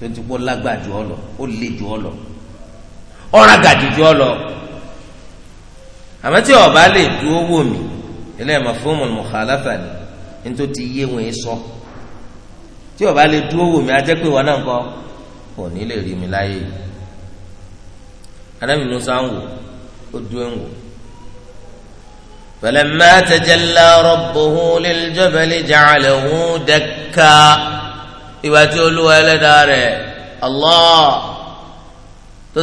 tó ti pọ́ lágbàá jù ó lè jù ọ lọ ọ̀rá gàdù jù àmọ́ tí ọba lè dúró wò mí eléyìí mafhumul mukhalafa ni nítorí ti yé wọn sọ tí ọba lè dúró wò mí ajẹ́ pé wọn náà kọ́ kò ní lè rí mi láyé yìí anabi musa ń wò ó dúró ń wò. فلما تجلى ربه للجبل جعله دكا ìwà tí olúwa ẹlẹ́dàá rẹ̀ Allah tó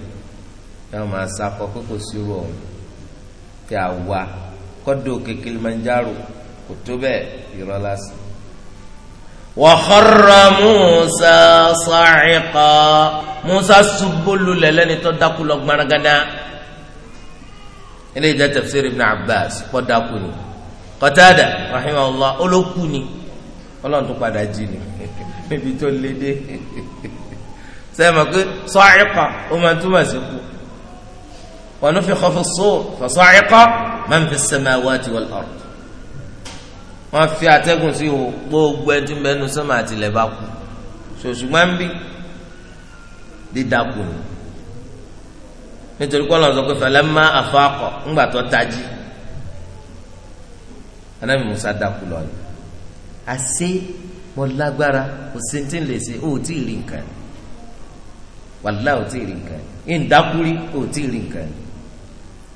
yóò máa sakọ pé kò sírò òun pé àwa kọ́dọ̀ òkè Kilimanjaro kò tó bẹ́ẹ̀ irọ́ lásán. wa kharra Musa sa'iqa Musa ṣubú lulẹ̀ lẹ́ni tó dákú lọ gbaragada ilé ìjà tafsir Ibn Abbas kọ́ dákú ni Qatada rahimahullah olókù ni ọlọ́run tó padà jí ni níbi tó léde sẹ́yìn mọ̀ pé sa'iqa ó máa túmọ̀ sí kú. ونفخ في الصور فصعق من في السماوات والأرض wọ́n fi atẹ́gùn sí ihò gbogbo ẹtí mẹ́nu sọ́mà àtìlẹ̀ bá kú ṣòṣùgbọ́n ń bí dídàkù ni nítorí pé ọlọ́run sọ pé fẹlẹ́ má àfọ́àkọ̀ ńgbà tó tají anábì musa dàkú lọ ni àṣé mo lágbára kò sí ti ń lè ṣe ó tí ì rí nǹkan wàlá ò tí ì rí nǹkan ìdákúrí ò tí ì rí nǹkan ni.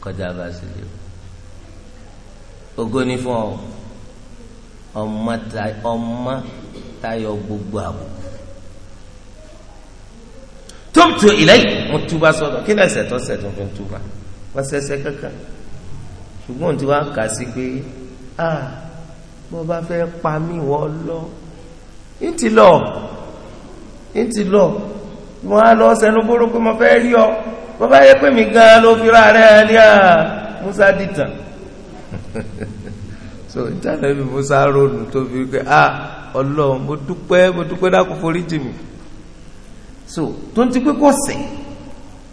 kọjá bá a sì lè o ògo ni fún ọ ọmọ ọmọ tayọ gbogbo àbùkù tóbtò ìlẹyìn mo túbà sọ́dọ̀ kí lẹsẹ tó sẹ tó fi ń túbà wọn sẹsẹ kankan ṣùgbọ́n tí wàá kà sí pé a bó bá fẹ́ pa mí wọ́ lọ ń ti lọ ń ti lọ wọn á lọ sẹnu bóró pé mo fẹ́ rí ọ bàbá yẹ pé mi gan ló fi ra rẹ ní à musa dìtàn so ìtànà ibi musa ronú tó fi pé a Ọlọ́run mo dúpẹ́ mo dúpẹ́ dákú forí jì mí so tó ń ti pé kò sẹ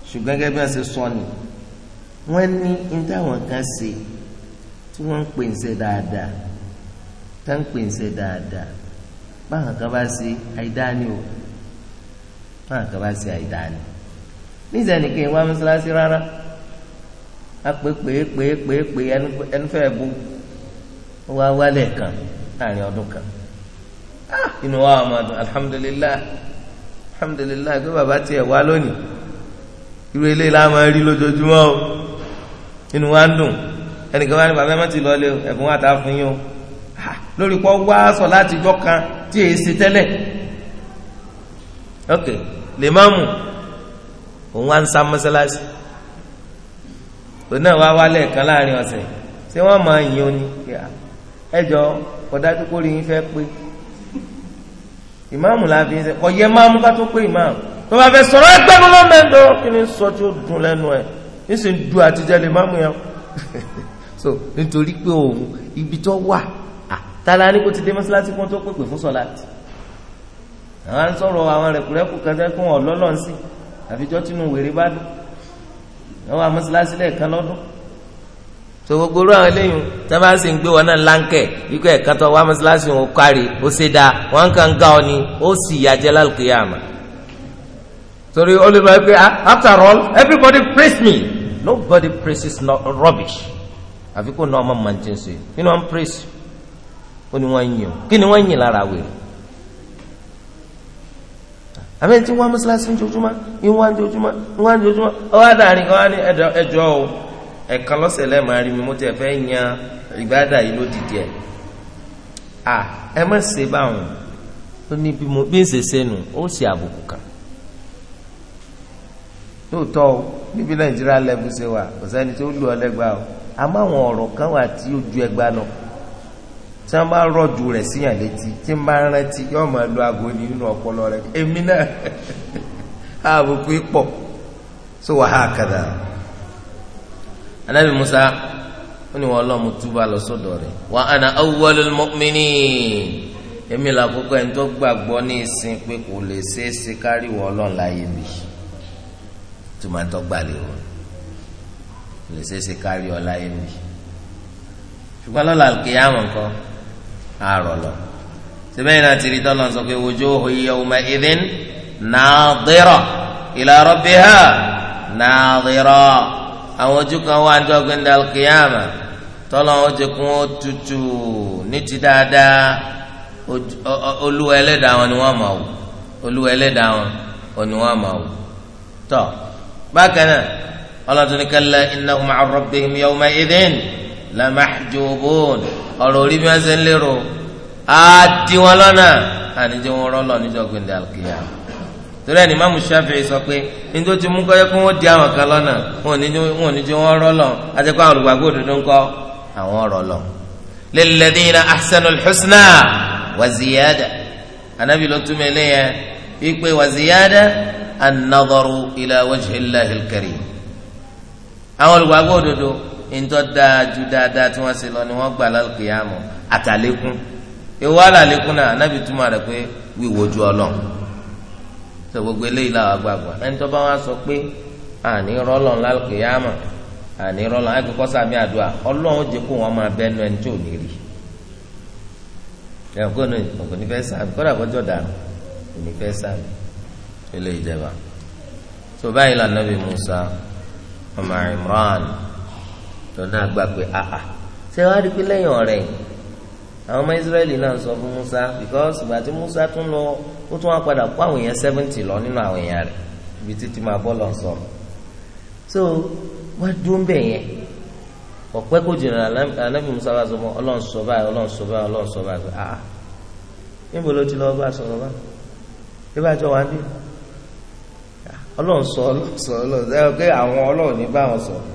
ṣùgbọ́n gẹ́gẹ́ bí wọ́n ṣe sọ ni wọ́n ní ní táwọn kan ṣe tí wọ́n ń pè ń ṣe dáadáa tá ń pè ń ṣe dáadáa báwọn kan bá ṣe àìdáa ni o báwọn kan bá ṣe àìdáa ni o nísìnyí kì í wá mọ́sálásí rárá a pè pè pè pè pè ẹnu fẹ́ bu wá wálẹ̀ kan láàrin ọdún kan ah, inú wa máa dùn alihamudulilayi alihamudulilayi pé bàbá tiẹ̀ wá lónìí irú eléyìí la máa rí lójoojúmọ́ o inú wa ń dùn ẹnìkan wá ní bàbá ẹ ti lọ o ẹ̀bùn wa ta fún yín o ah, lórí pọ́ wá sọ láti jọ́ kan tí èyí ṣe tẹ́lẹ̀ ok lè má mú òun wá ń sá mọ́sálásí òun náà wá wálẹ̀ kan láàrin ọ̀sẹ̀ ṣé wọ́n máa yìn ó ní ẹjọ́ ọ̀dájú kórìí yín fẹ́ pé ìmáàmù la fi ń sẹ ọ̀yẹ́ máa mú ká tó pé ìmáàmù tó bá fẹ́ sọ̀rọ̀ ẹgbẹ́nu lọ́mẹ́ńdọ́ kí ni sọ tí ó dùn lẹ́nu ẹ̀ ní sì ń du àtijọ́ lè máàmù yẹn so nítorí pé òun ibi tó wà tala ní kó ti dé mọ́sálásí kó tó pèpè fún sọ̀láàtì àwọn sọ̀rọ̀ àwọn rẹ̀kúrẹ́kù kẹtẹ́ fún ọ̀lọ́lọ́nsìn àfijọ́ tínú wèrè bá dùn wọ́n wá mọ́sálásí lẹ́ẹ̀kan lọ́dún so gbogbo ru àwọn eléyìí tí wọ́n sì ń gbé wọn náà láńkẹ̀ ikú ẹ̀ka tó wá mọ́sálásí wọn kárí ó ṣe dáa wọ́n kàn ga ọ ni ó sì yàjẹ́ lálùkìyàmà torí olùbọ̀ ẹ pé ah, after all everybody praise me nobody praises no rubbish àfikún náà ọmọ màá ti ń sè kí ni wọ́n praise ó ní wọ́n yìn kí ni wọ́n yìn lára wèrè àmì tí wọ́n mọ́sálásí ń jojúmọ́ ń wá ń jojúmọ́ ń wá ń jojúmọ́ ọwọ́ àdáàrin kan wá ní ẹjọ́ o ẹ̀kan lọ́sẹ̀ lẹ́ẹ̀ máa rí mi mo tẹ̀ fẹ́ yan ìgbádà yìí lódìdí ẹ̀ à ẹ má ṣe báwọn ó ní bí mo bí ń ṣe ṣe nù ó ṣe àbùkù kan lóòótọ́ o níbi nàìjíríà lẹ́bù ṣe wà kò sẹ́ni tó lù ọ lẹ́gbàá o àmọ́ àwọn ọ̀rọ̀ kan wà tí ó ẹgbàá náà tí wọn bá rọjò rẹ síyàn létí tí n bá ń rántí yóò máa lo aago ní nínú ọpọlọ rẹ èmi náà àbùkù pọ so wà á kàdà anabi musa ó ní wọn lọ mo túbà lọ sọ́dọ̀ rẹ wa ana awwalul mu'minin èmi là kókó ẹni tó gbàgbọ́ ní ìsìn pé kò lè ṣeé ṣe kárí wọ Ọlọ́run mi tòmátọ gbàlè wọn kò lè ṣeé ṣe kárí ọ láyé mi ṣùgbọ́n lọ́la kìí àwọn àárọ̀ lọ síbẹ̀ iná ti rí tọ́lọ̀ sọ pé wujuhu yawma idhin nadira ila rabbiha nadira àwọn ojú kan wà ní ọgbìn dàlkìyàmà tọ́lọ̀ ó ti kún ó tutù ní ti dáadáa olúwa ẹlẹ́dàá wọn ni wọ́n mọ̀ ọ́ olúwa ẹlẹ́dàá wọn ni wọ́n mọ̀ ọ́ tọ́ bákan náà ọlọ́tún ní kalla innahum an rabbihim yawma idhin lamahjubun ọ̀rọ̀ orí bí wọ́n ṣe ń lérò á di wọn lọ́nà àníjẹ́ wọn rọ́lọ́ níjọ́ gbẹ̀ndẹ̀ àlùkìyà torí ẹni Imam Shafi'i sọ pé níjọ́ ti mú kọ́yọ́ pé wọ́n di àwọn kan lọ́nà wọn ò ní jẹ́ wọn rọ́lọ́ àti pé àwọn olùgbàgbọ́ òdodo ń kọ́ àwọn rọ́lọ́ lilladhina ahsanul husna wa ziyada anabi ló túmọ̀ eléyẹn wípé wa ziyada an-nadharu ila wajhi àwọn olùgbàgbọ́ òdodo ntọ́ dáa ju dáadáa tí wọ́n ṣe lọ ni wọ́n gbà lálùkìyàmù àtàlékún ewu alàlékún náà anábì túmọ̀ rẹ̀ pé wíwo ju ọlọ́run tó gbogbo eléyìí làwọn gbàgbọ́ ẹni bá wọn sọ pé àní rọlọ́n lálùkìyàmù àní rọlọ́n akẹ́kọ̀ọ́ sàmì àdúrà ọlọ́run ó jẹ́ kó wọn máa ẹni ní rí ní sàmì Musa lọ́nà àgbà pé àhà ṣé wàá rí i pé lẹ́yìn ọ̀rẹ́ àwọn ọmọ Ísírẹ́lì náà sọ fún Musa because ìgbà tí Musa tún lọ ó tún wá padà kó àwọn èèyàn seventy lọ nínú àwọn èèyàn rẹ̀ ibi títí máa bọ́ lọ sọ̀rọ̀ so wá dúró ń bẹ̀ yẹn ọ̀pẹ́ kò jìnnà anábì Musa bá sọ fún Ọlọ́run sọ báyìí Ọlọ́run sọ báyìí Ọlọ́run sọ báyìí àhà níbo ló ti lọ bá sọ̀rọ̀ bá ibà jọ wá ń bí Ọlọ́run sọ Ọlọ́run sọ Ọlọ́run sọ ẹ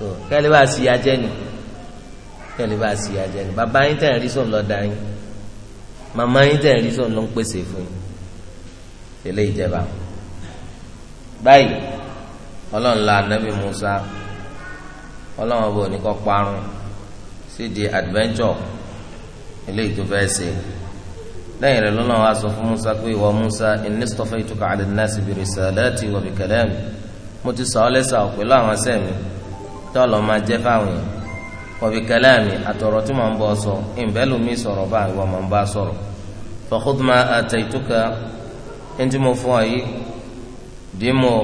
so kẹ́lẹ́ bá sì yá jẹ́ ni kẹ́lẹ́ bá sì yá jẹ́ ni bàbá yín tẹ̀ ń rí sóun lọ́ọ́ da yín màmá yín tẹ̀ ń rí sóun ló ń pèsè fún yín tẹ̀lé ìjẹba báyìí ọlọ́run la anabi musa ọlọ́run ọba òní kọ́ parun sí adventure eléyìí tó fẹ́ ṣe lẹ́yìn rẹ̀ lọ́lọ́run wá sọ fún musa pé ìwọ musa innistafaytuka ala nnasi bi risalati wa bi kalami mo ti sọ ọ́ lẹ́sà pẹ̀lú àwọn sẹ́mi tọ́lọ̀ máa jẹ́ fáwọn yẹn kọ̀bí kẹlẹ́ẹ̀mí àtọ̀rọ̀ tí mò ń bọ̀ sọ ìbẹ́lùmí sọ̀rọ̀ bá ìwọ mò ń bá sọ̀rọ̀ fọkùtùmá àtẹ̀yìtùkà ẹni tí mo fún ọ yìí dìímọ̀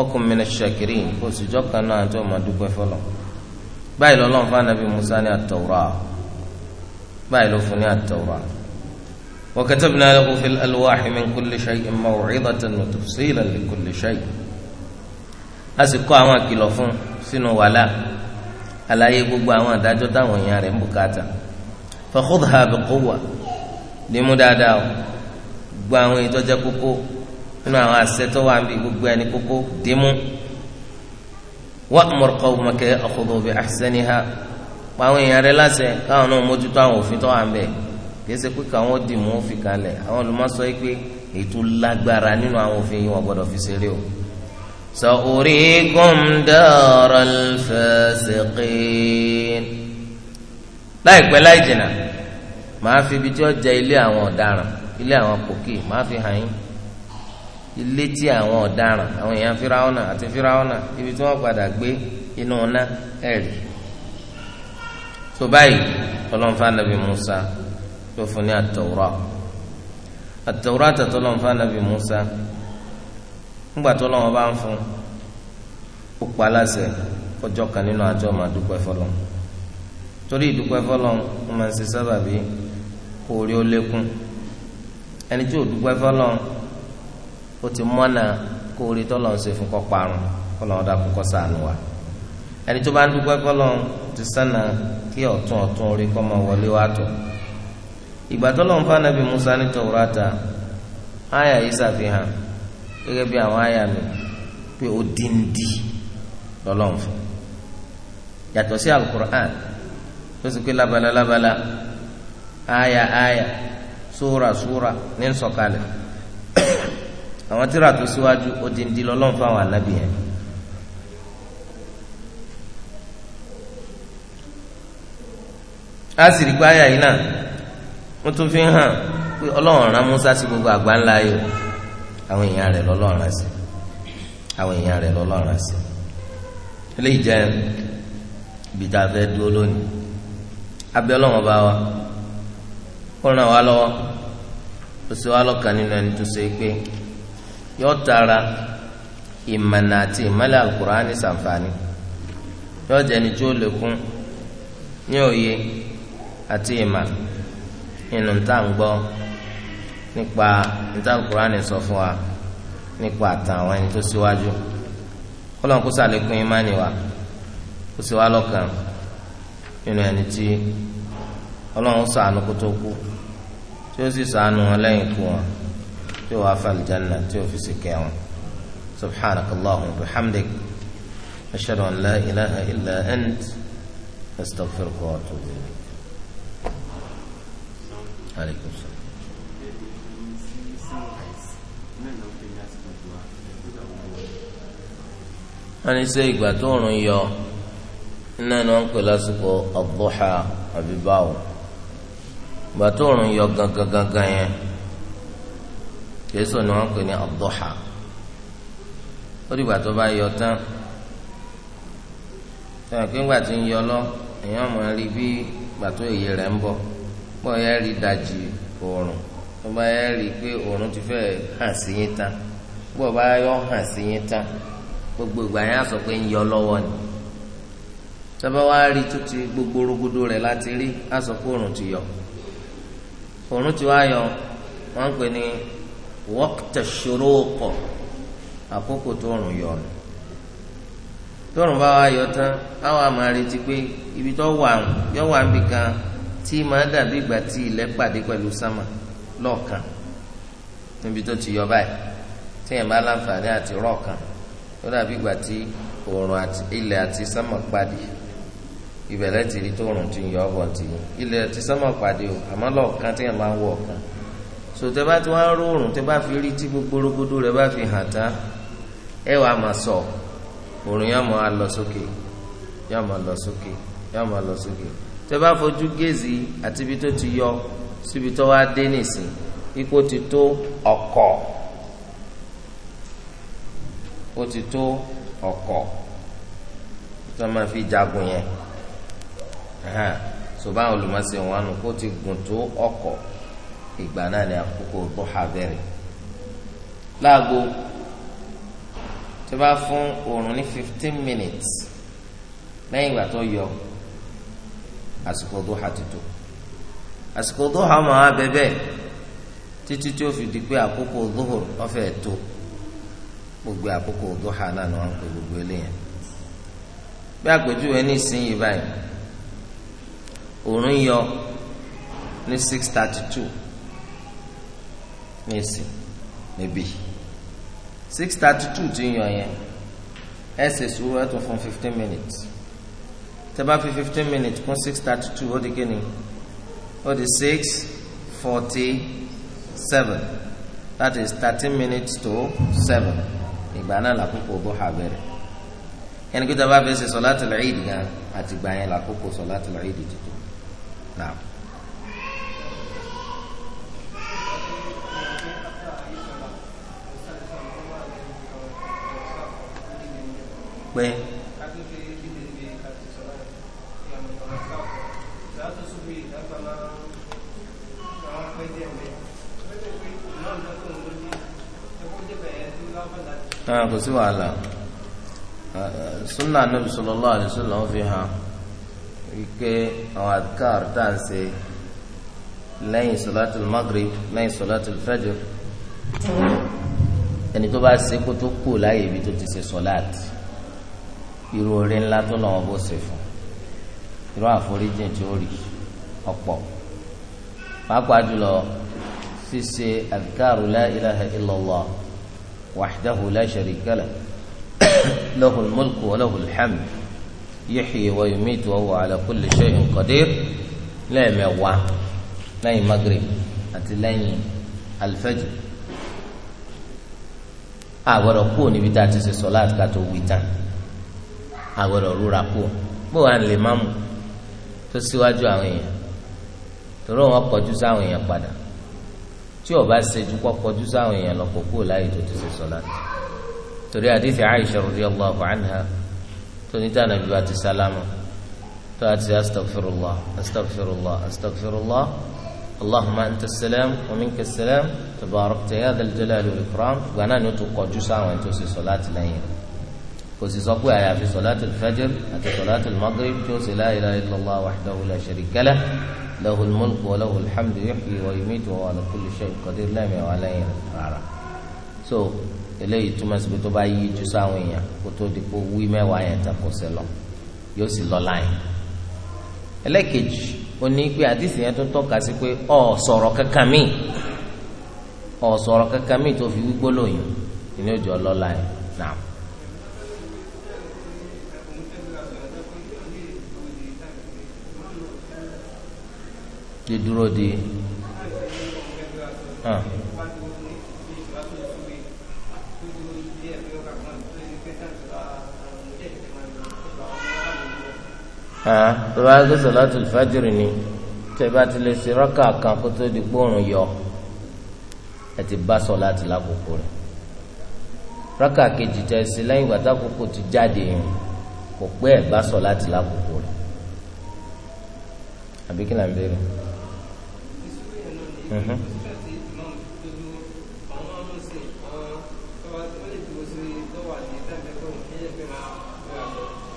ọkùnrin ṣàkìrì oṣù jọ́ka náà tó máa dúpẹ́ fọlọ́ báyìí lọ́lọ́run fún anabi musa ní àtọ̀rọ̀ báyìí ló fún ní àtọ̀rọ̀ وكتبنا له في الألواح من كل شيء موعظة وتفصيلا لكل شيء أسكوا ما كيلو فون sínú wàhálà àlàyé gbogbo àwọn àdájọ́ táwọn èèyàn rẹ̀ ń bùkátà fa khudhha bi quwwa lèmú dáadáa o gbogbo àwọn èyí tó jẹ́ kókó nínú àwọn àṣẹ tó wà níbi gbogbo ẹni kókó dìímú wa'mur qawmaka ya'khudhu bi ahsaniha pa àwọn èèyàn rẹ̀ láṣẹ káwọn náà mójútó àwọn òfin tó wà ń bẹ kìí pé káwọn dìímú fi kalẹ̀ àwọn olùmọ̀ sọ yìí pé ètò lágbára nínú àwọn òfin yìí wọn gbọ́dọ̀ fi ṣeré o sa'urikum daral fasiqin. láìpẹ́ láì jìnnà màá fi ibi tí ó jẹ́ ilé àwọn ọ̀daràn ilé àwọn pòkì màá fi hàn yín ilé tí àwọn ọ̀daràn àwọn èèyàn firawọ́nà àti firawọ́nà ibi tí wọ́n padà gbé inú ọ̀nà ẹ̀rí. tó báyìí ọlọ́nfà nàbì Musa ló fún ní àtọ̀wúrọ̀ àtọ̀wúrọ̀ àtọ̀tọ̀ ọlọ́nfà nàbì Musa. ńgbà tó lọ́wọ́ bá ń fún ó pa aláṣẹ kọjọ́ kan nínú àjọ máa dúpẹ́ fọlọ́ torí ìdúpẹ́ fọlọ́ wọn máa ń ṣe sábàbí kó orí ó lékún ẹni tí ò dúpẹ́ fọlọ́ ó ti mọ́nà kó orí tọ́lọ̀ ń ṣe fún kọ́ parun kọ́lọ́ kọ́ sànù wa ẹni tó bá ń dúpẹ́ fọlọ́ ti sànà kí ọ̀tún ọ̀tún gẹ́gẹ́ bí àwọn àyà mi pé ó díndín lọ́lọ́run fún yàtọ̀ sí alukur'an tó sì pé labala labala àyà àyà súra ní àwọn tíra tó síwájú ó fún àwọn yẹn. asiri pé àyà yìí náà tún fi hàn pé ọlọ́run rán Musa sí gbogbo àgbáńlá yìí. àwọn èèyàn rẹ̀ lọ́lọ́run àti àwọn èèyàn rẹ̀ lọ́lọ́run àti eléyìí jẹ́ ibi tá a fẹ́ dúró lónìí abẹ́ ọlọ́run bá wa ó ràn wá lọ́wọ́ ó sì wá nínú ẹni tó ṣe pé yóò tara ìmọ̀nà àti ìmọ̀lẹ̀ yóò ẹni tí ó lè kún ní òye àti ìmọ̀ nínú tá à nípa ìtàkùránì sọ fún wa nípa àtàwọn ẹni tó síwájú kọlọ́n kó sàlékún ìmánì wa kó sì wá lọ́kàn nínú ẹni tí ọlọ́run ṣàánú kó tó kú tí ó sì ṣàánú wọn lẹ́yìn ikú wọn tí ó wàá fẹ́ àlùjánnà tí ó fi sì kẹ́ wọn subhanakallahumma wa bihamdik ashhadu an la ilaha illa ant astaghfiruka wa atubu ilayk. wọn ní sẹ ìgbà tó rùn yọ iná ni wọn pè lásìkò ọdúnhà yọ gangan gangan yẹn kìsọ ni wọ́n pè ní ọdúnhà ó dìgbà tó bá yọ tán sọ̀rọ̀ pé ńgbà tí ń yọ lọ èèyàn máa rí bí ìgbà tó èyí rẹ̀ ń bọ̀ pọ̀ yẹn rí dajì rí pé ti fẹ́ gbogbo ìgbà yẹn á sọ pé ń yọ lọ́wọ́ ni tọ́ba wá rí tó ti gbogbo rogodo rẹ̀ láti rí á sọ pé òrùn ti yọ òrùn ti wá yọ wọ́n ń pè ní wọ́kítà ṣòro pọ̀ àkókò tó òrùn yọ nù tọrùn bá wa yọ tán àwọn àmà retí pé ibi tó wà yọ wà níbi kan tí màá dàbí ìgbà tí ilẹ̀ pàdé pẹ̀lú sámà lọ́ọ̀kan níbi tó ti yọ báyìí tí yẹn bá láǹfààní àti rọ́ọ̀kan ó dàbí ìgbà tí oòrùn àti ilẹ̀ àti sánmà pàdé ìbẹ̀lẹ̀ ti rí tó oòrùn ti ń yọ ọ̀bọ̀ ti ilẹ̀ àti sánmà pàdé o àmọ́ lọ́ọ̀kan tí yẹn máa ń wọ̀ ọ̀kan sòtẹ́ bá ti wá ń rọrùn tẹ́ bá fi rí tí gbogbo rogodo rẹ̀ bá fi hàn tán ẹ wàá máa sọ oòrùn yóò máa lọ sókè yóò máa lọ sókè yóò máa lọ sókè tẹ́ bá fojú géèzì àti ibi tó ti yọ síbi tó wá dé nìsín ipò ti tó ọkọ̀ ó ti tó ọkọ tó máa fi jagun yẹn ṣùgbọ́n àwọn olùmọ̀ọ́sẹ̀ wọn nù kó ti gùn tó ọkọ ìgbà náà ni àkókò tó hà bẹ̀rẹ̀ láago tó bá fún oorun ní fifteen minutes lẹ́yìn ìgbà tó yọ àsìkò tó ti tó àsìkò tó máa bẹ bẹ́ẹ̀ fi di pé àkókò dóhùn ọ̀fẹ́ gbogbo àkókò duha náà ni wọ́n ń pè gbogbo eléyàn bí àpèjúwe ní ìsinyìí báyìí òòrùn yọ ní six thirty two ní ìsìn níbí six thirty two ti yọ yẹn ẹ ṣe sùúrù ẹ tún fún fifteen minutes tẹ́ bá fi fifteen minutes kún six thirty two ó di kíni ó di six forty seven that is thirteen minutes to seven. ìgbà náà làkókò dúhà bẹ̀rẹ̀ yẹn kí tàbá fẹsẹ̀ sọ̀láàtì lẹ́yìn gan àti gbà yẹn làkókò sọ̀láàtì lẹ́yìn tuntun náà. pé náà kò sí wàhálà sunna anabi sallallahu alaihi wasallam fi hàn wípé àwọn adkar tá à ń ṣe lẹ́yìn sọláàtì magrib lẹ́yìn sọláàtì fajr ẹni tó bá ṣe kó tó kù láàyè ibi tó ti ṣe sọláàtì irú orí ńlá tó lọ́wọ́ bó ṣe fún irú àforíjìn tí ó rí ọ̀pọ̀ pàápàá jùlọ ṣíṣe adkar la ilaha illallah. وحده لا شريك له له الملك وله الحمد يحيي ويميت وهو على كل شيء قدير لا موا لا مغرب أتلين الفجر àgbọ̀dọ̀ kú níbi tá a ti ṣe sọlá ká tó wí tán àgbọ̀dọ̀ rúra kú bó wà lè má mú tó síwájú àwọn èèyàn torí wọn kọjú sáwọn èèyàn padà tí ó bá ṣẹ́jú kó kọjú sáwọn èèyàn lọ kó kúrò láàyè tó ti ṣe sọlá torí àdìsí Aisha radiyallahu anha tó ní tànà bí wà ti sálámù tó àti astaghfirullah astaghfirullah astaghfirullah allahumma anta salam wa minka salam tabarakta ya dhal jalali ikram gbaná ni ó tún kọjú sáwọn tó ṣe sọlá tìlẹ́yìn rẹ̀ kò sì sọ pé àyàfi sọláàtì fẹjẹr àti sọláàtì magrib tí ó sì la ilaha illallah wahdahu la sharika lahu lahul mulku wa lahul hamdu yuhyi wa yumitu wa ala kulli shay'in qadir lẹ́mẹ̀wá lẹ́yìn rárá. so eléyìí túmọ̀ sí pé tó bá yí ju sáwọn èèyàn kó tó di kó wí mẹ́wàá yẹn tako sí lọ yóò sì lọ láyìn. ẹlẹ́kejì ó ní pé àdìsí yẹn tó tọ́ka sí pé ọ̀ sọ̀rọ̀ kankan míì ọ̀ dídúró di. Ah. Ah, tó bá gbé sọláàtù fàjìrì ni tẹ bá ti lè ṣe rákà kan kó tó di gbóòrùn yọ ẹ ti bá sọláàtù lákòókò rẹ rákà kejì tẹ sí lẹ́yìn ìgbà tákòókò ti jáde yìí kò pé ẹ bá sọláàtù lákòókò rẹ àbí kí là ń bẹ̀rẹ̀.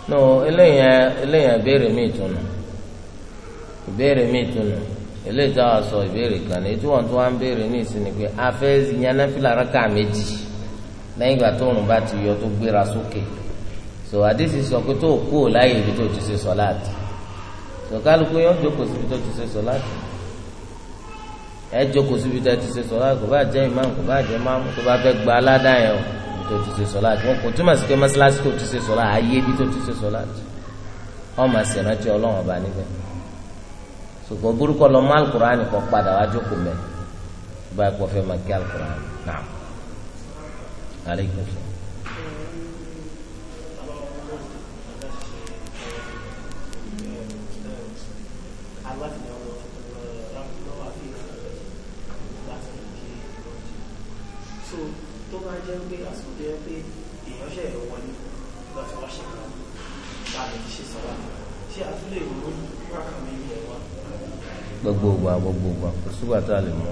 no eléyàn eléyàn béèrè mí ìtùnú ìbéèrè mí ìtùnú eléyìí tó a sọ ìbéèrè kan ní tí tó wá ń béèrè ní ìsinmi pé a yanáfìlà rákà méjì lẹ́yìn ìgbà tó bá ti yọ tó gbéra sókè so àdìsí sọ pé tó kú ò láyè ibi tó ti ṣe sọ láti so kálukú jókòó síbi tó ti ṣe sọ ẹ jókòó síbi tó ẹ ti ṣe sọlá kò bá jẹ́ ìmáàmù kò bá jẹ́ máàmù tó bá fẹ́ gba aládàá yẹn o tó ti ṣe sọlá àti wọn kò túmọ̀ sí pé mọ́sálásí tó ti ṣe sọlá ayé bí tó ti ṣe sọlá àti wọn máa ṣe ìrántí ọlọ́run ọba níbẹ̀ ṣùgbọ́n burúkọ lọ má alukur'an kọ padà wá jókòó mẹ́ báyìí kò fẹ́ máa kí alukur'an náà aleykum salaam. wa gbogbo gbà kò sígbà tá a lè mú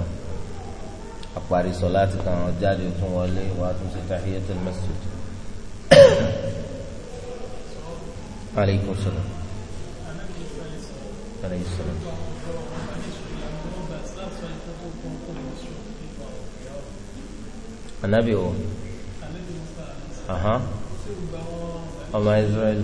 àparí sọ̀láàtì kan jáde tún wọlé wàá tún ṣe tahiyatul masjid. aleykum salaam aleykum salaam. anabi wo ọmọ israẹli.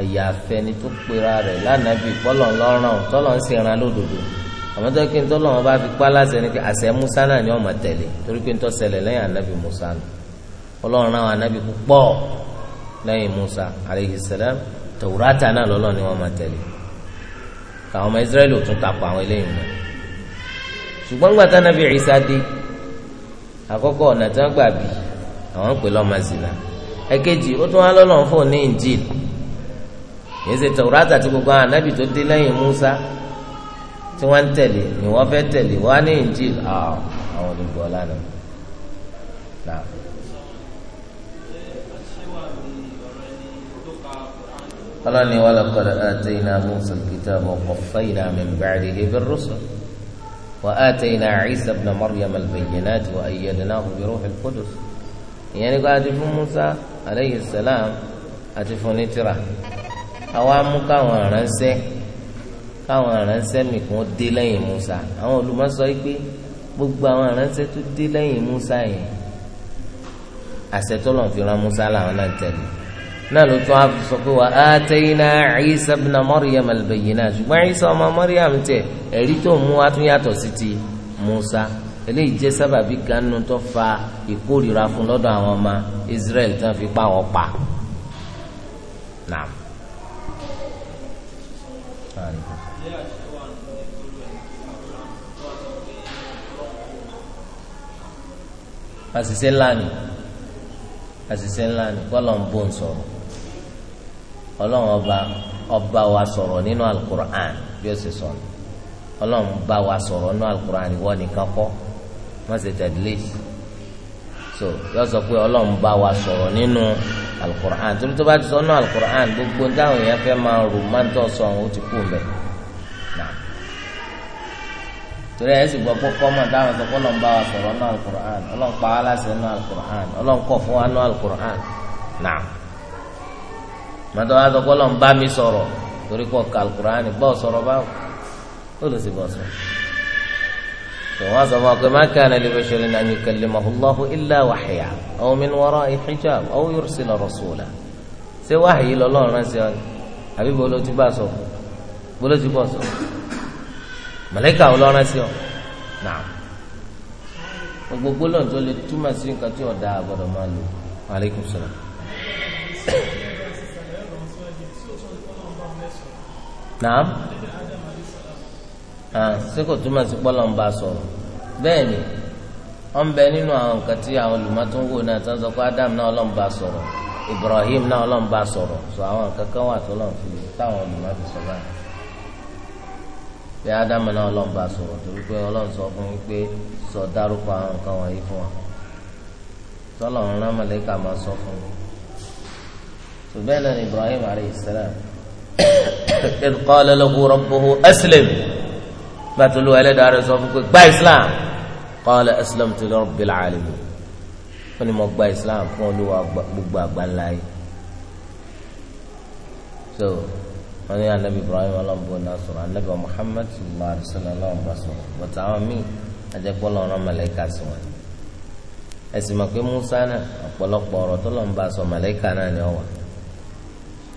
àyàfẹni tó pera rẹ̀ lánàbì pọlọ ńlọrọrùn tọ́lọ̀ ń ṣèrànà lódodo àmọ́ tó kí n wọn bá fi pa láti pé musa náà ni ọmọ tẹ̀lé torí pé n tọ́ lẹ́yìn anabi musa nù ọlọ́run náà anabi púpọ̀ lẹ́yìn musa aleyhi tòwúrátà náà lọ́lọ́ ni wọ́n tẹ̀lé ọmọ israẹli ò tún àwọn eléyìí mọ́ ṣùgbọ́n gbàtà anabi dé àkọ́kọ́ ọ̀nà tí wọ́n gbà bí àwọn ń pè lọ́mọ zina yìí ṣe tawurata tí gbogbo àwọn anabi tó dé lẹ́yìn musa tí wọ́n ń tẹ̀lé ni wọ́n fẹ́ tẹ̀lé wọ́n á ní injil àwọn olùgbọ́ lánàá. قالني ولقد آتينا موسى الكتاب وقفينا من بعده بالرسل وآتينا عيسى ابن مريم البينات وأيدناه بروح القدس يعني قاعد في موسى عليه السلام أتفوني تراه àwa mú káwọn aránṣẹ́ káwọn aránṣẹ́ mi kún dé lẹ́yìn Musa àwọn olùmọ̀sọ yìí pé gbogbo àwọn aránṣẹ́ tó dé lẹ́yìn Musa yẹn àṣẹ t'Ọlọ́run fi rán Musa làwọn náà tẹ̀lé náà ló tún á sọ pé wà á tẹ́yìnà Isa ibn Maryam al-bayyinat ṣùgbọ́n Isa ọmọ Maryam tẹ̀ ẹ̀rí tó mú wa sí ti Musa eléyìí jẹ́ sábàbí ganu tó fa ìkórìíra fún lọ́dọ̀ àwọn ọmọ Israel tó fi pa wọn pa. Naam àríkà. àṣìṣe ńlá ni àṣìṣe ńlá ni kọ́lọ̀ ń bò ń sọ̀rọ̀ ọlọ́run ọba ọba wa sọ̀rọ̀ nínú alukur'an bí ó ṣe sọ̀rọ̀ ọlọ́run bá wa sọ̀rọ̀ nínú alukur'an ìwọ nìkan kọ́ má ṣe tẹ̀lé so yọ sọ pé ọlọ́run bá wa sọ̀rọ̀ nínú. No alukur'an torí tó bá ti sọ náà alukur'an gbogbo táwọn èèyàn fẹ́ máa rò máa ń tọ́ sọ ọ̀hún ó ti kú mbẹ́ torí ẹ̀ sì gbọ́ pé kọ́mọ̀ táwọn sọ fọlọ́n bá wa sọ̀rọ̀ náà alukur'an ọlọ́n pa aláṣẹ náà alukur'an ọlọ́n kọ̀ fún wa náà alukur'an náà màtọ́ sọ fọlọ́n bá mi sọ̀rọ̀ torí kọ́ ka alukur'an bọ́ọ̀ sọ̀rọ̀ báwo ó lọ sí bọ́ọ̀ sọ̀rọ̀ wọ́n sọ fún wa pé ma kana li basharin an yukallimahu Allahu illa wahya aw min wara'i hijab aw yursila rasula ṣé wáhìí lọ́lọ́run rán sí ọ àbí bolo ti bá sọ bolo ti bọ̀ sọ màlàíkà ọlọ́run sí ọ náà gbogbo lọ́n tó lè túmọ̀ sí nǹkan tí ọ̀dà àgbọ̀dọ̀ máa lò aleykum salaam. naam. ṣé kò túmọ̀ sí pọ́lọ́ ń bá sọ̀rọ̀ ni nínú àwọn nǹkan àwọn náà Adam náà Ọlọ́run bá sọ̀rọ̀ Ibrahim na Ọlọ́run bá sọ̀rọ̀ sọ àwọn nǹkan wà tó fi táwọn olùmọ̀tò sọ báyìí bí Adam náà Ọlọ́run bá sọ̀rọ̀ torí pé Ọlọ́run sọ fún yín pé sọ dárúkọ àwọn nǹkan fún Ibrahim bàtúlù ẹlẹ́dàá rẹ̀ sọ fún pé gba islam qala aslamtu li rabbil alamin wọ́n ní mo gba islam fún olúwa gbogbo àgbáńlá yìí so wọ́n ní anabi ibrahim ọlọ́mọbó náà sọ̀rọ̀ anabi muhammad sallallahu alayhi wa ọlọ́mọbó sọ̀rọ̀ bọ̀tà àwọn míì ajẹ́pọ̀ lọ́rọ̀ mọ̀lẹ́kà sí wọn ẹ̀sìn mọ̀ pé musa náà ọ̀pọ̀lọpọ̀ ọ̀rọ̀ tó lọ́n bá sọ mọ̀lẹ́kà náà ni ọ̀wà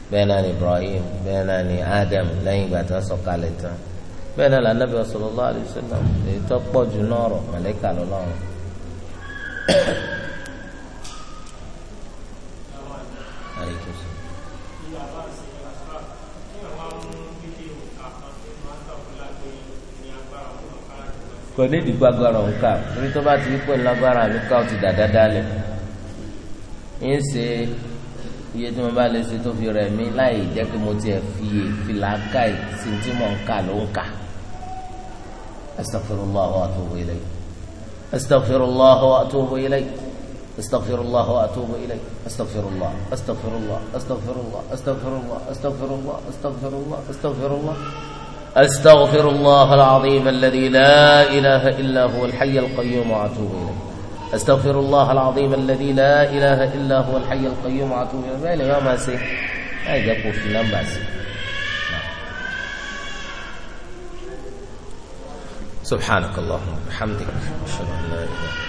bẹ́ẹ̀ náà ni ibrahim bẹ́ẹ̀ náà ni adam lẹ́yìn ìgbà tó sọ kalẹ̀ tán bẹ́ẹ̀ náà lànàbẹ sallallahu alaihi wasallam èyí tó pọ̀ jù náà rọ màlẹkà lọ́lọ́run. kò ní ìdìgbò agbára òǹkà torí tó bá ti rí pé lágbára àlùkà ti dàda dálẹ̀ ń ṣe iye tí mo bá lè ṣe tó fi rẹ̀ mí láì jẹ́ pé mo tiẹ̀ fi fìlà ká sí tí mò ń kà ló ń أستغفر الله وأتوب إليه أستغفر الله وأتوب إليه استغفر الله واتوب اليه استغفر الله استغفر الله استغفر الله استغفر الله استغفر الله استغفر الله استغفر الله استغفر الله العظيم الذي لا اله الا هو الحي القيوم واتوب اليه استغفر الله العظيم الذي لا اله الا هو الحي القيوم واتوب اليه ما يوم ما سي اي جابوا في لمباسي سبحانك اللهم وبحمدك اشهد ان لا اله الا انت